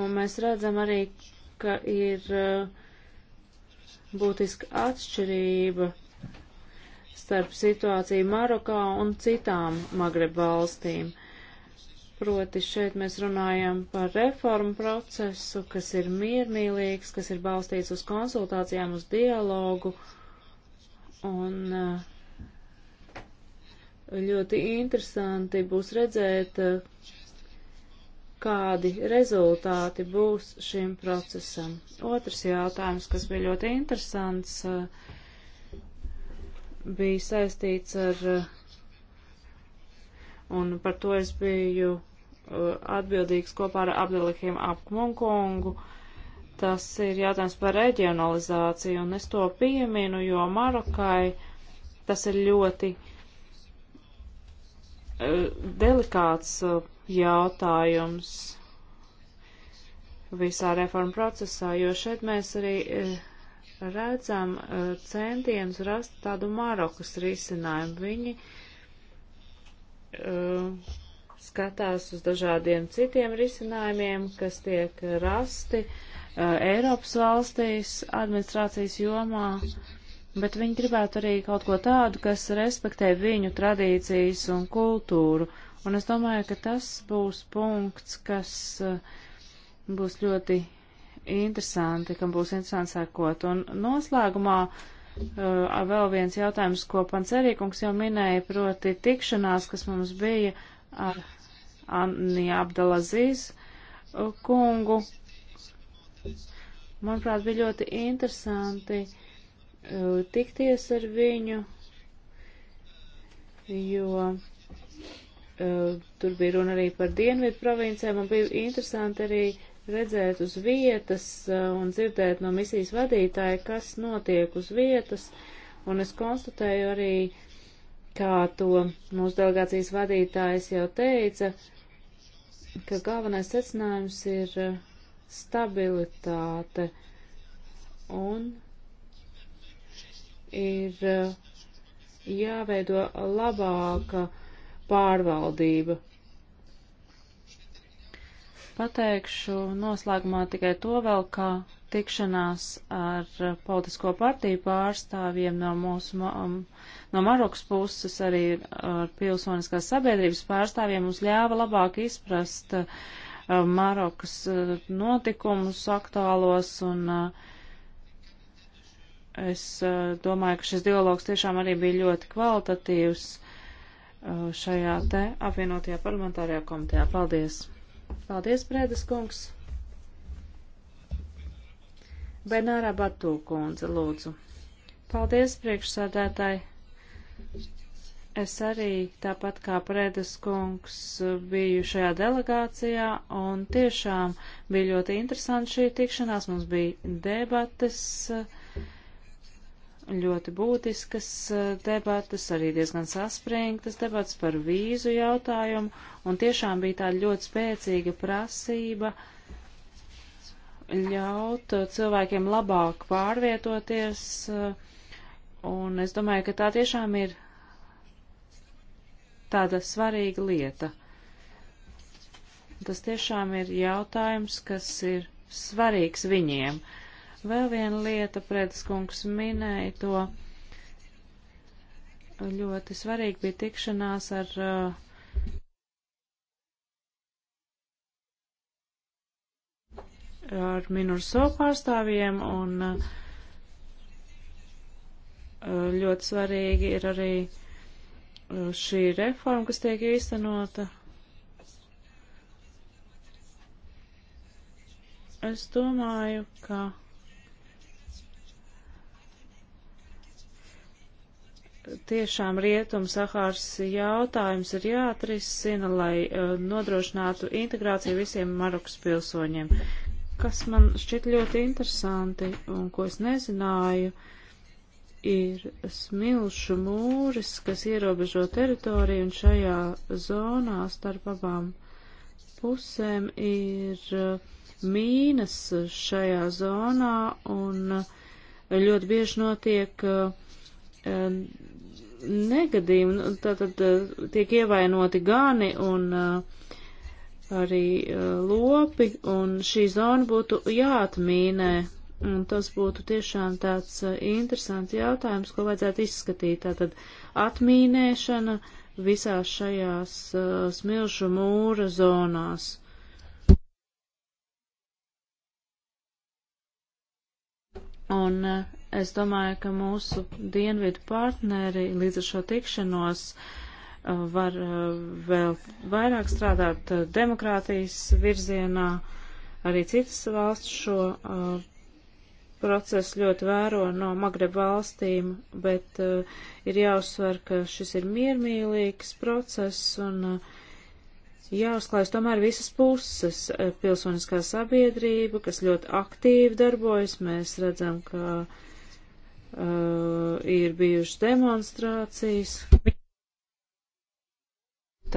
Un mēs redzam arī, ka ir uh, būtiska atšķirība starp situāciju Marokā un citām Magreb valstīm. Proti šeit mēs runājam par reformu procesu, kas ir miermīlīgs, kas ir balstīts uz konsultācijām, uz dialogu un uh, ļoti interesanti būs redzēt, uh, kādi rezultāti būs šim procesam. Otrs jautājums, kas bija ļoti interesants, eh, bija saistīts ar, eh, un par to es biju eh, atbildīgs kopā ar Abdelihiem Apkmunkungu. Tas ir jautājums par reģionalizāciju, un es to pieminu, jo Marokai tas ir ļoti delikāts jautājums visā reformu procesā, jo šeit mēs arī eh, redzam eh, centienus rast tādu Marokas risinājumu. Viņi uh, skatās uz dažādiem citiem risinājumiem, kas tiek rasti uh, Eiropas valstīs administrācijas jomā, bet viņi gribētu arī kaut ko tādu, kas respektē viņu tradīcijas un kultūru Un es domāju, ka tas būs punkts, kas uh, būs ļoti interesanti, kam būs interesanti sekot. Un noslēgumā uh, vēl viens jautājums, ko Pancerīkungs jau minēja, proti tikšanās, kas mums bija ar Anni Abdalazīs uh, kungu. Manuprāt, bija ļoti interesanti tikties ar viņu, jo Eh, tur bija runa arī par dienvidu provincēm, un bija interesanti arī redzēt uz vietas eh, un dzirdēt no misijas vadītāja, kas notiek uz vietas, un es konstatēju arī, kā to mūsu delegācijas vadītājs jau teica, ka galvenais secinājums ir eh, stabilitāte un ir jāveido labāka uh, pārvaldība. Pateikšu noslēgumā tikai to vēl, kā tikšanās ar politisko partiju pārstāvjiem no mūsu, um, no Marokas puses, arī ar pilsoniskās sabiedrības pārstāvjiem mums ļāva labāk izprast uh, Marokas uh, notikumus aktuālos un uh, es domāju, ka šis dialogs tiešām arī bija ļoti kvalitatīvs Uh, šajā te apvienotajā parlamentārajā komitejā. Paldies! Paldies, Prēdas kungs! Benārā Batū kundze, lūdzu. Paldies, priekšsādātāji! Es arī, tāpat kā Prēdas kungs, biju šajā delegācijā, un tiešām bija ļoti interesanti šī tikšanās. Mums bija debates. Uh, ļoti būtiskas eh, debatas, arī diezgan saspringtas debatas par vīzu jautājumu, un tiešām bija tāda ļoti spēcīga prasība ļaut eh, cilvēkiem labāk pārvietoties, eh, un es domāju, ka tā tiešām ir tāda svarīga lieta. Tas tiešām ir jautājums, kas ir svarīgs viņiem. Uh, Vēl viena lieta, Prēdiskungs minēja to ļoti svarīgi bija tikšanās ar uh, ar Minurso pārstāvjiem un uh, ļoti svarīgi ir arī uh, šī reforma, kas tiek īstenota. Es domāju, ka tiešām rietum Sahāras jautājums ir jāatrisina, lai uh, nodrošinātu integrāciju visiem Marokas pilsoņiem. Kas man šķiet ļoti interesanti un ko es nezināju, ir smilšu mūris, kas ierobežo teritoriju un šajā zonā starp abām pusēm ir uh, mīnas šajā zonā un uh, ļoti bieži notiek uh, negadījumi, nu, tātad eh, tiek ievainoti gani un eh, arī eh, lopi, un šī zona būtu jāatmīnē. Un tas būtu tiešām tāds interesants jautājums, ko vajadzētu izskatīt. Tātad atmīnēšana visās šajās smilšu mūra zonās. Un uh, Es domāju, ka mūsu dienvidu partneri līdz ar šo tikšanos uh, var uh, vēl vairāk strādāt uh, demokrātijas virzienā. Arī citas valsts šo procesu ļoti vēro no Magreb valstīm, bet uh, ir jāuzsver, ka šis ir miermīlīgs process un uh, jāuzklājas tomēr visas puses. Pilsoniskā sabiedrība, kas ļoti aktīvi darbojas, mēs redzam, ka uh, Uh, ir bijušas demonstrācijas.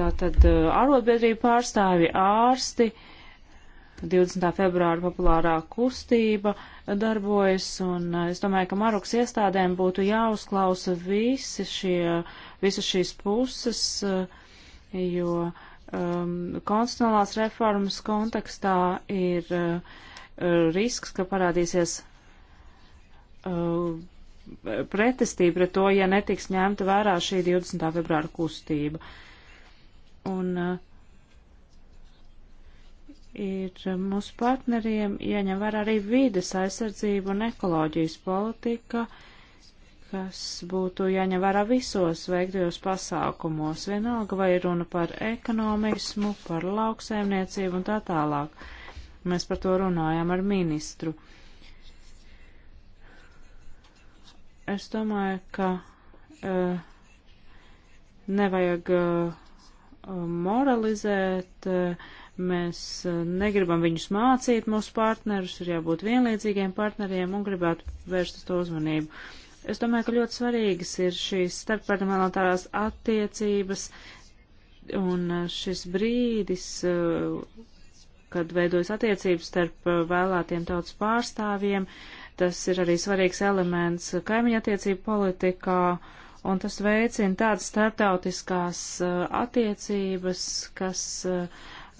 Tātad uh, arotbiedrība pārstāvi ārsti, 20. februāra populārā kustība darbojas, un uh, es domāju, ka Marukas iestādēm būtu jāuzklausa visi šie, visas šīs puses, jo um, konstitucionālās reformas kontekstā ir uh, risks, ka parādīsies uh, pretestība pret to, ja netiks ņemta vērā šī 20. februāra kustība. Un uh, ir uh, mūsu partneriem jāņem vērā arī vīdes aizsardzība un ekoloģijas politika, kas būtu jāņem vērā visos veiktajos pasākumos, vienalga vai runa par ekonomismu, par lauksaimniecību un tā tālāk. Mēs par to runājam ar ministru. Uh, Es domāju, ka uh, nevajag uh, moralizēt, uh, mēs uh, negribam viņus mācīt, mūsu partnerus ir jābūt vienlīdzīgiem partneriem un gribētu vērst uz to uzmanību. Es domāju, ka ļoti svarīgas ir šīs starpparlamentārās attiecības un šis brīdis, uh, kad veidojas attiecības starp vēlētiem tautas pārstāvjiem, uh, Tas ir arī svarīgs elements kaimiņa attiecību politikā, un tas veicina tādas startautiskās uh, attiecības, kas uh,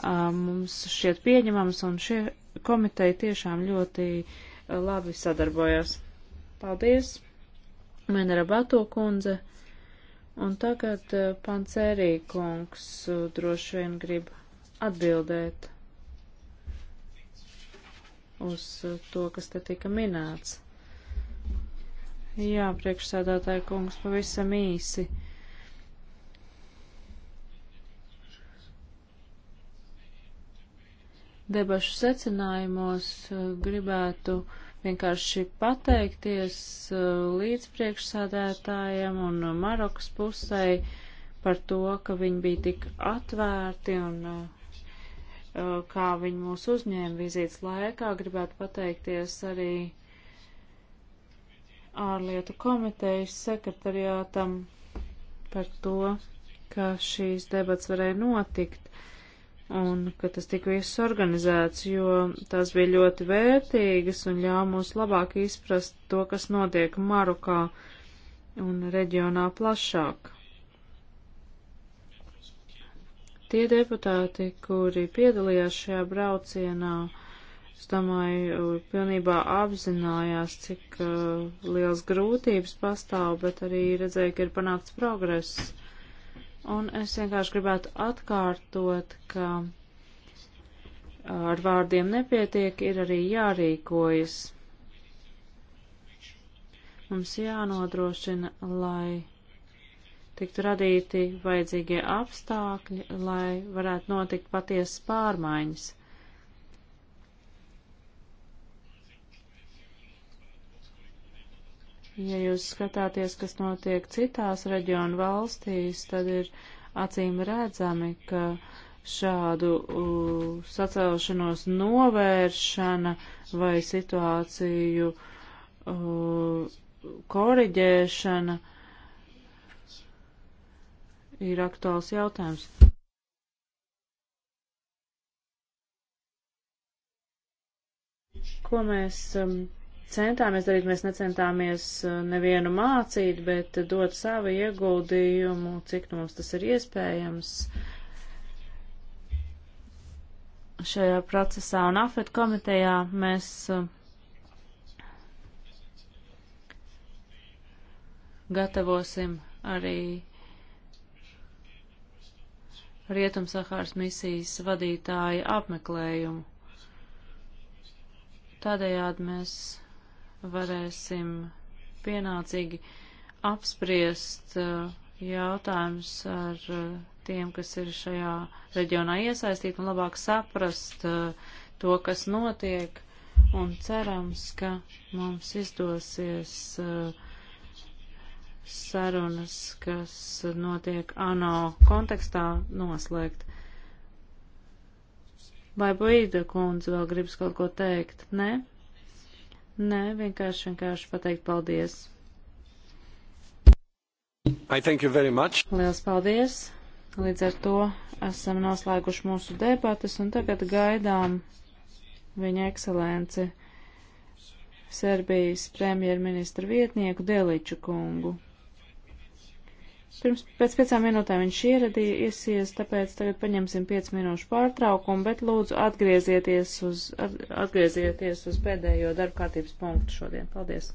uh, mums šķiet pieņemams, un šie komiteji tiešām ļoti labi sadarbojas. Paldies, Menera Bato kundze, un tagad Pancerī kungs droši vien grib atbildēt uz eh, to, kas te tika minēts. Jā, priekšsēdētāja kungs, pavisam īsi. Debašu secinājumos eh, gribētu vienkārši pateikties eh, līdzpriekšsēdētājiem un Marokas pusē par to, ka viņi bija tik atvērti un uh, Uh, kā viņi mūs uzņēma vizītes laikā. Gribētu pateikties arī ārlietu komitejas sekretariātam par to, ka šīs debats varēja notikt un ka tas tika viss organizēts, jo tās bija ļoti vērtīgas un ļāva mums labāk izprast to, kas notiek Marokā un reģionā plašāk. Tie deputāti, kuri piedalījās šajā braucienā, es domāju, pilnībā apzinājās, cik uh, liels grūtības pastāv, bet arī redzēja, ka ir panākts progress. Un es vienkārši gribētu atkārtot, ka ar vārdiem nepietiek, ir arī jārīkojas. Mums jānodrošina, lai tiktu radīti vajadzīgie apstākļi, lai varētu notikt patiesas pārmaiņas. Ja jūs skatāties, kas notiek citās reģionu valstīs, tad ir acīm redzami, ka šādu uh, sacelšanos novēršana vai situāciju uh, koriģēšana uh, ir aktuāls jautājums. Ko mēs um, centāmies darīt? Mēs necentāmies uh, nevienu mācīt, bet dot savu ieguldījumu, cik nu mums tas ir iespējams šajā procesā. Un AFET komitejā mēs uh, gatavosim arī Rietumsahāras misijas vadītāja apmeklējumu. Tādējādi mēs varēsim pienācīgi apspriest uh, jautājumus ar uh, tiem, kas ir šajā reģionā iesaistīti un labāk saprast uh, to, kas notiek. Un cerams, ka mums izdosies uh, sarunas, kas notiek ANO kontekstā, noslēgt. Vai Buīda kundze vēl gribas kaut ko teikt? Nē? Nē, vienkārši, vienkārši pateikt paldies. Lielas paldies! Līdz ar to esam noslēguši mūsu debatas un tagad gaidām viņa ekscelenci Serbijas premjerministra vietnieku Deliču kungu. Pirms pēc piecām minūtēm viņš ieradīsies, tāpēc tagad paņemsim 5 minūšu pārtraukumu, bet lūdzu atgriezieties uz, atgriezieties uz pēdējo darba kārtības punktu šodien. Paldies!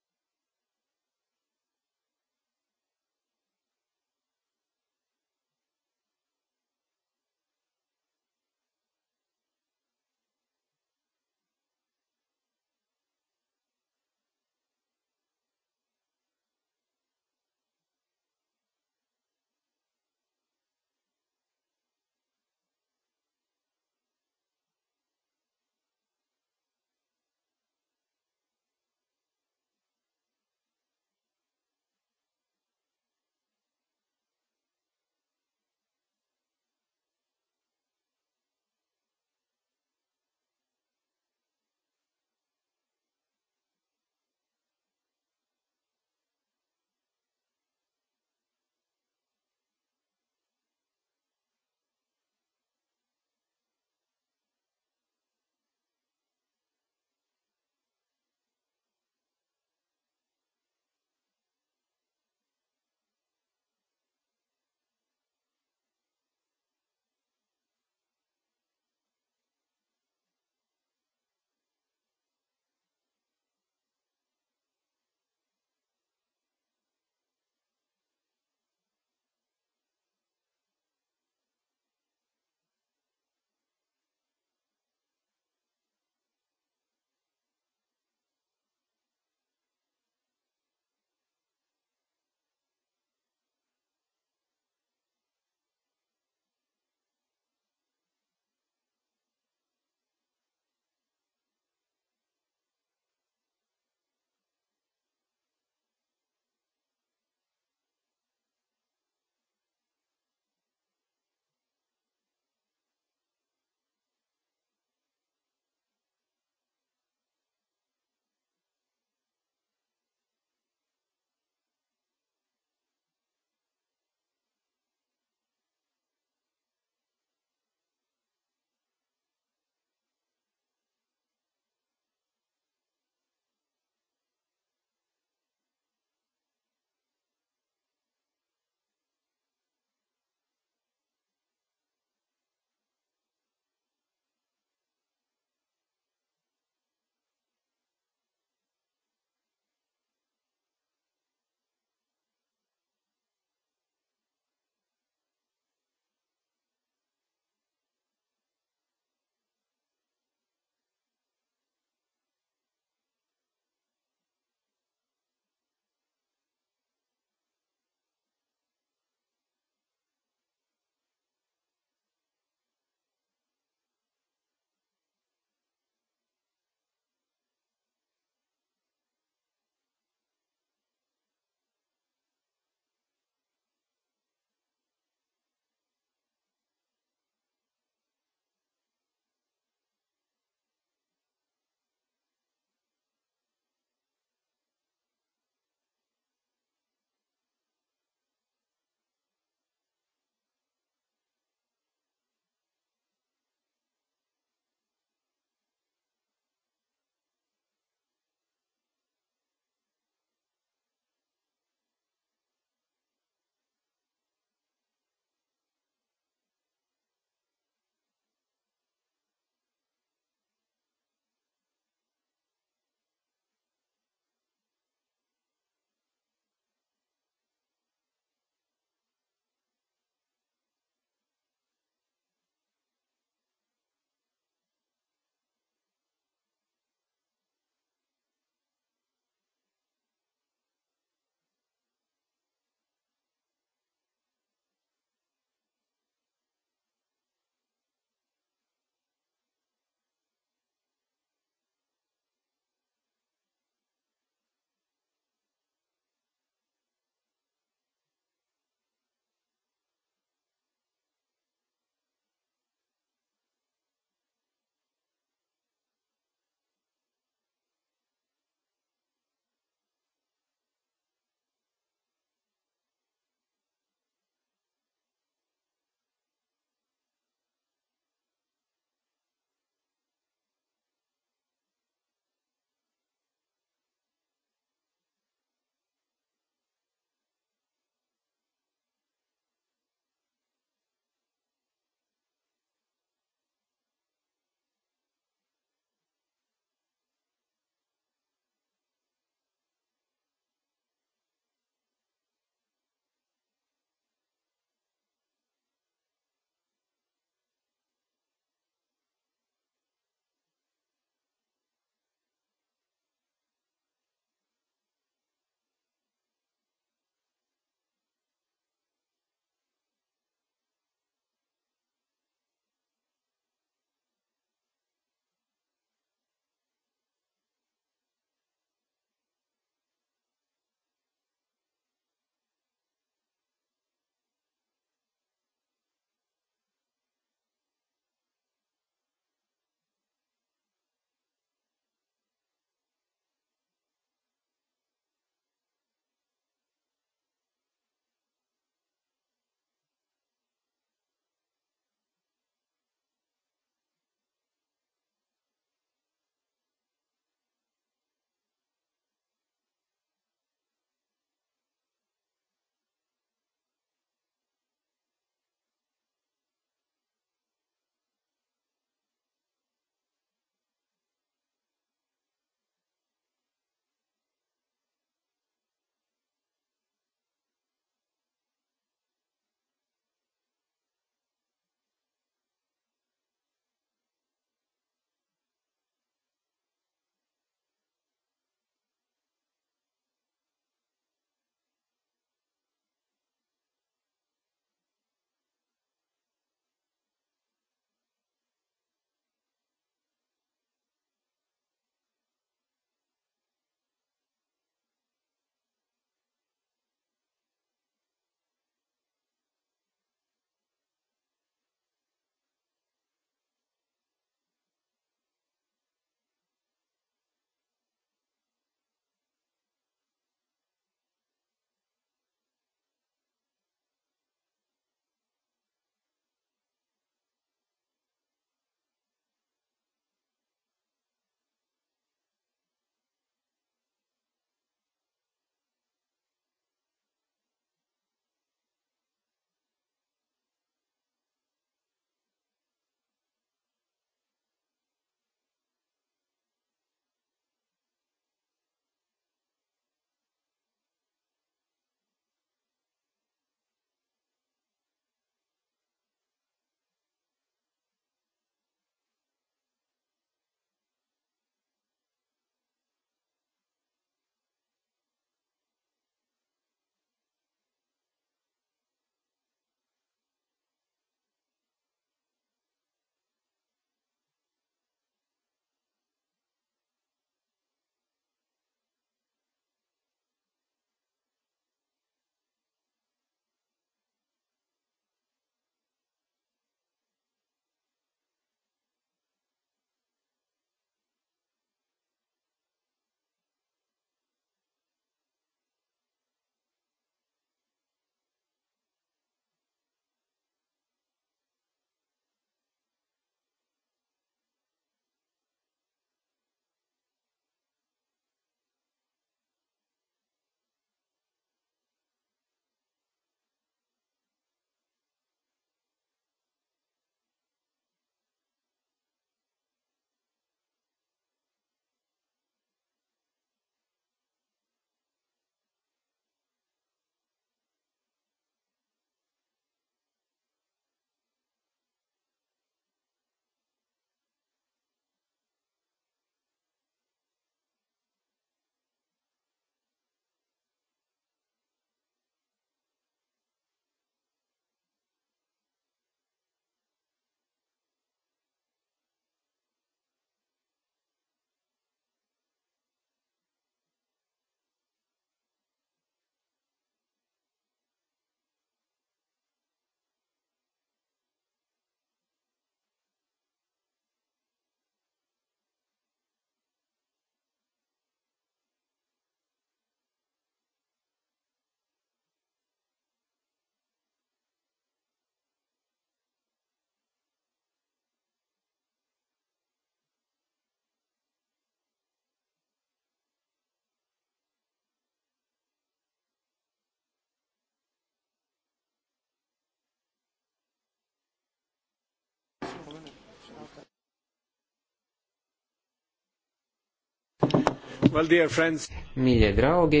Well, dear friends. Mīļie draugi,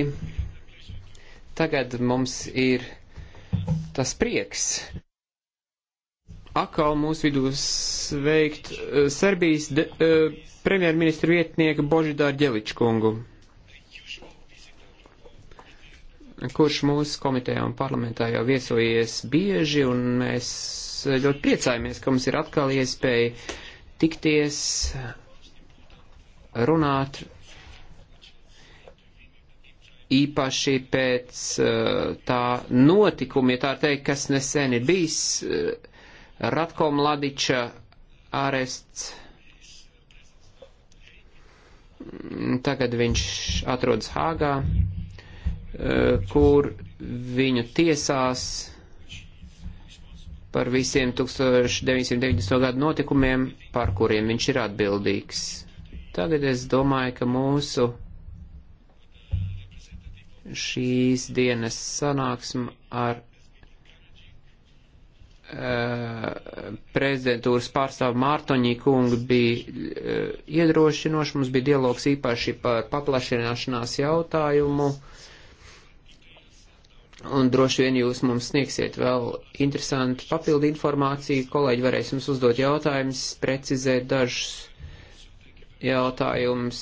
tagad mums ir tas prieks atkal mūsu vidū sveikt uh, Serbijas de, uh, premjerministru vietnieku Božidāru Ģeličkungu, kurš mūsu komitejā un parlamentā jau viesojies bieži, un mēs ļoti priecājamies, ka mums ir atkal iespēja tikties, runāt īpaši pēc eh, tā notikuma, ja tā teikt, kas nesen ir bijis, eh, Ratko Mladiča arests. Mm, tagad viņš atrodas Hāgā, eh, kur viņu tiesās par visiem 1990. gadu notikumiem, par kuriem viņš ir atbildīgs. Tagad es domāju, ka mūsu šīs dienas sanāksmu ar uh, prezidentūras pārstāvu Mārtoņī kungu bija uh, iedrošinoši. Mums bija dialogs īpaši par paplašināšanās jautājumu. Un droši vien jūs mums sniegsiet vēl interesantu papildu informāciju. Kolēģi varēs jums uzdot jautājumus, precizēt dažus jautājumus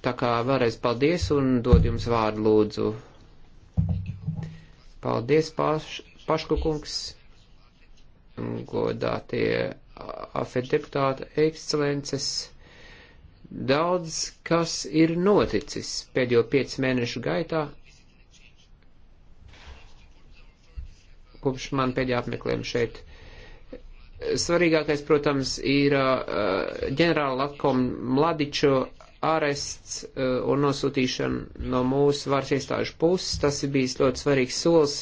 Tā kā vēlreiz paldies un dod jums vārdu lūdzu. Paldies, paš, Paškukungs, godātie afet deputāta ekscelences. Daudz, kas ir noticis pēdējo piecu mēnešu gaitā, kopš man pēdējā apmeklējuma šeit. Svarīgākais, protams, ir uh, ģenerāla Latkom Mladičo arests eh, un nosūtīšana no mūsu varas iestāžu puses. Tas ir bijis ļoti svarīgs solis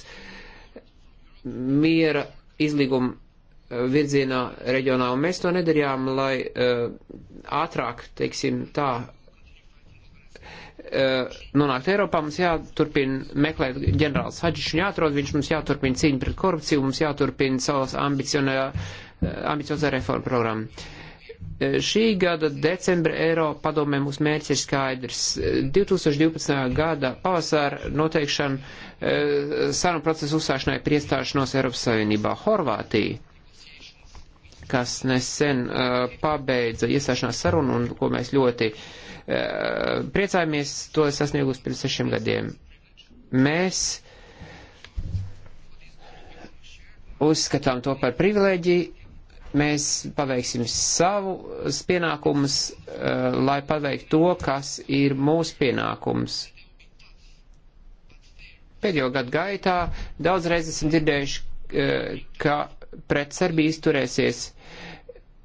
miera izlīguma eh, virzienā reģionā, un mēs to nedarījām, lai eh, ātrāk, teiksim, tā nonākt Eiropā, mums jāturpina meklēt ģenerālis Hadžišs un jāatrod, viņš mums jāturpina cīņa pret korupciju, mums jāturpina savas ambiciozā reforma programma. Šī gada decembra Eiropa padomē mūsu mērķis ir skaidrs. 2012. gada pavasara noteikšana e, sarunu procesu uzsāšanai priestāšanos Eiropas Savienībā Horvātija kas nesen uh, pabeidza iestāšanās sarunu un ko mēs ļoti uh, priecājamies, to sasniegus pirms sešiem gadiem. Mēs uzskatām to par privileģiju Mēs paveiksim savus pienākumus, eh, lai paveiktu to, kas ir mūsu pienākums. Pēdējo gadu gaitā daudzreiz esam dzirdējuši, eh, ka pret Serbiju izturēsies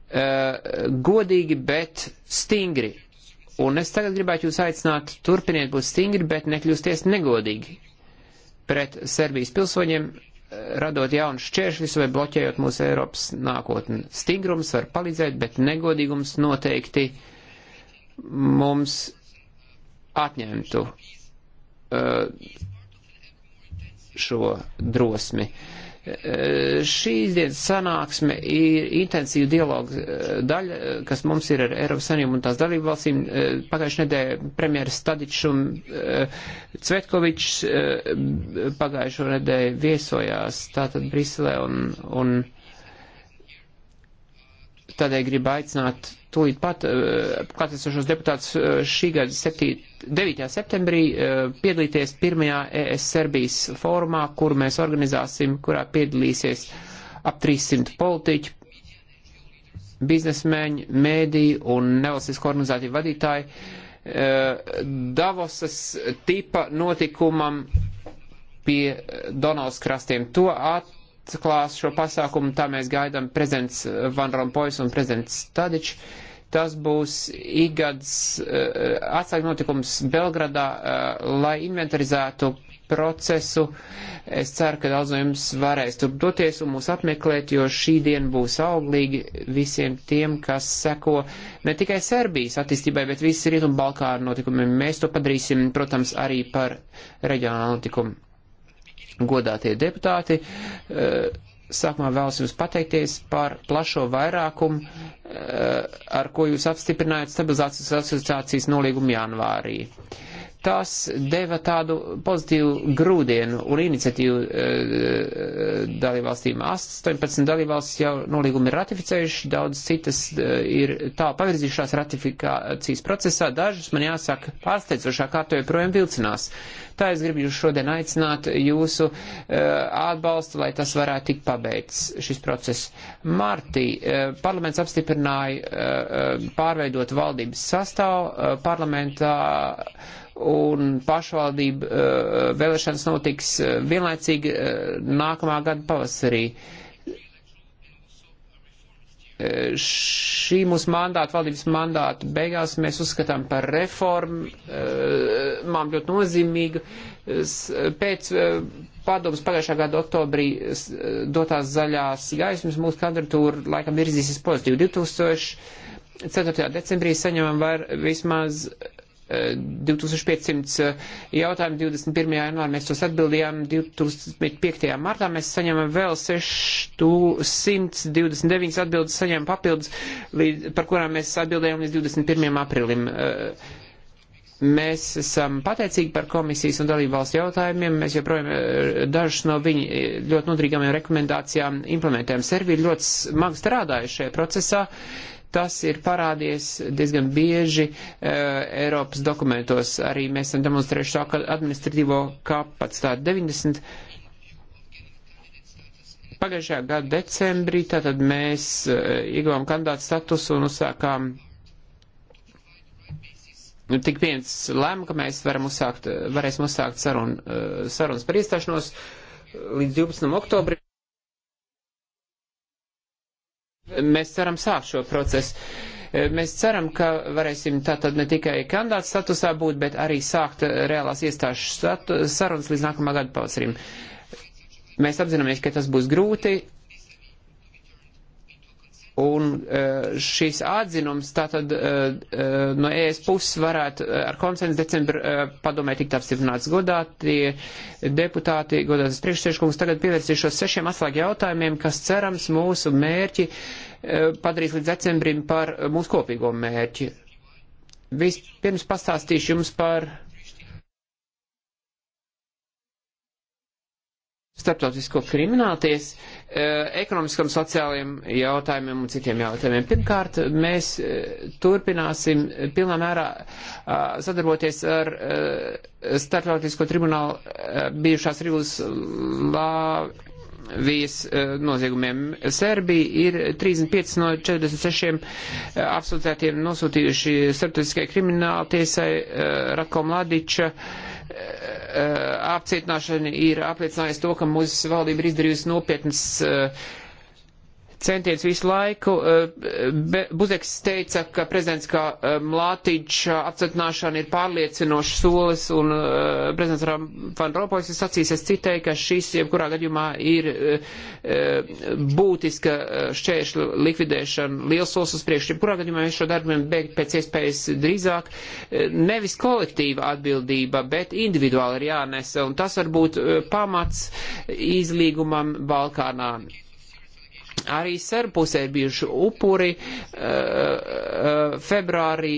eh, godīgi, bet stingri. Un es tagad gribētu jūs aicināt, turpiniet būt stingri, bet nekļūsties negodīgi pret Serbijas pilsoņiem, radot jaunus šķēršļus vai bloķējot mūsu Eiropas nākotni. Stingrums var palīdzēt, bet negodīgums noteikti mums atņemtu uh, šo drosmi. Uh, Eh, šīs dienas sanāksme ir intensīva dialoga eh, daļa, eh, kas mums ir ar Eiropas Savienību un tās dalību valstīm. Pagājušajā nedēļā premjeras Stadičs un Cvetkovičs pagājušo nedēļu viesojās tātad Briselē un, un tādēļ gribu aicināt tūlīt pat klātesošos deputātus šī gada 7 9. septembrī eh, piedalīties pirmajā ES Serbijas fórumā, kur mēs organizāsim, kurā piedalīsies ap 300 politiķi, biznesmeņi, mēdī un nevalstisko organizāciju vadītāji. Eh, Davosas tipa notikumam pie Donalds krastiem. To atklās šo pasākumu, tā mēs gaidām prezidents Van Rompuys un prezidents Tadičs Tas būs ikgads uh, eh, atslēga notikums Belgradā, uh, lai inventarizētu procesu. Es ceru, ka daudz no jums varēs tur doties un mūs apmeklēt, jo šī diena būs auglīga visiem tiem, kas seko ne tikai Serbijas attīstībai, bet visas Rietumu Balkānu notikumiem. Mēs to padarīsim, protams, arī par reģionālu notikumu. Godātie deputāti. Uh, Sākumā vēlos jums pateikties par plašo vairākumu, eh, ar ko jūs apstiprinājāt stabilizācijas asociācijas nolīgumu janvārī. Uh, tas deva tādu pozitīvu grūdienu un iniciatīvu e, e dalībvalstīm. 18 dalībvalstis jau nolīgumi ir ratificējuši, daudz citas e, ir tā pavirzījušās ratifikācijas procesā, dažas man jāsaka pārsteidzošā kārtā joprojām vilcinās. Tā es gribu jūs šodien aicināt jūsu uh, atbalstu, lai tas varētu tikt pabeigts šis process. Martī uh, parlaments apstiprināja uh, pārveidot valdības sastāvu uh, parlamentā. Uh, un pašvaldību eh, vēlēšanas notiks eh, vienlaicīgi eh, nākamā gada pavasarī. Šī mūsu mandāta, valdības mandāta beigās mēs uzskatām par reformām ļoti nozīmīgu. Pēc padomas pagājušā gada oktobrī dotās zaļās gaismas mūsu kandidatūra laikam virzīsies pozitīvi. 2000 4. decembrī saņemam var vismaz uh, 2500 eh, jautājumu 21. janvārā mēs tos atbildījām, 25. martā mēs saņemam vēl 629 atbildes, saņemam papildus, līdz, par kurām mēs atbildējām līdz 21. aprilim. Eh, mēs esam pateicīgi par komisijas un dalību valstu jautājumiem. Mēs joprojām eh, dažus no viņu ļoti nodrīgām rekomendācijām implementējam. Servi ir ļoti smagi strādājuši šajā procesā. Uh, Tas ir parādījies diezgan bieži uh, Eiropas dokumentos. Arī mēs esam demonstrējuši savu administratīvo kapacitāti. 90. Pagājušajā gada decembrī tātad mēs uh, ieguvām kandidātu statusu un uzsākām. Nu, tik viens lēma, ka mēs varam uzsākt, varēsim uzsākt sarun, uh, sarunas par iestāšanos līdz 12. oktobrim mēs ceram sākt šo procesu. Mēs ceram, ka varēsim tātad ne tikai kandidāts statusā būt, bet arī sākt reālās iestāžu sarunas līdz nākamā gada pavasarim. Mēs apzināmies, ka tas būs grūti, Un e, šīs atzinums tātad e, e, no ES puses varētu ar konsensu decembra padomē tikt apstiprināts godātie deputāti, godātas priekšsēškungs. Tagad pievērsīšos sešiem atslēgu jautājumiem, kas cerams mūsu mērķi padarīs līdz decembrim par mūsu kopīgo mērķi. Vispirms pastāstīšu jums par starptautisko krimināltiesu Eh, ekonomiskiem, sociāliem jautājumiem un citiem jautājumiem. Pirmkārt, mēs eh, turpināsim pilnā mērā eh, sadarboties ar Startautisko tribunālu bijušās Rīgas noziegumiem. Serbija ir 35 no 46 apsūdzētiem nosūtījuši Startautiskajai krimināla tiesai Ratko Mladiča apcietināšana ir apliecinājusi to, ka mūsu valdība ir izdarījusi nopietnas uh, centiens visu laiku. Eh, Buzeks teica, ka prezidents kā eh, Mlātiņš eh, apcietināšana ir pārliecinošs solis, un prezidents Van Ropojas ir sacījis, es citēju, ka šis jebkurā gadījumā ir būtiska šķēršļa likvidēšana, liels solis uz priekšu. Jebkurā gadījumā mēs šo darbu beigt pēc iespējas drīzāk. Nevis kolektīva atbildība, bet individuāli ir jānesa, un tas var būt pamats izlīgumam Balkānā. Arī serbu pusē ir bijuši upuri. Eh, eh, februārī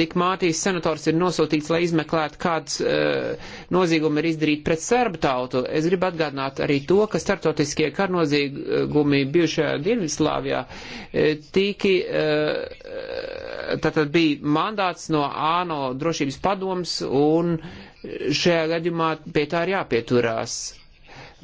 Dikmātijas senators ir nosūtīts, lai izmeklētu, kāds eh, noziegumi ir izdarīti pret serbu tautu. Es gribu atgādināt arī to, ka startotiskie karnoziegumi bijušajā Dienvidslāvijā tiki, tātad bija mandāts no ANO drošības padoms un šajā gadījumā pie tā ir jāpieturās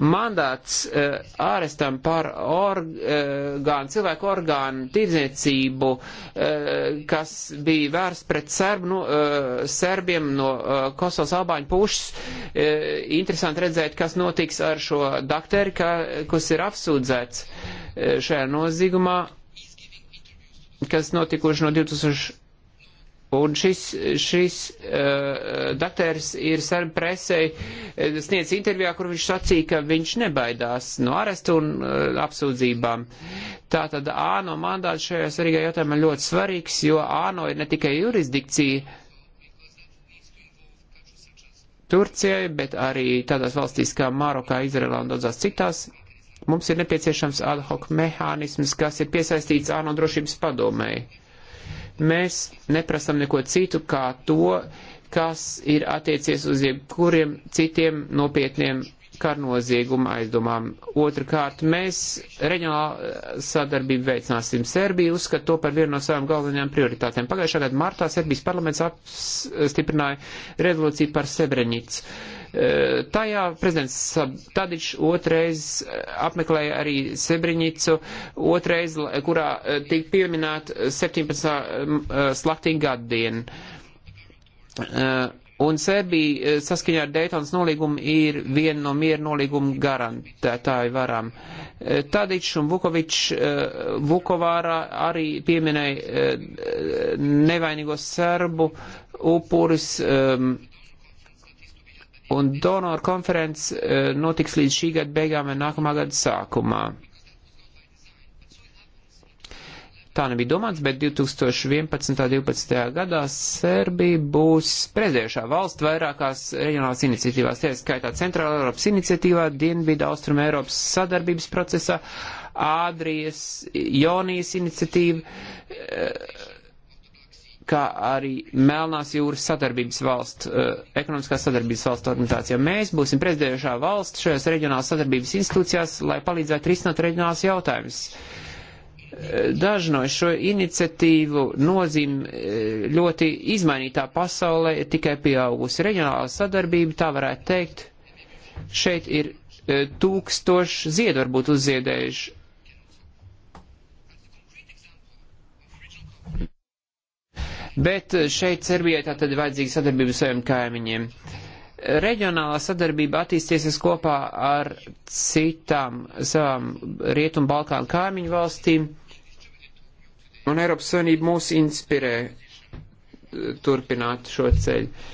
mandāts uh, ārestam par eh, orgānu, cilvēku orgānu tirdzniecību, uh, kas bija vērsts pret serbu, nu, no, uh, serbiem no uh, Kosovas albāņu pušas. Uh, interesanti redzēt, kas notiks ar šo dakteri, ka, kas ir apsūdzēts uh, šajā nozīgumā, kas notikuši no 2000. Un šis, šis uh, eh, dakteris ir sarbi presei eh, sniedz intervijā, kur viņš sacīja, ka viņš nebaidās no arestu un uh, apsūdzībām. Tātad āno mandāts šajā svarīgā jautājumā ļoti svarīgs, jo āno ir ne tikai jurisdikcija Turcijai, bet arī tādās valstīs kā Marokā, Izrēlā un daudzās citās. Mums ir nepieciešams ad hoc mehānisms, kas ir piesaistīts āno drošības padomēji mēs neprasam neko citu kā to, kas ir attiecies uz jebkuriem citiem nopietniem karnozieguma aizdomām. Otrakārt, mēs reģionālā sadarbību veicināsim Serbiju, uzskat to par vienu no savām galvenajām prioritātēm. Pagājušā gada martā Serbijas parlaments apstiprināja rezolūciju par Srebrenicu Eh, tajā prezidents Tadičs otrais eh, apmeklēja arī Sebriņicu, otrais, kurā eh, tika pieminēt 17. slaktīga gaddiena. Un Serbija saskaņā ar Daytonas nolīgumu ir viena no miera nolīguma garantētāju varām. Tadičs un Vukovičs Vukovārā arī pieminēja nevainīgos serbu upurus. Um, Un donoru konferences uh, notiks līdz šī gada beigām vai nākamā gada sākumā. Tā nebija domāts, bet 2011. un 2012. gadā Serbija būs prezidējušā valsts vairākās reģionālās iniciatīvās, tiesa skaitā Centrāla Eiropas iniciatīvā, Dienvidu Austrum Eiropas sadarbības procesā, Ādrijas, Jonijas iniciatīva, e, kā arī Melnās jūras sadarbības valsts, eh, ekonomiskās sadarbības valsts organizācijā. Mēs būsim prezidējušā valsts šajās reģionālās sadarbības institūcijās, lai palīdzētu risināt reģionālās jautājumus. Eh, daži no šo iniciatīvu nozīme eh, ļoti izmainītā pasaulē ir tikai pieaugusi reģionālā sadarbība, tā varētu teikt. Šeit ir tūkstoši ziedu varbūt uzziedējuši Bet eh, šeit Serbijai tātad ir vajadzīga sadarbība saviem kaimiņiem. Reģionālā sadarbība attīstīsies kopā ar citām savām Rietumu Balkānu kaimiņu valstīm, un Eiropas Savienība mūs inspirē eh, turpināt šo ceļu.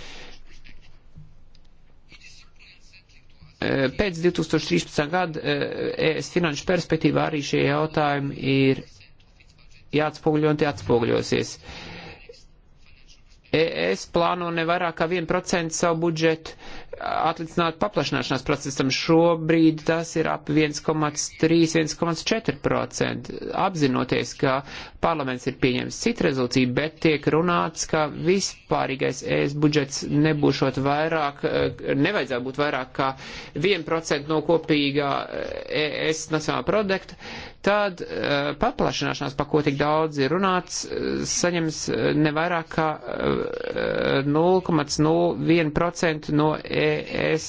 Eh, pēc 2013. gada ES finanšu perspektīvā arī šie jautājumi ir jāatspoguļo un tie atspoguļosies. Uh, Es plāno ne vairāk kā 1% savu budžetu atlicināt paplašināšanās procesam. Šobrīd tas ir ap 1,3-1,4%. Apzinoties, ka parlaments ir pieņēmis citu rezolūciju, bet tiek runāts, ka vispārīgais ES budžets nebūšot vairāk, nevajadzētu būt vairāk kā 1% no kopīgā ES nacionālā produkta tad uh, paplašināšanās, pa ko tik daudz ir runāts, uh, saņems uh, ne vairāk kā uh, 0,01% no ES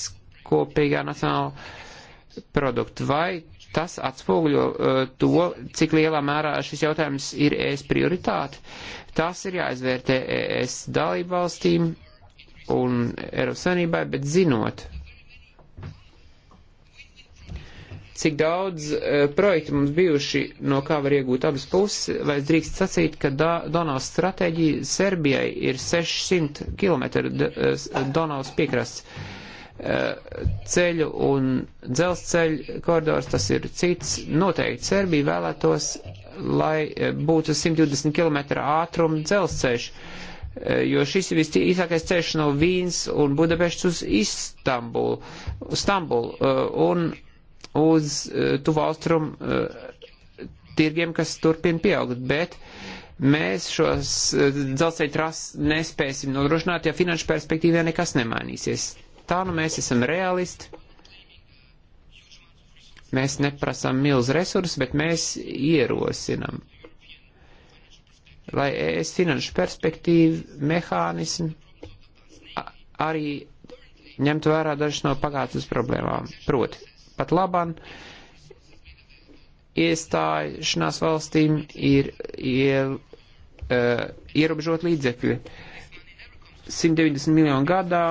kopīgā nacionāla produkta. Vai tas atspoguļo uh, to, cik lielā mērā šis jautājums ir ES prioritāte? Tas ir jāizvērtē ES dalību valstīm un Eiropas Savienībai, bet zinot, cik daudz uh, e, projektu mums bijuši, no kā var iegūt abas puses, vai es drīkst sacīt, ka da, Donavas stratēģija Serbijai ir 600 km e, Donavas piekrasts uh, ceļu un dzelzceļu koridors, tas ir cits. Noteikti Serbija vēlētos, lai būtu 120 km ātruma dzelzceļš, uh, jo šis ir visīsākais ceļš no Vīns un Budapešts uz Istanbulu. Stambulu, un uz eh, tuvu austrumu eh, tirgiem, kas turpina pieaugt, bet mēs šos eh, dzelzceļa trases nespēsim nodrošināt, ja finanšu perspektīvā nekas nemainīsies. Tā nu mēs esam realisti. Mēs neprasām milz resursus, bet mēs ierosinam, lai es finanšu perspektīvu mehānismu arī ņemtu vērā dažas no pagātnes problēmām. Proti, Pat laban iestāšanās valstīm ir iel, uh, ierobežot līdzekļi. 190 miljonu gadā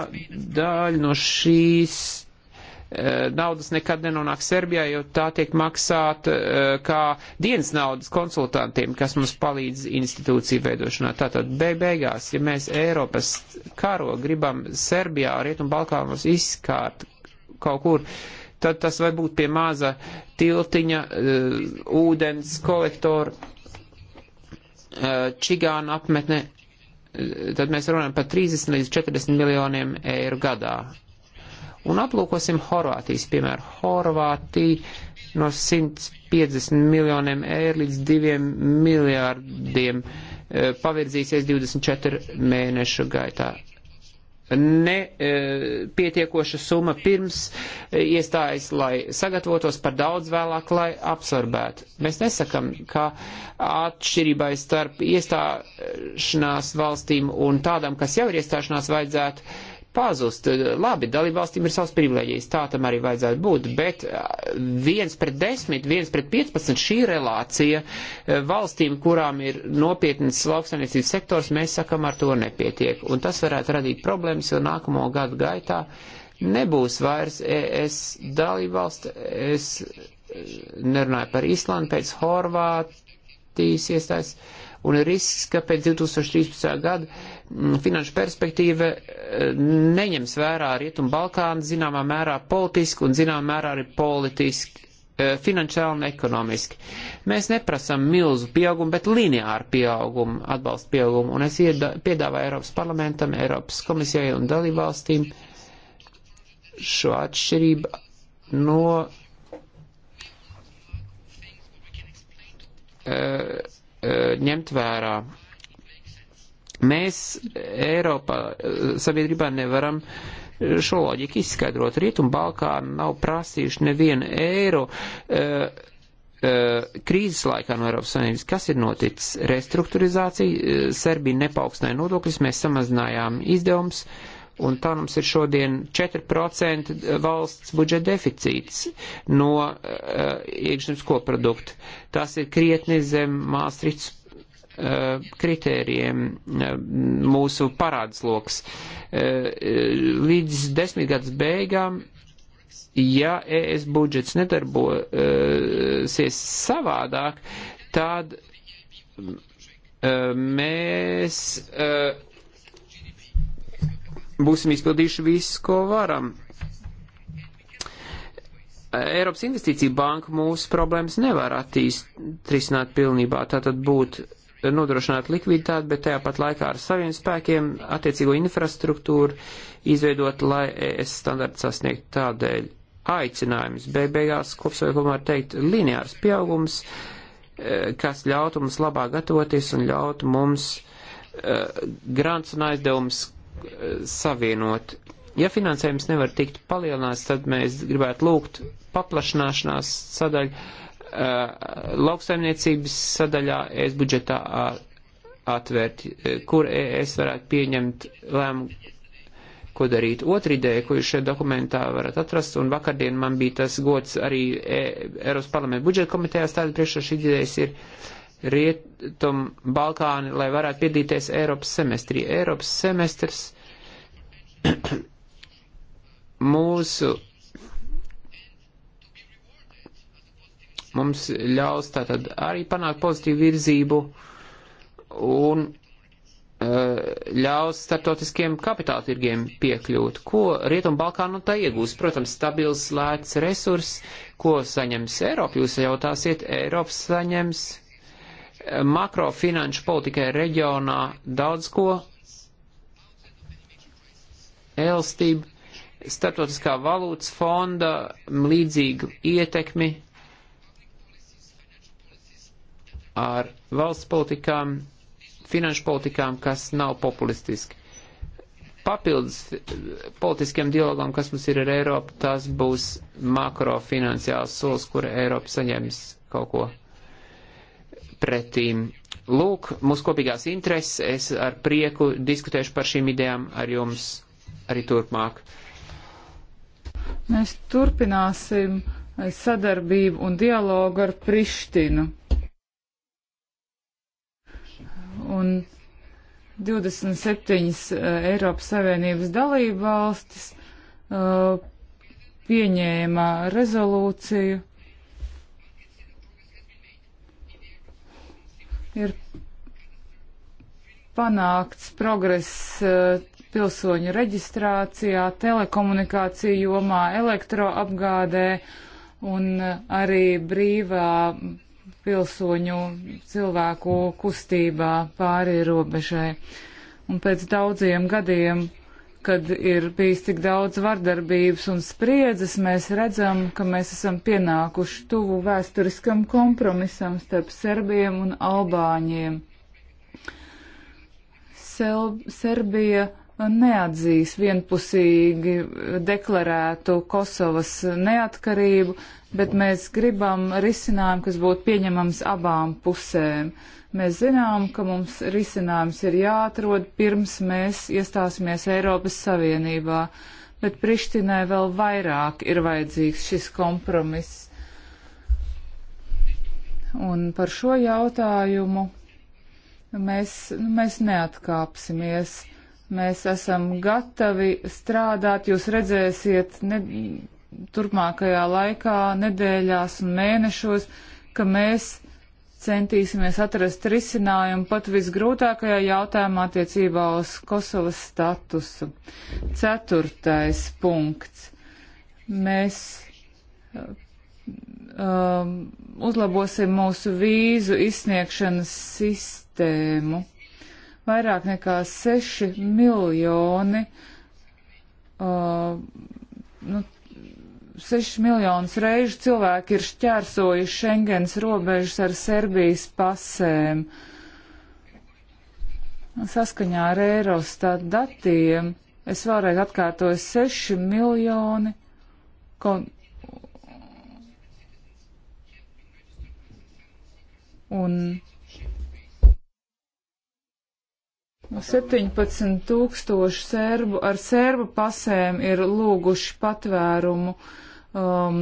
daļa no šīs e, naudas nekad nenonāk Serbijā, jo tā tiek maksāta e, kā dienas naudas konsultantiem, kas mums palīdz institūciju veidošanā. Tātad beigās, ja mēs Eiropas karo gribam Serbijā, Rietumbalkānos izskārt kaut kur, uh, tad tas var būt pie maza tiltiņa, eh, ūdens kolektora, eh, čigāna apmetne. Eh, tad mēs runājam par 30 līdz 40 miljoniem eiro gadā. Un aplūkosim Horvātijas, piemēram, Horvātija no 150 miljoniem eiro līdz 2 miljārdiem pavirzīsies 24 mēnešu gaitā nepietiekoša e, summa pirms e, iestājas, lai sagatavotos par daudz vēlāk, lai absorbētu. Mēs nesakam, ka atšķirībai starp iestāšanās valstīm un tādām, kas jau ir iestāšanās, vajadzētu pazust. Labi, dalībvalstīm ir savas privilēģijas, tā tam arī vajadzētu būt, bet uh, viens pret desmit, viens pret piecpadsmit šī relācija uh, valstīm, kurām ir nopietnas lauksainiecības sektors, mēs sakam, ar to nepietiek. Un tas varētu radīt problēmas, jo nākamo gadu gaitā nebūs vairs ES dalībvalsts. Es uh, nerunāju par Īslandu pēc Horvātijas iestājas, un ir risks, ka pēc 2013. gada Mm, finanšu perspektīva eh, neņems vērā Rietumu Balkānu zināmā mērā politiski un zināmā mērā arī politiski, eh, finansiāli un ekonomiski. Mēs neprasam milzu pieaugumu, bet lineāru pieaugumu, atbalstu pieaugumu, un es piedāvāju Eiropas parlamentam, Eiropas komisijai un dalībvalstīm šo atšķirību no. Uh, uh, ņemt vērā. Uh, Mēs Eiropā eh, sabiedrībā nevaram eh, šo loģiku izskaidrot. Rietumu Balkānu nav prasījuši nevienu eiro. Uh, krīzes laikā no Eiropas Savienības, kas ir noticis? Restruktūrizācija, Serbija nepaukstināja nodokļus, mēs samazinājām izdevumus, un tā mums ir šodien 4% valsts budžeta deficīts no uh, iekšzemes koprodukta. Tas ir krietni zem Māstrītas Eh, kritērijiem eh, mūsu parādsloks. Eh, līdz desmitgads beigām, ja ES budžets nedarbosies savādāk, tad mēs būsim izpildījuši visu, ko varam. Eiropas investīcija banka mūsu problēmas nevar attīst, risināt pilnībā, tātad būt nodrošināt likviditāti, bet tajāpat laikā ar saviem spēkiem attiecīgo infrastruktūru izveidot, lai ES standarts sasniegt tādēļ aicinājums. Beig beigās kopsveikumā var teikt lineārs pieaugums, e, kas ļautu mums labāk gatavoties un ļautu mums e, grants un aizdevums e, savienot. Ja finansējums nevar tikt palielināts, tad mēs gribētu lūgt paplašināšanās sadaļu Eh, lauksaimniecības sadaļā es budžetā atvērt, eh, kur es varētu pieņemt lēmumu, ko darīt. Otra ideja, ko jūs šajā dokumentā varat atrast, un vakardien man bija tas gods arī e, Eiropas parlamenta budžeta komitejā stādīt priekšā šī idejas ir Rietum Balkāni, lai varētu piedalīties Eiropas semestrī. Eiropas semestrs [CLEARS THROAT] mūsu mums ļaus tātad arī panākt pozitīvu virzību un e, ļaus startautiskiem kapitāla tirgiem piekļūt, ko Rietumbalkānu tā iegūs. Protams, stabils lēts resurs, ko saņems Eiropa, jūs jautāsiet, Eiropas saņems e, makrofinanšu politikai reģionā daudz ko, elstību, startautiskā valūtas fonda līdzīgu ietekmi ar valsts politikām, finanšu politikām, kas nav populistiski. Papildus politiskiem dialogam, kas mums ir ar Eiropu, tas būs makrofinanciāls solis, kur Eiropa saņems kaut ko pretīm. Lūk, mūsu kopīgās intereses, es ar prieku diskutēšu par šīm idejām ar jums arī turpmāk. Mēs turpināsim eh, sadarbību un dialogu ar Prištinu un 27 eh, Eiropas Savienības dalība valstis uh, pieņēma rezolūciju. Ir panākts progress uh, pilsoņu reģistrācijā, telekomunikāciju jomā, elektroapgādē un arī brīvā pilsoņu cilvēku kustībā pāri robežai. Un pēc daudziem gadiem, kad ir bijis tik daudz vardarbības un spriedzes, mēs redzam, ka mēs esam pienākuši tuvu vēsturiskam kompromisam starp serbiem un albāņiem. Sel Serbija neatzīs vienpusīgi deklarētu Kosovas neatkarību, bet mēs gribam risinājumu, kas būtu pieņemams abām pusēm. Mēs zinām, ka mums risinājums ir jāatrod pirms mēs iestāsimies Eiropas Savienībā, bet Prištinai vēl vairāk ir vajadzīgs šis kompromiss. Un par šo jautājumu mēs, mēs neatkāpsimies Mēs esam gatavi strādāt, jūs redzēsiet ne, turpmākajā laikā, nedēļās un mēnešos, ka mēs centīsimies atrast risinājumu pat visgrūtākajā jautājumā attiecībā uz Kosovas statusu. Ceturtais punkts. Mēs um, uzlabosim mūsu vīzu izsniegšanas sistēmu vairāk nekā 6 miljoni, uh, nu, 6 miljonus reižu cilvēki ir šķērsojuši Schengens robežas ar Serbijas pasēm. Saskaņā ar Eirostat datiem, es vēlreiz atkārtoju, 6 miljoni. Kon... Un 17 tūkstoši serbu ar serbu pasēm ir lūguši patvērumu. Um,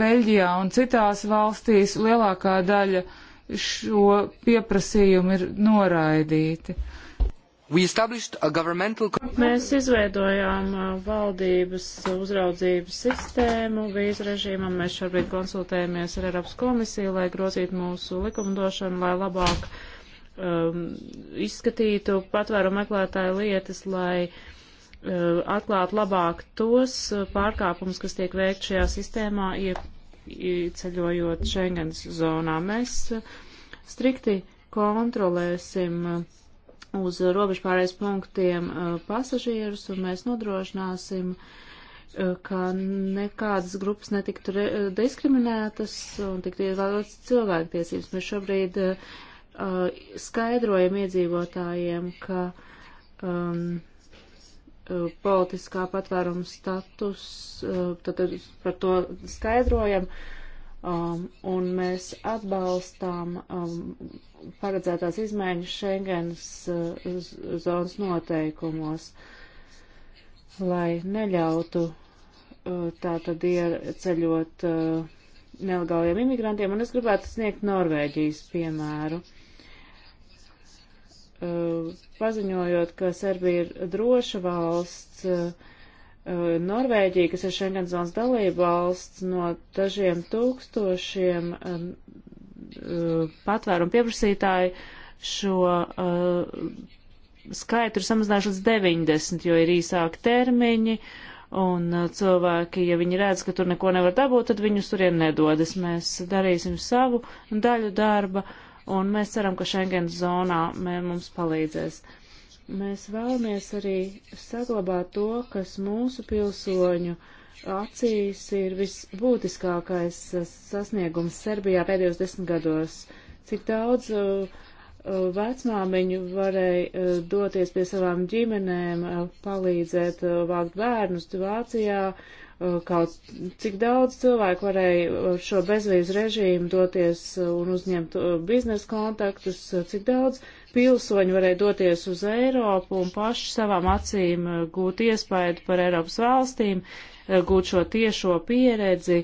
Beļģijā un citās valstīs lielākā daļa šo pieprasījumu ir noraidīti. Governmental... Mēs izveidojām uh, valdības uzraudzības sistēmu vīzu režīmam. Mēs šobrīd konsultējamies ar Eiropas komisiju, lai grozītu mūsu likumdošanu, lai labāk uh, um, izskatītu patvērumu meklētāju lietas, lai uh, atklātu labāk tos uh, pārkāpumus, kas tiek veikt šajā sistēmā, ieceļojot Schengens zonā. Mēs uh, strikti kontrolēsim uh, uz robežu pārējais punktiem pasažierus, un mēs nodrošināsim, ka nekādas grupas netiktu diskriminētas un tiktu ievērotas cilvēktiesības. Mēs šobrīd Uh, skaidrojam iedzīvotājiem, ka um, uh, politiskā patvēruma status, uh, tad par to skaidrojam, um, un mēs atbalstām um, paredzētās izmaiņas Schengens uh, zonas noteikumos, lai neļautu uh, tā tad ieceļot uh, nelegāliem imigrantiem, un es gribētu sniegt Norvēģijas piemēru. Uh, Uh, paziņojot, ka Serbija ir droša valsts, uh, Norvēģija, kas ir Schengenzonas dalība valsts, no dažiem tūkstošiem um, uh, patvērumu pieprasītāju šo skaitu ir samazinājuši līdz 90, jo ir īsāki termiņi, un cilvēki, ja viņi redz, ka tur neko nevar dabūt, tad viņus turien nedodas. Mēs darīsim savu daļu darba. Uh, un mēs ceram, ka Schengen zonā mē, mums palīdzēs. Mēs vēlamies arī saglabāt to, kas mūsu pilsoņu acīs ir visbūtiskākais sasniegums Serbijā pēdējos desmit gados. Cik daudz uh, uh vecmāmiņu varēja uh, doties pie savām ģimenēm, uh, palīdzēt vākt bērnus Vācijā, Uh, kaut cik daudz cilvēku varēja ar uh, šo bezvīzu režīmu doties uh, un uzņemt biznesa kontaktus, cik daudz pilsoņu varēja doties uz Eiropu un paši savām acīm gūt iespēju par Eiropas valstīm, gūt šo tiešo pieredzi.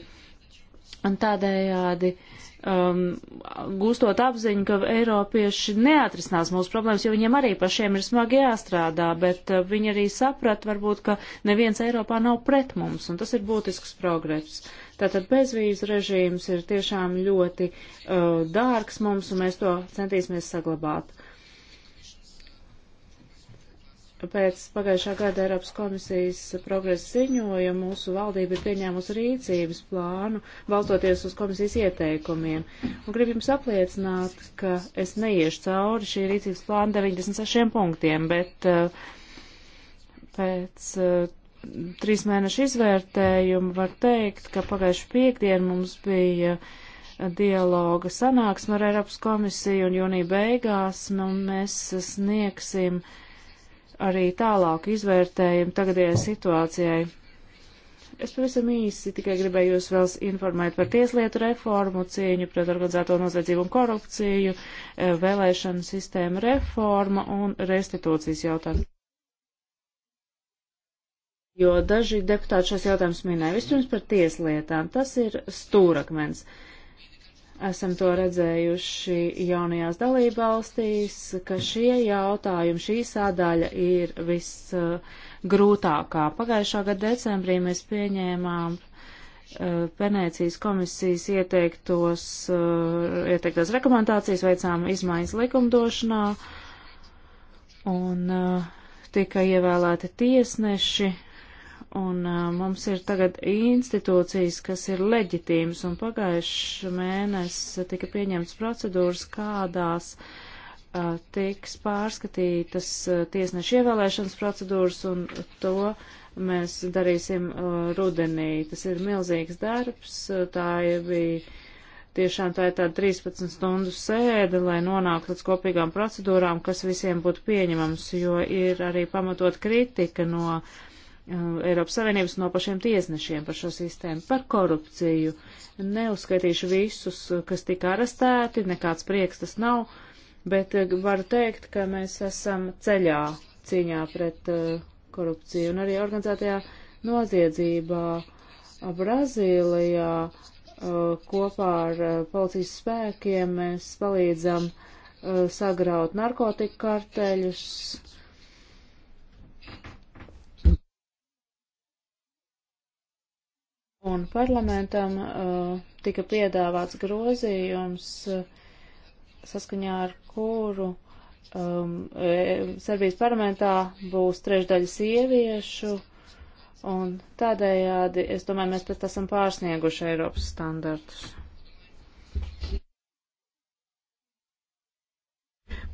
Un tādējādi uh, um, gūstot apziņu, ka Eiropieši neatrisinās mūsu problēmas, jo viņiem arī pašiem ir smagi jāstrādā, bet uh, viņi arī saprat varbūt, ka neviens Eiropā nav pret mums, un tas ir būtisks progress. Tātad bezvīzu režīms ir tiešām ļoti uh, dārgs mums, un mēs to centīsimies saglabāt pēc pagājušā gada Eiropas komisijas progresa ziņoja mūsu valdība ir pieņēmusi rīcības plānu, balstoties uz komisijas ieteikumiem. Un gribu jums apliecināt, ka es neiešu cauri šī rīcības plāna 96 punktiem, bet uh, pēc uh, trīs mēnešu izvērtējumu var teikt, ka pagājuši piekdien mums bija dialoga sanāksme ar Eiropas komisiju un jūnija beigās nu, mēs sniegsim uh, arī tālāku izvērtējumu tagadējai situācijai. Es pavisam īsi tikai gribēju jūs vēl informēt par tieslietu reformu, cīņu pret organizēto noziedzību un korupciju, e, vēlēšanu sistēmu reforma un restitūcijas jautājumu. Jo daži deputāti šos jautājumus minēja. Vispirms par tieslietām. Tas ir stūrakmens. Uh, esam to redzējuši jaunajās dalībvalstīs, ka šie jautājumi, šī sādaļa ir visgrūtākā. Pagājušā gada decembrī mēs pieņēmām eh, Venēcijas komisijas ieteiktos, eh, ieteiktos rekomendācijas, veicām izmaiņas likumdošanā un eh, tika ievēlēti tiesneši Un uh, mums ir tagad institūcijas, kas ir leģitīmas, un pagājuši mēnesi tika pieņemts procedūras, kādās uh, tiks pārskatītas uh, tiesnešu ievēlēšanas procedūras, un to mēs darīsim uh, rudenī. Tas ir milzīgs darbs, uh, tā bija tiešām tā ir tāda 13 stundu sēde, lai nonāktu līdz kopīgām procedūrām, kas visiem būtu pieņemams, jo ir arī pamatot kritika no. Uh, Uh, Eiropas Savienības no pašiem tiesnešiem par šo sistēmu, par korupciju. Neuzskaitīšu visus, uh, kas tika arestēti, nekāds prieks tas nav, bet uh, varu teikt, ka mēs esam ceļā cīņā pret uh, korupciju un arī organizētajā noziedzībā Brazīlijā uh, kopā ar uh, policijas spēkiem mēs palīdzam sagraut narkotika karteļus, Un parlamentam uh, tika piedāvāts grozījums, uh, saskaņā ar kuru um, e, Serbijas parlamentā būs trešdaļa sieviešu, un tādējādi, es domāju, mēs pēc esam pārsnieguši Eiropas standartus.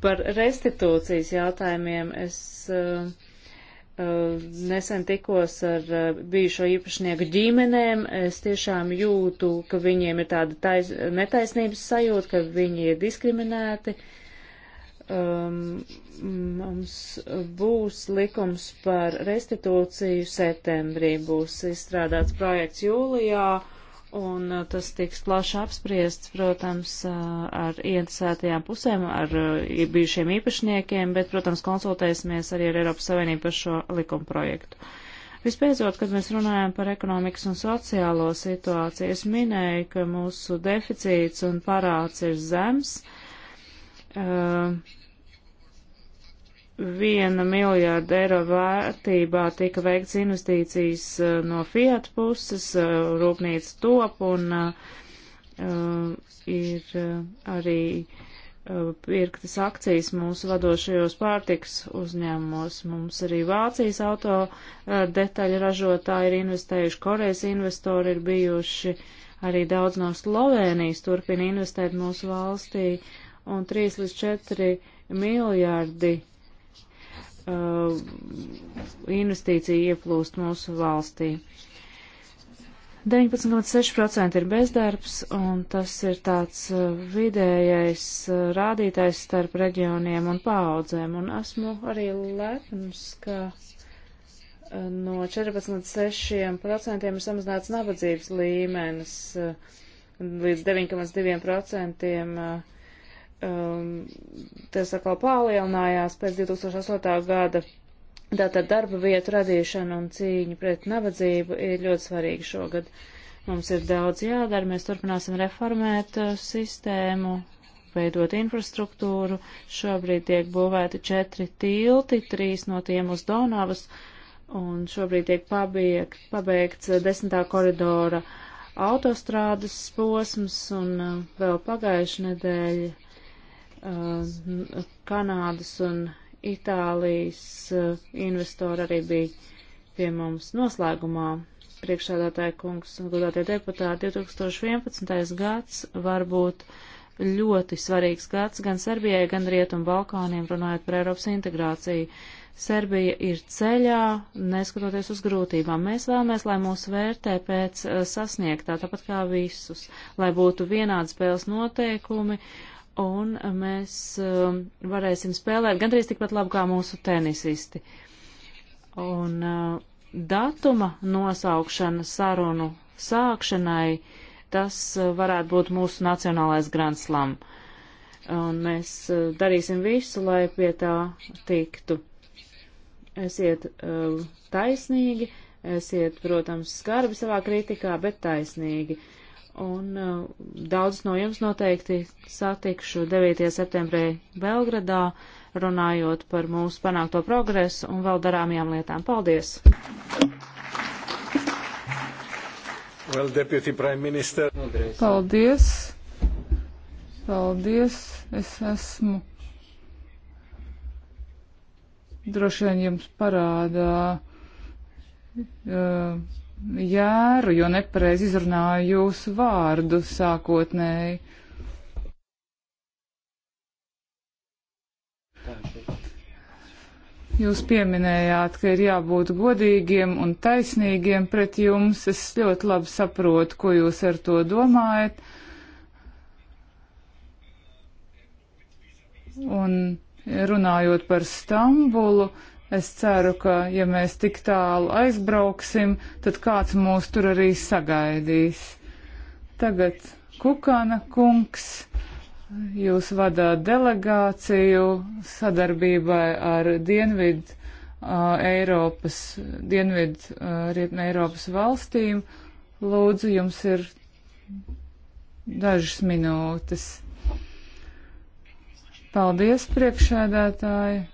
Par restitūcijas jautājumiem es uh, Eh, nesen tikos ar eh, bijušo īpašnieku ģimenēm, es tiešām jūtu, ka viņiem ir tāda tais, netaisnības sajūta, ka viņi ir diskriminēti. Um, mums būs likums par restitūciju septembrī, būs izstrādāts projekts jūlijā. Uh, Un uh, tas tiks plaši apspriests, protams, uh, ar ieinteresētajām pusēm, ar uh, bijušiem īpašniekiem, bet, protams, konsultēsimies arī ar Eiropas Savienību par šo likuma projektu. Vispēcot, kad mēs runājam par ekonomikas un sociālo situāciju, es minēju, ka mūsu deficīts un parāds ir zems. Uh, viena miljārda eiro vērtībā tika veikts investīcijas eh, no Fiat puses, eh, rūpnīca top un eh, ir arī pirktas akcijas mūsu vadošajos pārtiks uzņēmumos. Mums arī Vācijas auto detaļu ražotāji ir investējuši, Korejas investori ir bijuši, arī daudz no Slovēnijas turpina investēt mūsu valstī, un 3 līdz 4 miljārdi Uh, investīcija ieplūst mūsu valstī. 19,6% ir bezdarbs, un tas ir tāds uh, vidējais uh, rādītājs starp reģioniem un paaudzēm. Un esmu arī lepns, ka no 14,6% ir samazināts nabadzības līmenis līdz 9,2% um, tas atkal palielinājās pēc 2008. gada. Tātad darba vietu radīšana un cīņa pret nabadzību ir ļoti svarīga šogad. Mums ir daudz jādara, mēs turpināsim reformēt uh, sistēmu, veidot infrastruktūru. Šobrīd tiek būvēti četri tilti, trīs no tiem uz Donavas, un šobrīd tiek pabieg, pabeigts uh, desmitā koridora autostrādes posms, un uh, vēl pagājuši nedēļa Uh, Kanādas un Itālijas uh, investori arī bija pie mums noslēgumā. Priekšsādātāja kungs un godātie deputāti, 2011. gads varbūt ļoti svarīgs gads gan Serbijai, gan Rietumu Balkāniem, runājot par Eiropas integrāciju. Serbija ir ceļā, neskatoties uz grūtībām. Mēs vēlamies, lai mūs vērtē pēc uh, sasniegtā, tāpat kā visus, lai būtu vienādi spēles noteikumi un mēs um, varēsim spēlēt gandrīz tikpat labi kā mūsu tenisisti. Un uh, datuma nosaukšana sarunu sākšanai, tas uh, varētu būt mūsu nacionālais Grand Slam. Un mēs uh, darīsim visu, lai pie tā tiktu. Esiet uh, taisnīgi, esiet, protams, skarbi savā kritikā, bet taisnīgi. Uh, Un uh, daudz no jums noteikti satikšu 9. septembrī Belgradā, runājot par mūsu panākto progresu un vēl darāmajām lietām. Paldies! Well, Deputy Prime Minister. Paldies! Paldies! Es esmu droši vien jums parādā. Uh, jēru, jo nepareiz izrunāju jūsu vārdu sākotnēji. Jūs pieminējāt, ka ir jābūt godīgiem un taisnīgiem pret jums. Es ļoti labi saprotu, ko jūs ar to domājat. Un runājot par Stambulu, Es ceru, ka ja mēs tik tālu aizbrauksim, tad kāds mūs tur arī sagaidīs. Tagad Kukana kungs, jūs vadāt delegāciju sadarbībai ar Dienvidu uh, Eiropas, Dienvidu uh, Rietne Eiropas valstīm. Lūdzu, jums ir dažas minūtes. Paldies, priekšēdētāji!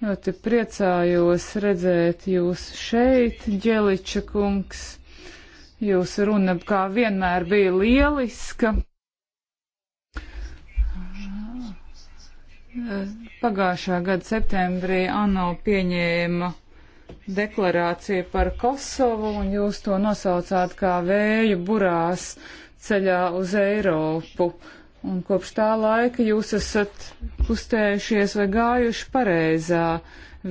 Ļoti priecājos redzēt jūs šeit, Ģeliča kungs. Jūsu runa kā vienmēr bija lieliska. Pagājušā gada septembrī ANO pieņēma deklarāciju par Kosovu, un jūs to nosaucāt kā vēju burās ceļā uz Eiropu. Uh, Un kopš tā laika jūs esat kustējušies vai gājuši pareizā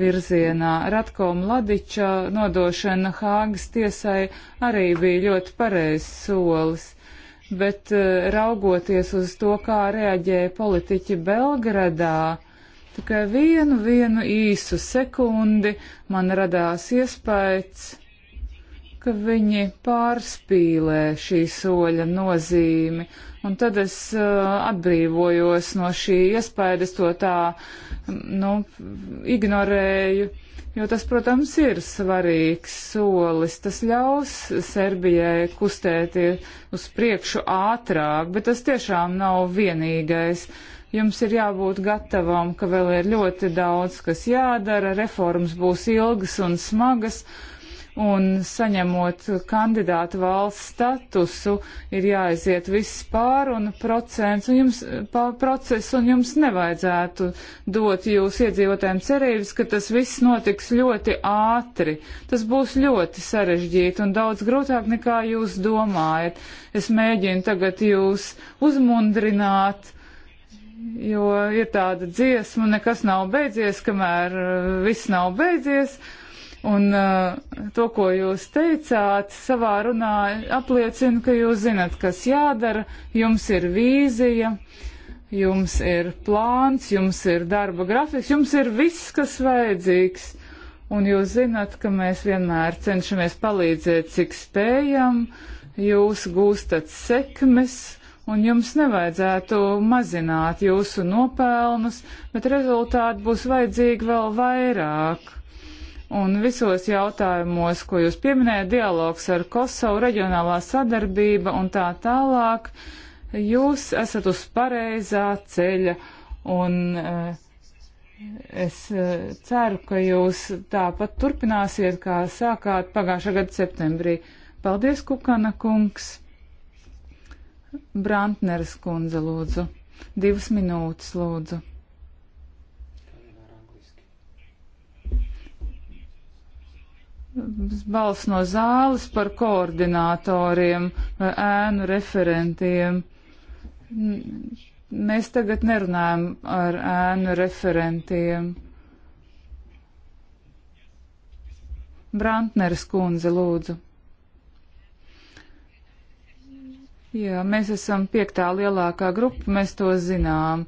virzienā. Ratko Mladiča nodošana Hāgas tiesai arī bija ļoti pareizs solis. Bet e, raugoties uz to, kā reaģēja politiķi Belgradā, tikai vienu, vienu īsu sekundi man radās iespējas, ka viņi pārspīlē šī soļa nozīmi, un tad es uh, atbrīvojos no šī iespēja, es to tā, nu, ignorēju, jo tas, protams, ir svarīgs solis, tas ļaus Serbijai kustēties uz priekšu ātrāk, bet tas tiešām nav vienīgais. Jums ir jābūt gatavam, ka vēl ir ļoti daudz, kas jādara, reformas būs ilgas un smagas, uh, un saņemot kandidātu valsts statusu, ir jāaiziet viss pārunu procents un jums, process, un jums nevajadzētu dot jūs iedzīvotājiem cerības, ka tas viss notiks ļoti ātri. Tas būs ļoti sarežģīti un daudz grūtāk nekā jūs domājat. Es mēģinu tagad jūs uzmundrināt. Jo ir tāda dziesma, nekas nav beidzies, kamēr uh, viss nav beidzies, uh, Un uh, to, ko jūs teicāt savā runā, apliecina, ka jūs zinat, kas jādara, jums ir vīzija, jums ir plāns, jums ir darba grafiks, jums ir viss, kas vajadzīgs. Un jūs zinat, ka mēs vienmēr cenšamies palīdzēt, cik spējam, jūs gūstat sekmes, un jums nevajadzētu mazināt jūsu nopelnus, bet rezultāti būs vajadzīgi vēl vairāk. Un visos jautājumos, ko jūs pieminējat, dialogs ar Kosovu, reģionālā sadarbība un tā tālāk, jūs esat uz pareizā ceļa. Un eh, es eh, ceru, ka jūs tāpat turpināsiet, kā sākāt pagājušā gada septembrī. Paldies, Kukana kungs! Brantneres kundze, lūdzu. Divas minūtes, lūdzu. balss no zāles par koordinatoriem vai ēnu referentiem. Mēs tagad nerunājam ar ēnu referentiem. Brantneres kundze, lūdzu. Jā, mēs esam piektā lielākā grupa, mēs to zinām.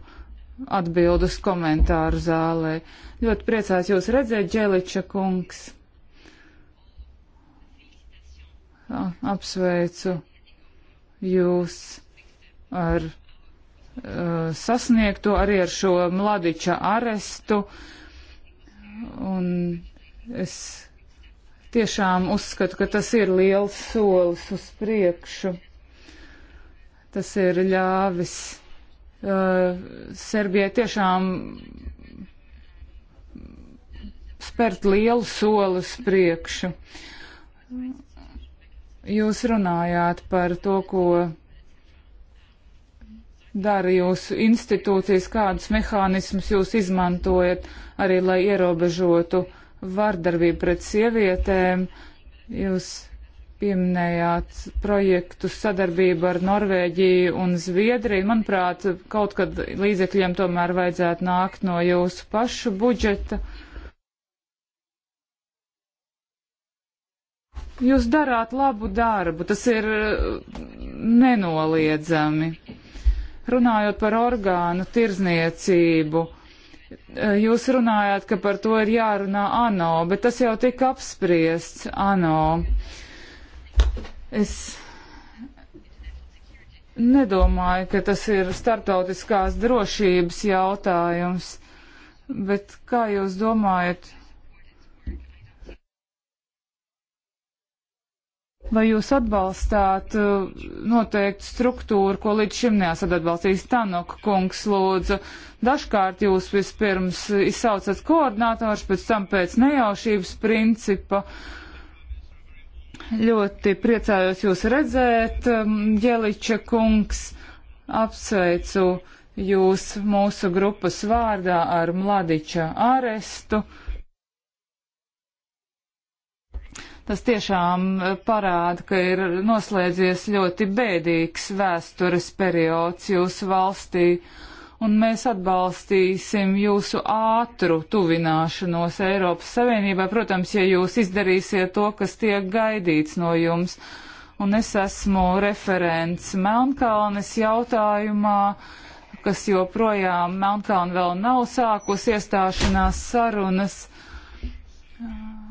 Atbildus komentāru zālē. Ļoti priecājos jūs redzēt, Dželiča kungs. apsveicu jūs ar uh, sasniegto arī ar šo Mladiča arestu. Un es tiešām uzskatu, ka tas ir liels solis uz priekšu. Tas ir ļāvis uh, Serbijai tiešām spērt lielu soli uz priekšu. Jūs runājāt par to, ko dara jūsu institūcijas, kādus mehānismus jūs izmantojat arī, lai ierobežotu vardarbību pret sievietēm. Jūs pieminējāt projektu sadarbību ar Norvēģiju un Zviedriju. Manuprāt, kaut kad līdzekļiem tomēr vajadzētu nākt no jūsu pašu budžeta. Uh, Jūs darāt labu darbu, tas ir eh, nenoliedzami. Runājot par orgānu tirzniecību, eh, jūs runājāt, ka par to ir jārunā ANO, bet tas jau tika apspriests ANO. Es nedomāju, ka tas ir starptautiskās drošības jautājums, bet kā jūs domājat? Vai jūs atbalstāt uh, noteiktu struktūru, ko līdz šim neesat atbalstījis? Tanok kungs lūdzu, dažkārt jūs vispirms izsaucat koordinātors, pēc tam pēc nejaušības principa. Ļoti priecājos jūs redzēt, um, Jeliča kungs, apsveicu jūs mūsu grupas vārdā ar Mladiča arestu. Tas tiešām eh, parāda, ka ir noslēdzies ļoti bēdīgs vēstures periods jūsu valstī, un mēs atbalstīsim jūsu ātru tuvināšanos Eiropas Savienībā, protams, ja jūs izdarīsiet to, kas tiek gaidīts no jums. Un es esmu referents Melnkalnes jautājumā kas joprojām Melnkalna vēl nav sākus iestāšanās sarunas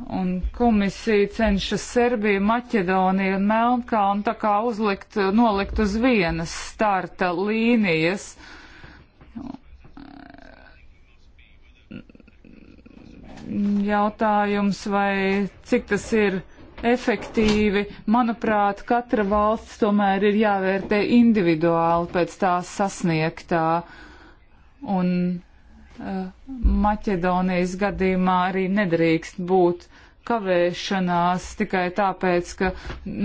un komisija cenšas Serbiju, Maķedoniju un Melnkalnu tā kā uzlikt, nolikt uz vienas starta līnijas. Jautājums, vai cik tas ir efektīvi, manuprāt, katra valsts tomēr ir jāvērtē individuāli pēc tā sasniegtā. Un Maķedonijas gadījumā arī nedrīkst būt kavēšanās tikai tāpēc, ka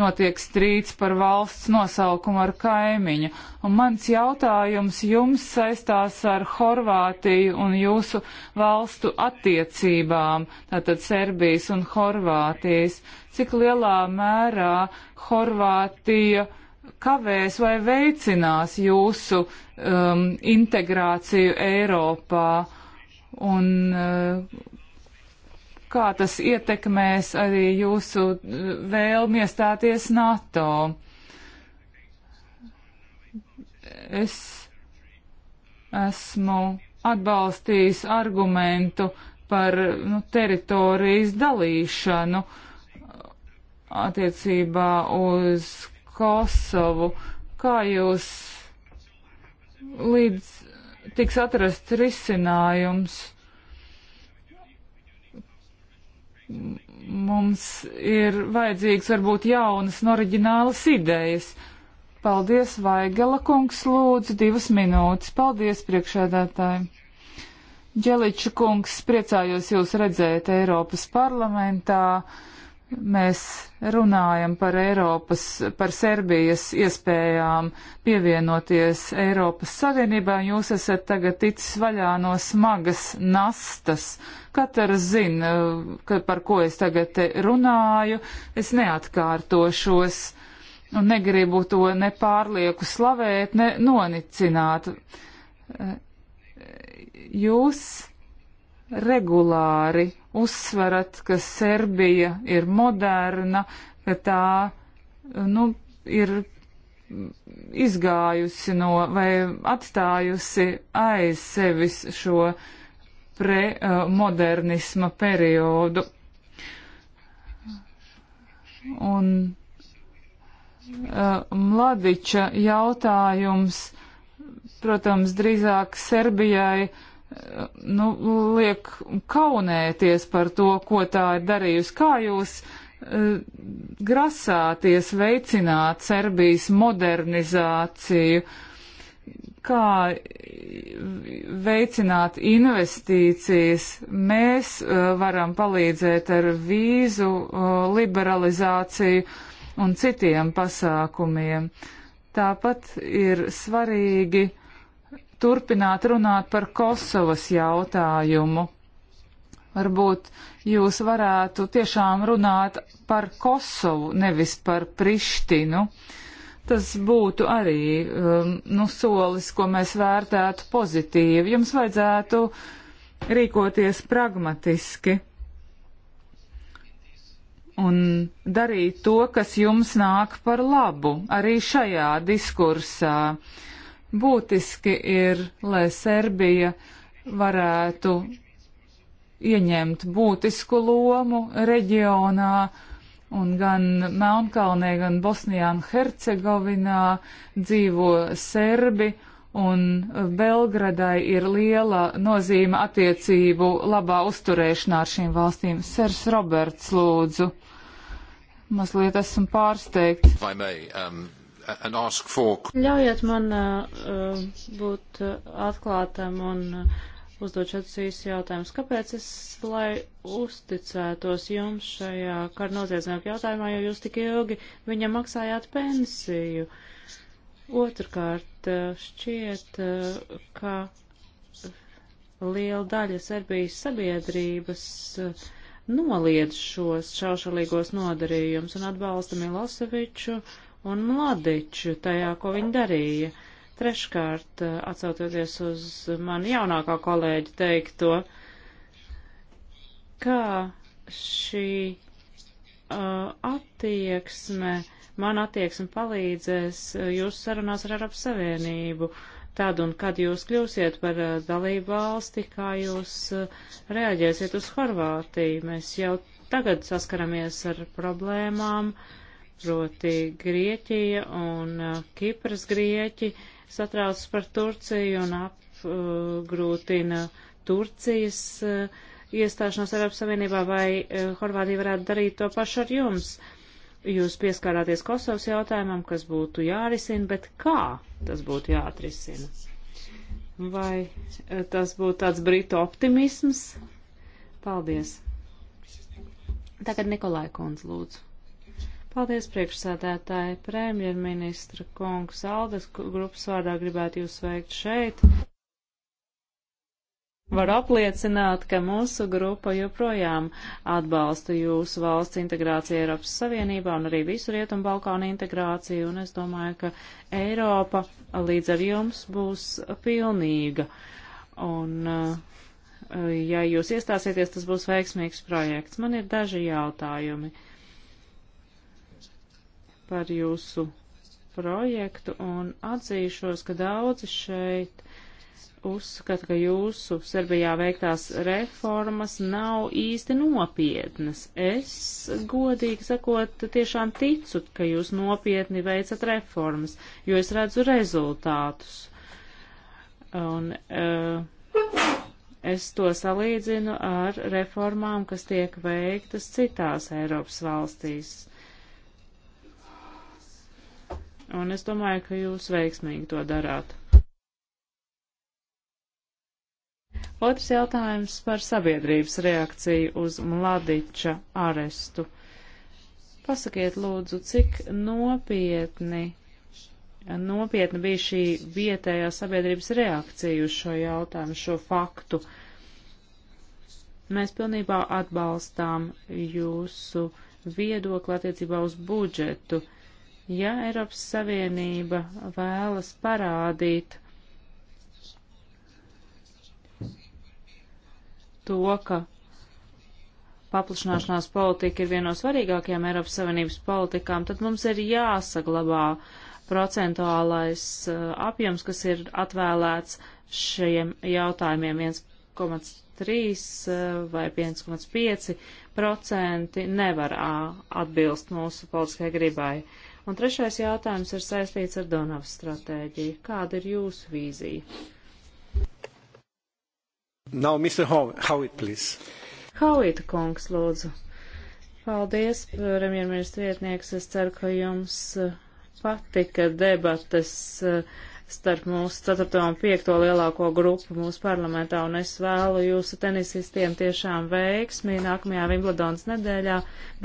notiek strīds par valsts nosaukumu ar kaimiņu. Un mans jautājums jums saistās ar Horvātiju un jūsu valstu attiecībām, tātad Serbijas un Horvātijas. Cik lielā mērā Horvātija uh, kavēs vai veicinās jūsu um, integrāciju Eiropā un uh, kā tas ietekmēs arī jūsu uh, vēlmi iestāties NATO. Es esmu atbalstījis argumentu par nu, teritorijas dalīšanu attiecībā uz Kosovu. Kā jūs līdz tiks atrasts risinājums? Mums ir vajadzīgs varbūt jaunas un oriģinālas idejas. Paldies, Vaigela kungs, lūdzu, divas minūtes. Paldies, priekšēdētāji. Ģeliča kungs, priecājos jūs redzēt Eiropas parlamentā. Uh, mēs runājam par Eiropas, par Serbijas iespējām pievienoties Eiropas Savienībā, un jūs esat tagad ticis vaļā no smagas nastas. Katrs zina, ka, par ko es tagad runāju, es neatkārtošos un negribu to nepārlieku slavēt, ne nonicināt. Jūs regulāri uzsverat, ka Serbija ir moderna, ka tā, nu, ir izgājusi no vai atstājusi aiz sevis šo premodernisma periodu. Un eh, Mladiča jautājums, protams, drīzāk Serbijai nu, liek kaunēties par to, ko tā ir darījusi. Kā jūs uh, grasāties veicināt Serbijas modernizāciju? Kā veicināt investīcijas? Mēs uh, varam palīdzēt ar vīzu uh, liberalizāciju un citiem pasākumiem. Tāpat ir svarīgi uh, turpināt runāt par Kosovas jautājumu. Varbūt jūs varētu tiešām runāt par Kosovu, nevis par Prištinu. Tas būtu arī um, nu, solis, ko mēs vērtētu pozitīvi. Jums vajadzētu rīkoties pragmatiski un darīt to, kas jums nāk par labu arī šajā diskursā. Uh, Būtiski ir, lai Serbija varētu ieņemt būtisku lomu reģionā, un gan Melnkalnē, gan Bosnijā un Hercegovinā dzīvo serbi, un Belgradai ir liela nozīme attiecību labā uzturēšanā ar šīm valstīm. Sers Roberts, lūdzu. Mazliet esmu pārsteigts. Vai, vai, um and ask for. Ļaujiet man uh, būt uh, atklātam un uh, uzdot šādus īsus jautājumus. Kāpēc es, lai uzticētos jums šajā kara noziedznieku jautājumā, jo jūs tik ilgi viņam maksājāt pensiju? Otrkārt, uh, šķiet, ka liela daļa Serbijas sabiedrības noliedz šos šaušalīgos nodarījumus un atbalsta Miloseviču. Uh, un Mladiču tajā, ko viņi darīja. Treškārt, eh, atsaucoties uz manu jaunākā kolēģi teikto, kā šī uh, attieksme, man attieksme palīdzēs eh, jūsu sarunās ar Eiropas Savienību. Tad un kad jūs kļūsiet par uh, dalību valsti, kā jūs uh, reaģēsiet uz Horvātiju? Mēs jau tagad saskaramies ar problēmām. Uh, proti Grieķija un uh, Kipras Grieķi satrauc par Turciju un apgrūtina uh, Turcijas uh, iestāšanos Eiropas Savienībā, vai Horvātija varētu darīt to pašu ar jums? Jūs pieskārāties Kosovas jautājumam, kas būtu jārisina, bet kā tas būtu jāatrisina? Vai tas būtu tāds britu optimisms? Paldies. Tagad Nikolai Kons, lūdzu. Paldies, priekšsēdētāji, premjerministra kungs Aldes grupas vārdā gribētu jūs veikt šeit. Var apliecināt, ka mūsu grupa joprojām atbalsta jūsu valsts integrāciju Eiropas Savienībā un arī visu Rietumu Balkānu integrāciju, un es domāju, ka Eiropa līdz ar jums būs pilnīga. Un, uh, ja jūs iestāsieties, tas būs veiksmīgs projekts. Man ir daži jautājumi par jūsu projektu un atzīšos, ka daudzi šeit uzskata, ka jūsu Serbijā veiktās reformas nav īsti nopietnas. Es, godīgi sakot, tiešām ticu, ka jūs nopietni veicat reformas, jo es redzu rezultātus. Un, uh, es to salīdzinu ar reformām, kas tiek veiktas citās Eiropas valstīs un es domāju, ka jūs veiksmīgi to darāt. Otrs jautājums par sabiedrības reakciju uz Mladiča arestu. Pasakiet lūdzu, cik nopietni, nopietni bija šī vietējā sabiedrības reakcija uz šo jautājumu, šo faktu. Mēs pilnībā atbalstām jūsu viedokli attiecībā uz budžetu. Uh, Ja Eiropas Savienība vēlas parādīt to, ka paplašināšanās politika ir viena no svarīgākajām Eiropas Savienības politikām, tad mums ir jāsaglabā procentuālais uh, apjoms, kas ir atvēlēts šiem jautājumiem 1,3 uh, vai 1,5 procenti nevar uh, atbilst mūsu politiskai gribai. Uh, Un trešais jautājums ir saistīts ar Donavas stratēģiju. Kāda ir jūsu vīzija? Now, Mr. Howitt, please. Howitt, kungs, lūdzu. Paldies, premjerministra vietnieks. Es ceru, ka jums eh, patika debates. Uh, starp mūsu 4. un 5. lielāko grupu mūsu parlamentā, un es vēlu jūsu tenisistiem tiešām veiksmi nākamajā Vimbledonas nedēļā,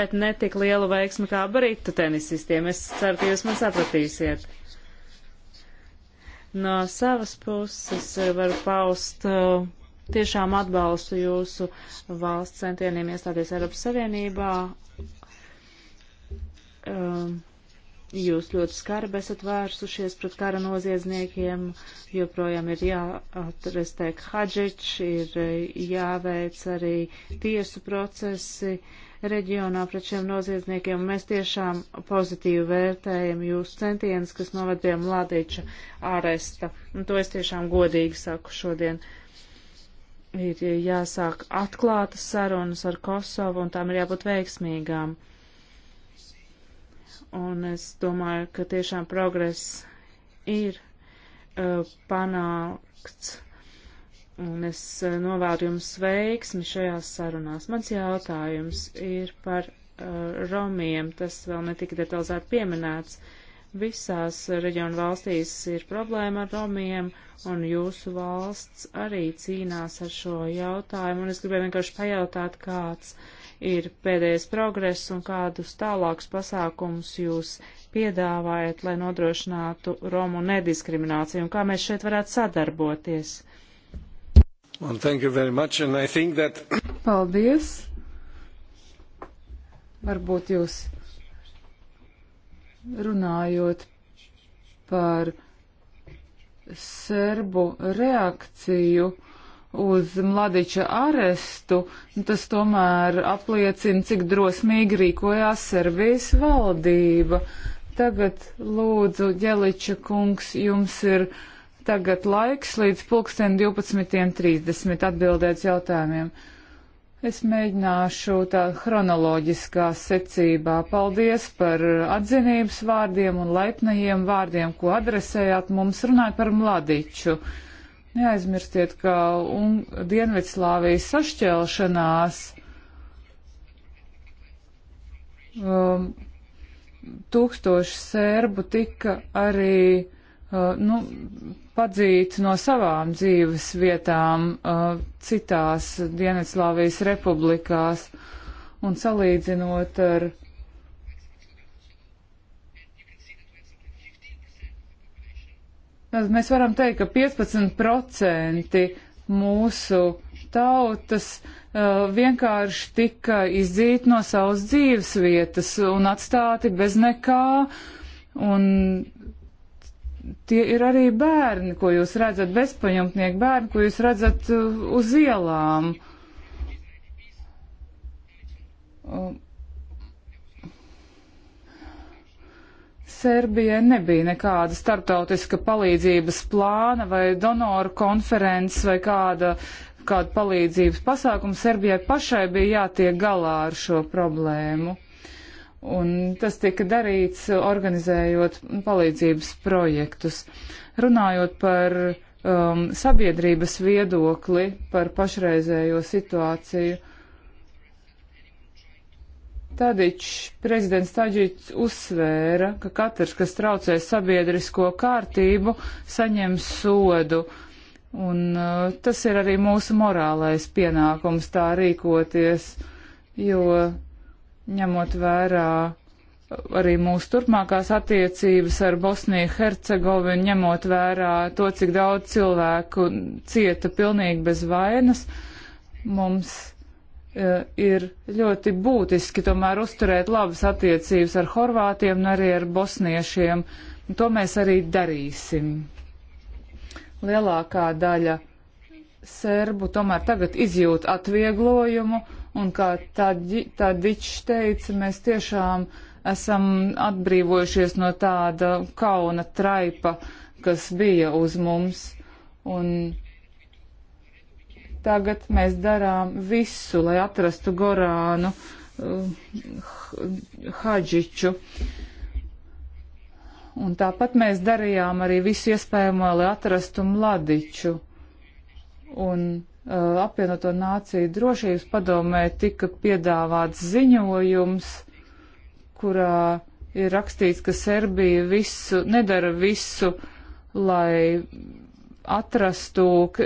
bet ne tik lielu veiksmi kā britu tenisistiem. Es ceru, ka jūs man sapratīsiet. No savas puses eh, varu paust uh, tiešām atbalstu jūsu valsts centieniem iestāties Eiropas Savienībā. Um, Jūs ļoti skarbi esat vērsušies pret kara noziedzniekiem, joprojām ir jāatrestē Hadžič, ir jāveic arī tiesu procesi reģionā pret šiem noziedzniekiem. Mēs tiešām pozitīvi vērtējam jūsu centienus, kas noved pie Mladiča āresta. Un to es tiešām godīgi saku šodien. Ir jāsāk atklātas sarunas ar Kosovu, un tām ir jābūt veiksmīgām un es domāju, ka tiešām progress ir uh, panākts. Un es uh, novēlu jums veiksmi šajās sarunās. Mans jautājums ir par uh, romiem. Tas vēl netika detalizēti pieminēts. Uh, Visās reģionu valstīs ir problēma ar romiem, un jūsu valsts arī cīnās ar šo jautājumu, un es gribēju vienkārši pajautāt, kāds ir pēdējais progress un kādus tālākus pasākumus jūs piedāvājat, lai nodrošinātu Romu nediskrimināciju, un kā mēs šeit varētu sadarboties. Well, much, that... Paldies! Varbūt jūs runājot par serbu reakciju uz Mladiča arestu, nu, tas tomēr apliecina, cik drosmīgi rīkojās Serbijas valdība. Tagad lūdzu, Ģeliča kungs, jums ir tagad laiks līdz pulksten 12.30 atbildēt jautājumiem. Es mēģināšu tā chronoloģiskā secībā. Paldies par atzinības vārdiem un laipnajiem vārdiem, ko adresējāt mums runāt par Mladiču. Neaizmirstiet, ka un, Dienvidslāvijas sašķelšanās um, tūkstoši sērbu tika arī, uh, nu, padzīt no savām dzīves vietām uh, citās Dienvidslāvijas republikās un salīdzinot ar Tad mēs varam teikt, ka 15% mūsu tautas uh, vienkārši tika izdzīti no savas dzīves vietas un atstāti bez nekā. Un tie ir arī bērni, ko jūs redzat, bezpajumtnieki bērni, ko jūs redzat uh, uz ielām. Uh, Serbijai nebija nekāda starptautiska palīdzības plāna vai donoru konferences vai kāda, kāda palīdzības pasākuma. Serbijai pašai bija jātiek galā ar šo problēmu. Un tas tika darīts organizējot palīdzības projektus. Runājot par um, sabiedrības viedokli par pašreizējo situāciju, Tadičs prezidents Tadičs uzsvēra, ka katrs, kas traucē sabiedrisko kārtību, saņem sodu. Un uh, tas ir arī mūsu morālais pienākums tā rīkoties, jo ņemot vērā arī mūsu turpmākās attiecības ar Bosniju Hercegovinu, ņemot vērā to, cik daudz cilvēku cieta pilnīgi bez vainas, mums e, ir ļoti būtiski tomēr uzturēt labas attiecības ar horvātiem un arī ar bosniešiem, un to mēs arī darīsim. Lielākā daļa serbu tomēr tagad izjūt atvieglojumu Un kā tā dičs teica, mēs tiešām esam atbrīvojušies no tāda kauna traipa, kas bija uz mums. Un tagad mēs darām visu, lai atrastu Gorānu uh, Hadžiču. Un tāpat mēs darījām arī visu iespējamo, lai atrastu Mladiču. Un Uh, apvienoto nāciju drošības padomē tika piedāvāts ziņojums, kurā ir rakstīts, ka Serbija visu, nedara visu, lai atrastu uh,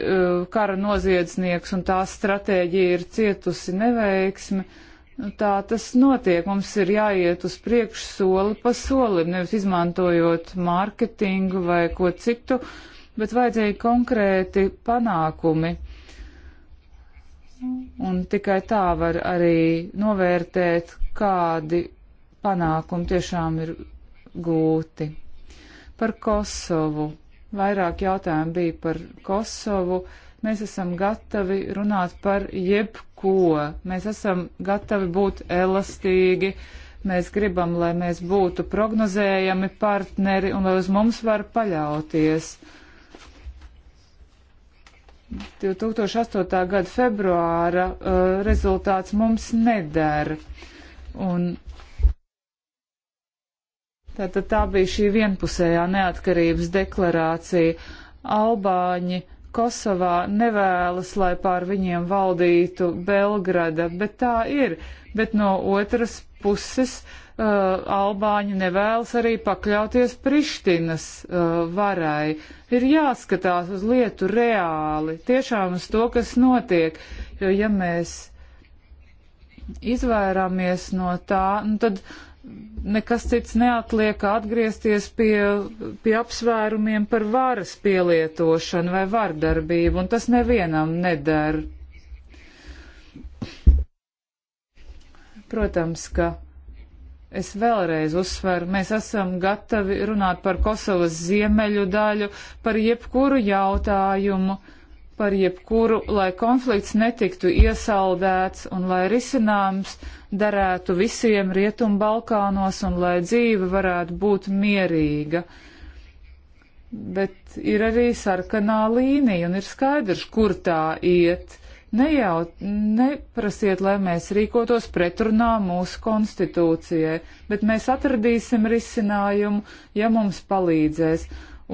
kara noziedznieks un tā stratēģija ir cietusi neveiksmi. Nu, tā tas notiek. Mums ir jāiet uz priekšu soli pa solim, nevis izmantojot mārketingu vai ko citu, bet vajadzēja konkrēti panākumi Un tikai tā var arī novērtēt, kādi panākumi tiešām ir gūti. Par Kosovu. Vairāk jautājumu bija par Kosovu. Mēs esam gatavi runāt par jebko. Mēs esam gatavi būt elastīgi. Mēs gribam, lai mēs būtu prognozējami partneri un lai uz mums var paļauties. 2008. gada februāra uh, rezultāts mums neder. Un tātad tā bija šī vienpusējā neatkarības deklarācija. Albāņi Kosovā nevēlas, lai pār viņiem valdītu Belgrada, bet tā ir. Bet no otras puses uh, uh, Albāņi nevēlas arī pakļauties Prištinas uh, varai. Ir jāskatās uz lietu reāli, tiešām uz to, kas notiek, jo ja mēs izvairāmies no tā, nu, tad nekas cits neatliek atgriezties pie, pie apsvērumiem par varas pielietošanu vai vardarbību, un tas nevienam nedara. Protams, ka Es vēlreiz uzsveru, mēs esam gatavi runāt par Kosovas ziemeļu daļu, par jebkuru jautājumu, par jebkuru, lai konflikts netiktu iesaldēts un lai risinājums darētu visiem Rietumbalkānos un lai dzīve varētu būt mierīga. Bet ir arī sarkanā līnija un ir skaidrs, kur tā iet. Nejau, neprasiet, lai mēs rīkotos pretrunā mūsu konstitūcijai, bet mēs atradīsim risinājumu, ja mums palīdzēs.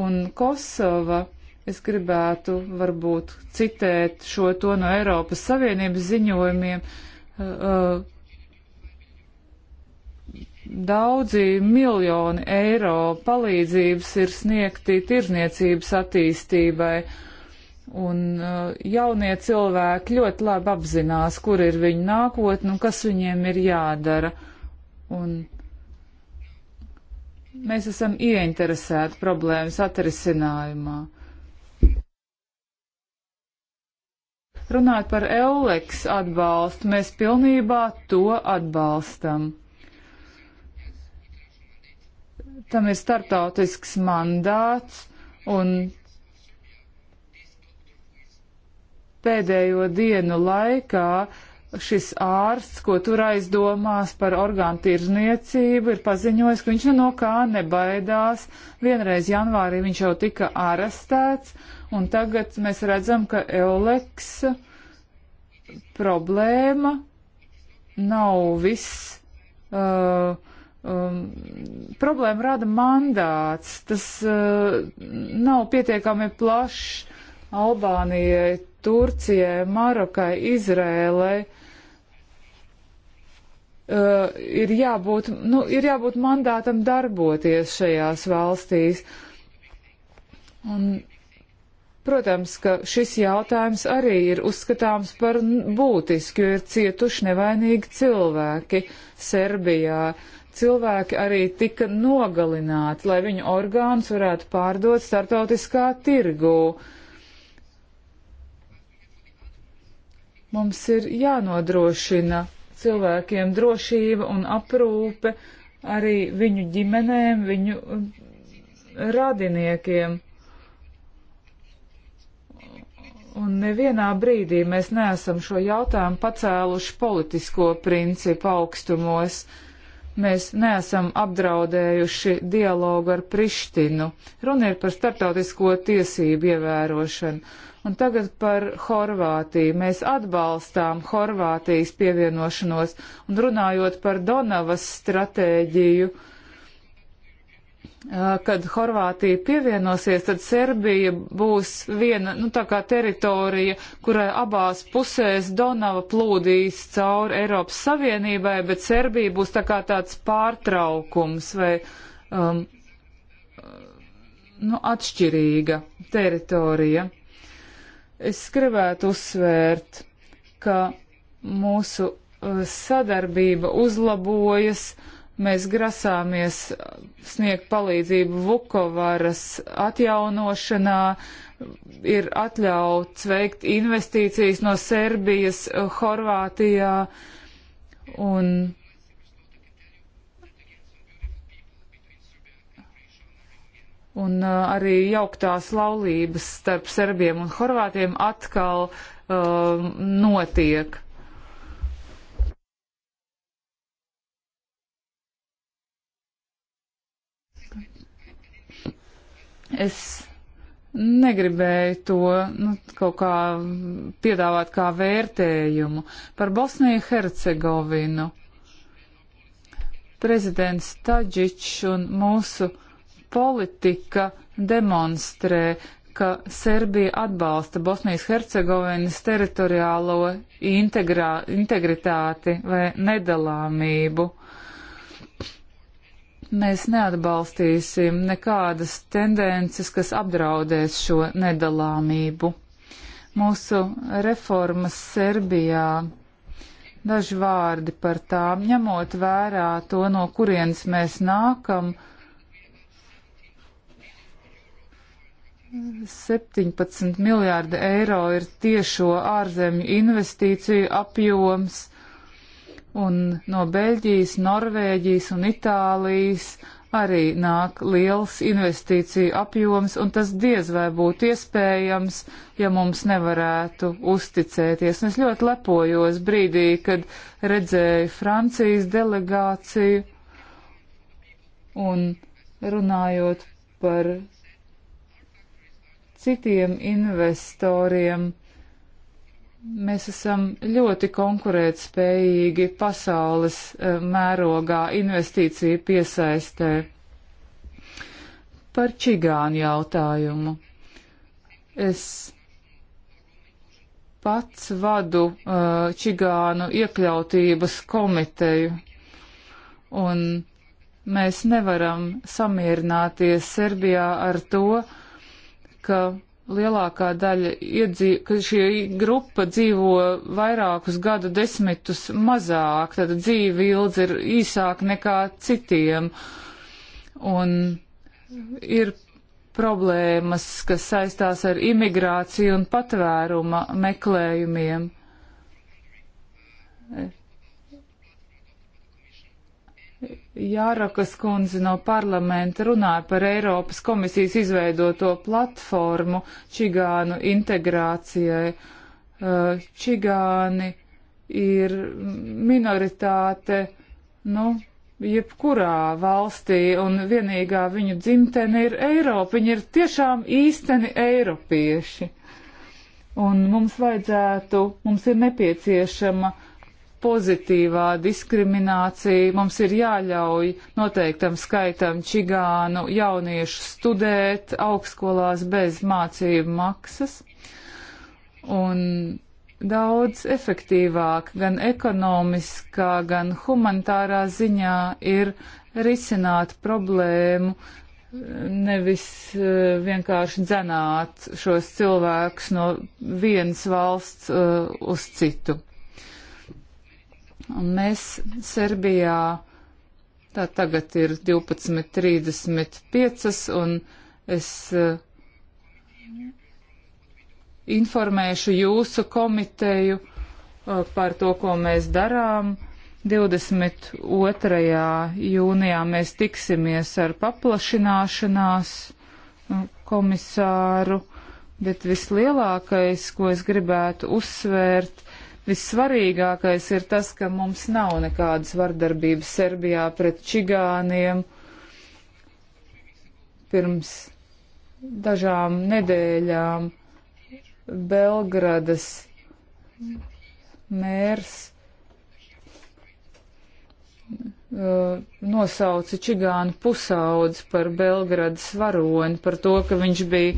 Un Kosova, es gribētu varbūt citēt šo to no Eiropas Savienības ziņojumiem, uh, uh, daudzi miljoni eiro palīdzības ir sniegti tirzniecības attīstībai Un uh, jaunie cilvēki ļoti labi apzinās, kur ir viņu nākotne un kas viņiem ir jādara. Un mēs esam ieinteresēti problēmas atrisinājumā. Runājot par Euleks atbalstu, mēs pilnībā to atbalstam. Tam ir startautisks mandāts, un pēdējo dienu laikā šis ārsts, ko tur aizdomās par orgānu tirzniecību, ir paziņojis, ka viņš nu no kā nebaidās. Vienreiz janvārī viņš jau tika arestēts, un tagad mēs redzam, ka Eoleks problēma nav viss. Uh, um, problēma rada mandāts, tas uh, nav pietiekami plašs. Albānijai Turcijai, Marokai, Izrēlai uh, ir, jābūt, nu, ir jābūt mandātam darboties šajās valstīs. Un, protams, ka šis jautājums arī ir uzskatāms par būtisku, jo ir cietuši nevainīgi cilvēki Serbijā. Cilvēki arī tika nogalināti, lai viņu orgāns varētu pārdot startautiskā tirgū. Uh, Mums ir jānodrošina cilvēkiem drošība un aprūpe arī viņu ģimenēm, viņu um, radiniekiem. Un nevienā brīdī mēs neesam šo jautājumu pacēluši politisko principu augstumos. Mēs neesam apdraudējuši dialogu ar Prištinu. Runa ir par starptautisko tiesību ievērošanu. Un tagad par Horvātiju. Mēs atbalstām Horvātijas pievienošanos un runājot par Donavas stratēģiju. Kad Horvātija pievienosies, tad Serbija būs viena, nu tā kā teritorija, kurai abās pusēs Donava plūdīs cauri Eiropas Savienībai, bet Serbija būs tā kā tāds pārtraukums vai um, nu, atšķirīga teritorija. Es gribētu uzsvērt, ka mūsu uh, sadarbība uzlabojas. Mēs grasāmies sniegt palīdzību Vukovaras atjaunošanā, ir atļauts veikt investīcijas no Serbijas, uh, Horvātijā un un uh, arī jauktās laulības starp serbiem un horvātiem atkal uh, notiek. Es negribēju to nu, kaut kā piedāvāt kā vērtējumu par Bosniju Hercegovinu. Prezidents Tadžičs un mūsu uh, politika demonstrē, ka Serbija atbalsta Bosnijas Hercegovinas teritoriālo integrā, integritāti vai nedalāmību mēs neatbalstīsim nekādas tendences, kas apdraudēs šo nedalāmību. Mūsu reformas Serbijā, daži vārdi par tām, ņemot vērā to, no kurienes mēs nākam, 17 miljārdi eiro ir tiešo ārzemju investīciju apjoms, un no Beļģijas, Norvēģijas un Itālijas arī nāk liels investīciju apjoms, un tas diez vai būtu iespējams, ja mums nevarētu uzticēties. Un es ļoti lepojos brīdī, kad redzēju Francijas delegāciju un runājot par citiem investoriem. Mēs esam ļoti konkurētspējīgi pasaules eh, mērogā investīciju piesaistē. Par čigānu jautājumu. Es pats vadu eh, čigānu iekļautības komiteju, un mēs nevaram samierināties Serbijā ar to, ka lielākā daļa iedzīvo, ka šī grupa dzīvo vairākus gadu desmitus mazāk, tad dzīve ilgi ir īsāk nekā citiem. Un ir problēmas, kas saistās ar imigrāciju un patvēruma meklējumiem. Jārakas kundze no parlamenta runāja par Eiropas komisijas izveidoto platformu čigānu integrācijai. Eh, čigāni ir minoritāte, nu, jebkurā valstī, un vienīgā viņu dzimtene ir Eiropa. Viņi ir tiešām īsteni eiropieši. Un mums vajadzētu, mums ir nepieciešama uh, pozitīvā diskriminācija. Mums ir jāļauj noteiktam skaitam čigānu jauniešu studēt augstskolās bez mācību maksas. Un daudz efektīvāk gan ekonomiskā, gan humanitārā ziņā ir risināt problēmu, nevis eh, vienkārši dzenāt šos cilvēkus no vienas valsts uh, uz citu. Un mēs Serbijā, tā tagad ir 12.35, un es eh, informēšu jūsu komiteju eh, par to, ko mēs darām. 22. jūnijā mēs tiksimies ar paplašināšanās eh, komisāru, bet vislielākais, ko es gribētu uzsvērt, Vissvarīgākais ir tas, ka mums nav nekādas vardarbības Serbijā pret čigāniem. Pirms dažām nedēļām Belgradas mērs uh, nosauca čigānu pusaudzi par Belgradas varoni, par to, ka viņš bija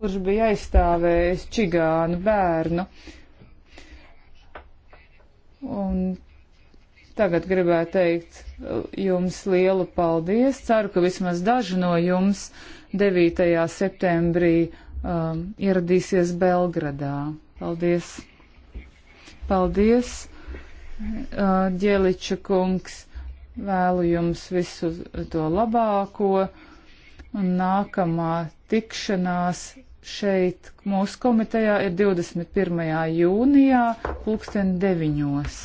kurš bija aizstāvējis čigānu bērnu. Un tagad gribētu teikt jums lielu paldies. Ceru, ka vismaz daži no jums 9. septembrī um, ieradīsies Belgradā. Paldies! Paldies, uh, Ģeliča kungs! Vēlu jums visu to labāko! Un nākamā tikšanās šeit mūsu komitejā ir 21. jūnijā pulksten deviņos.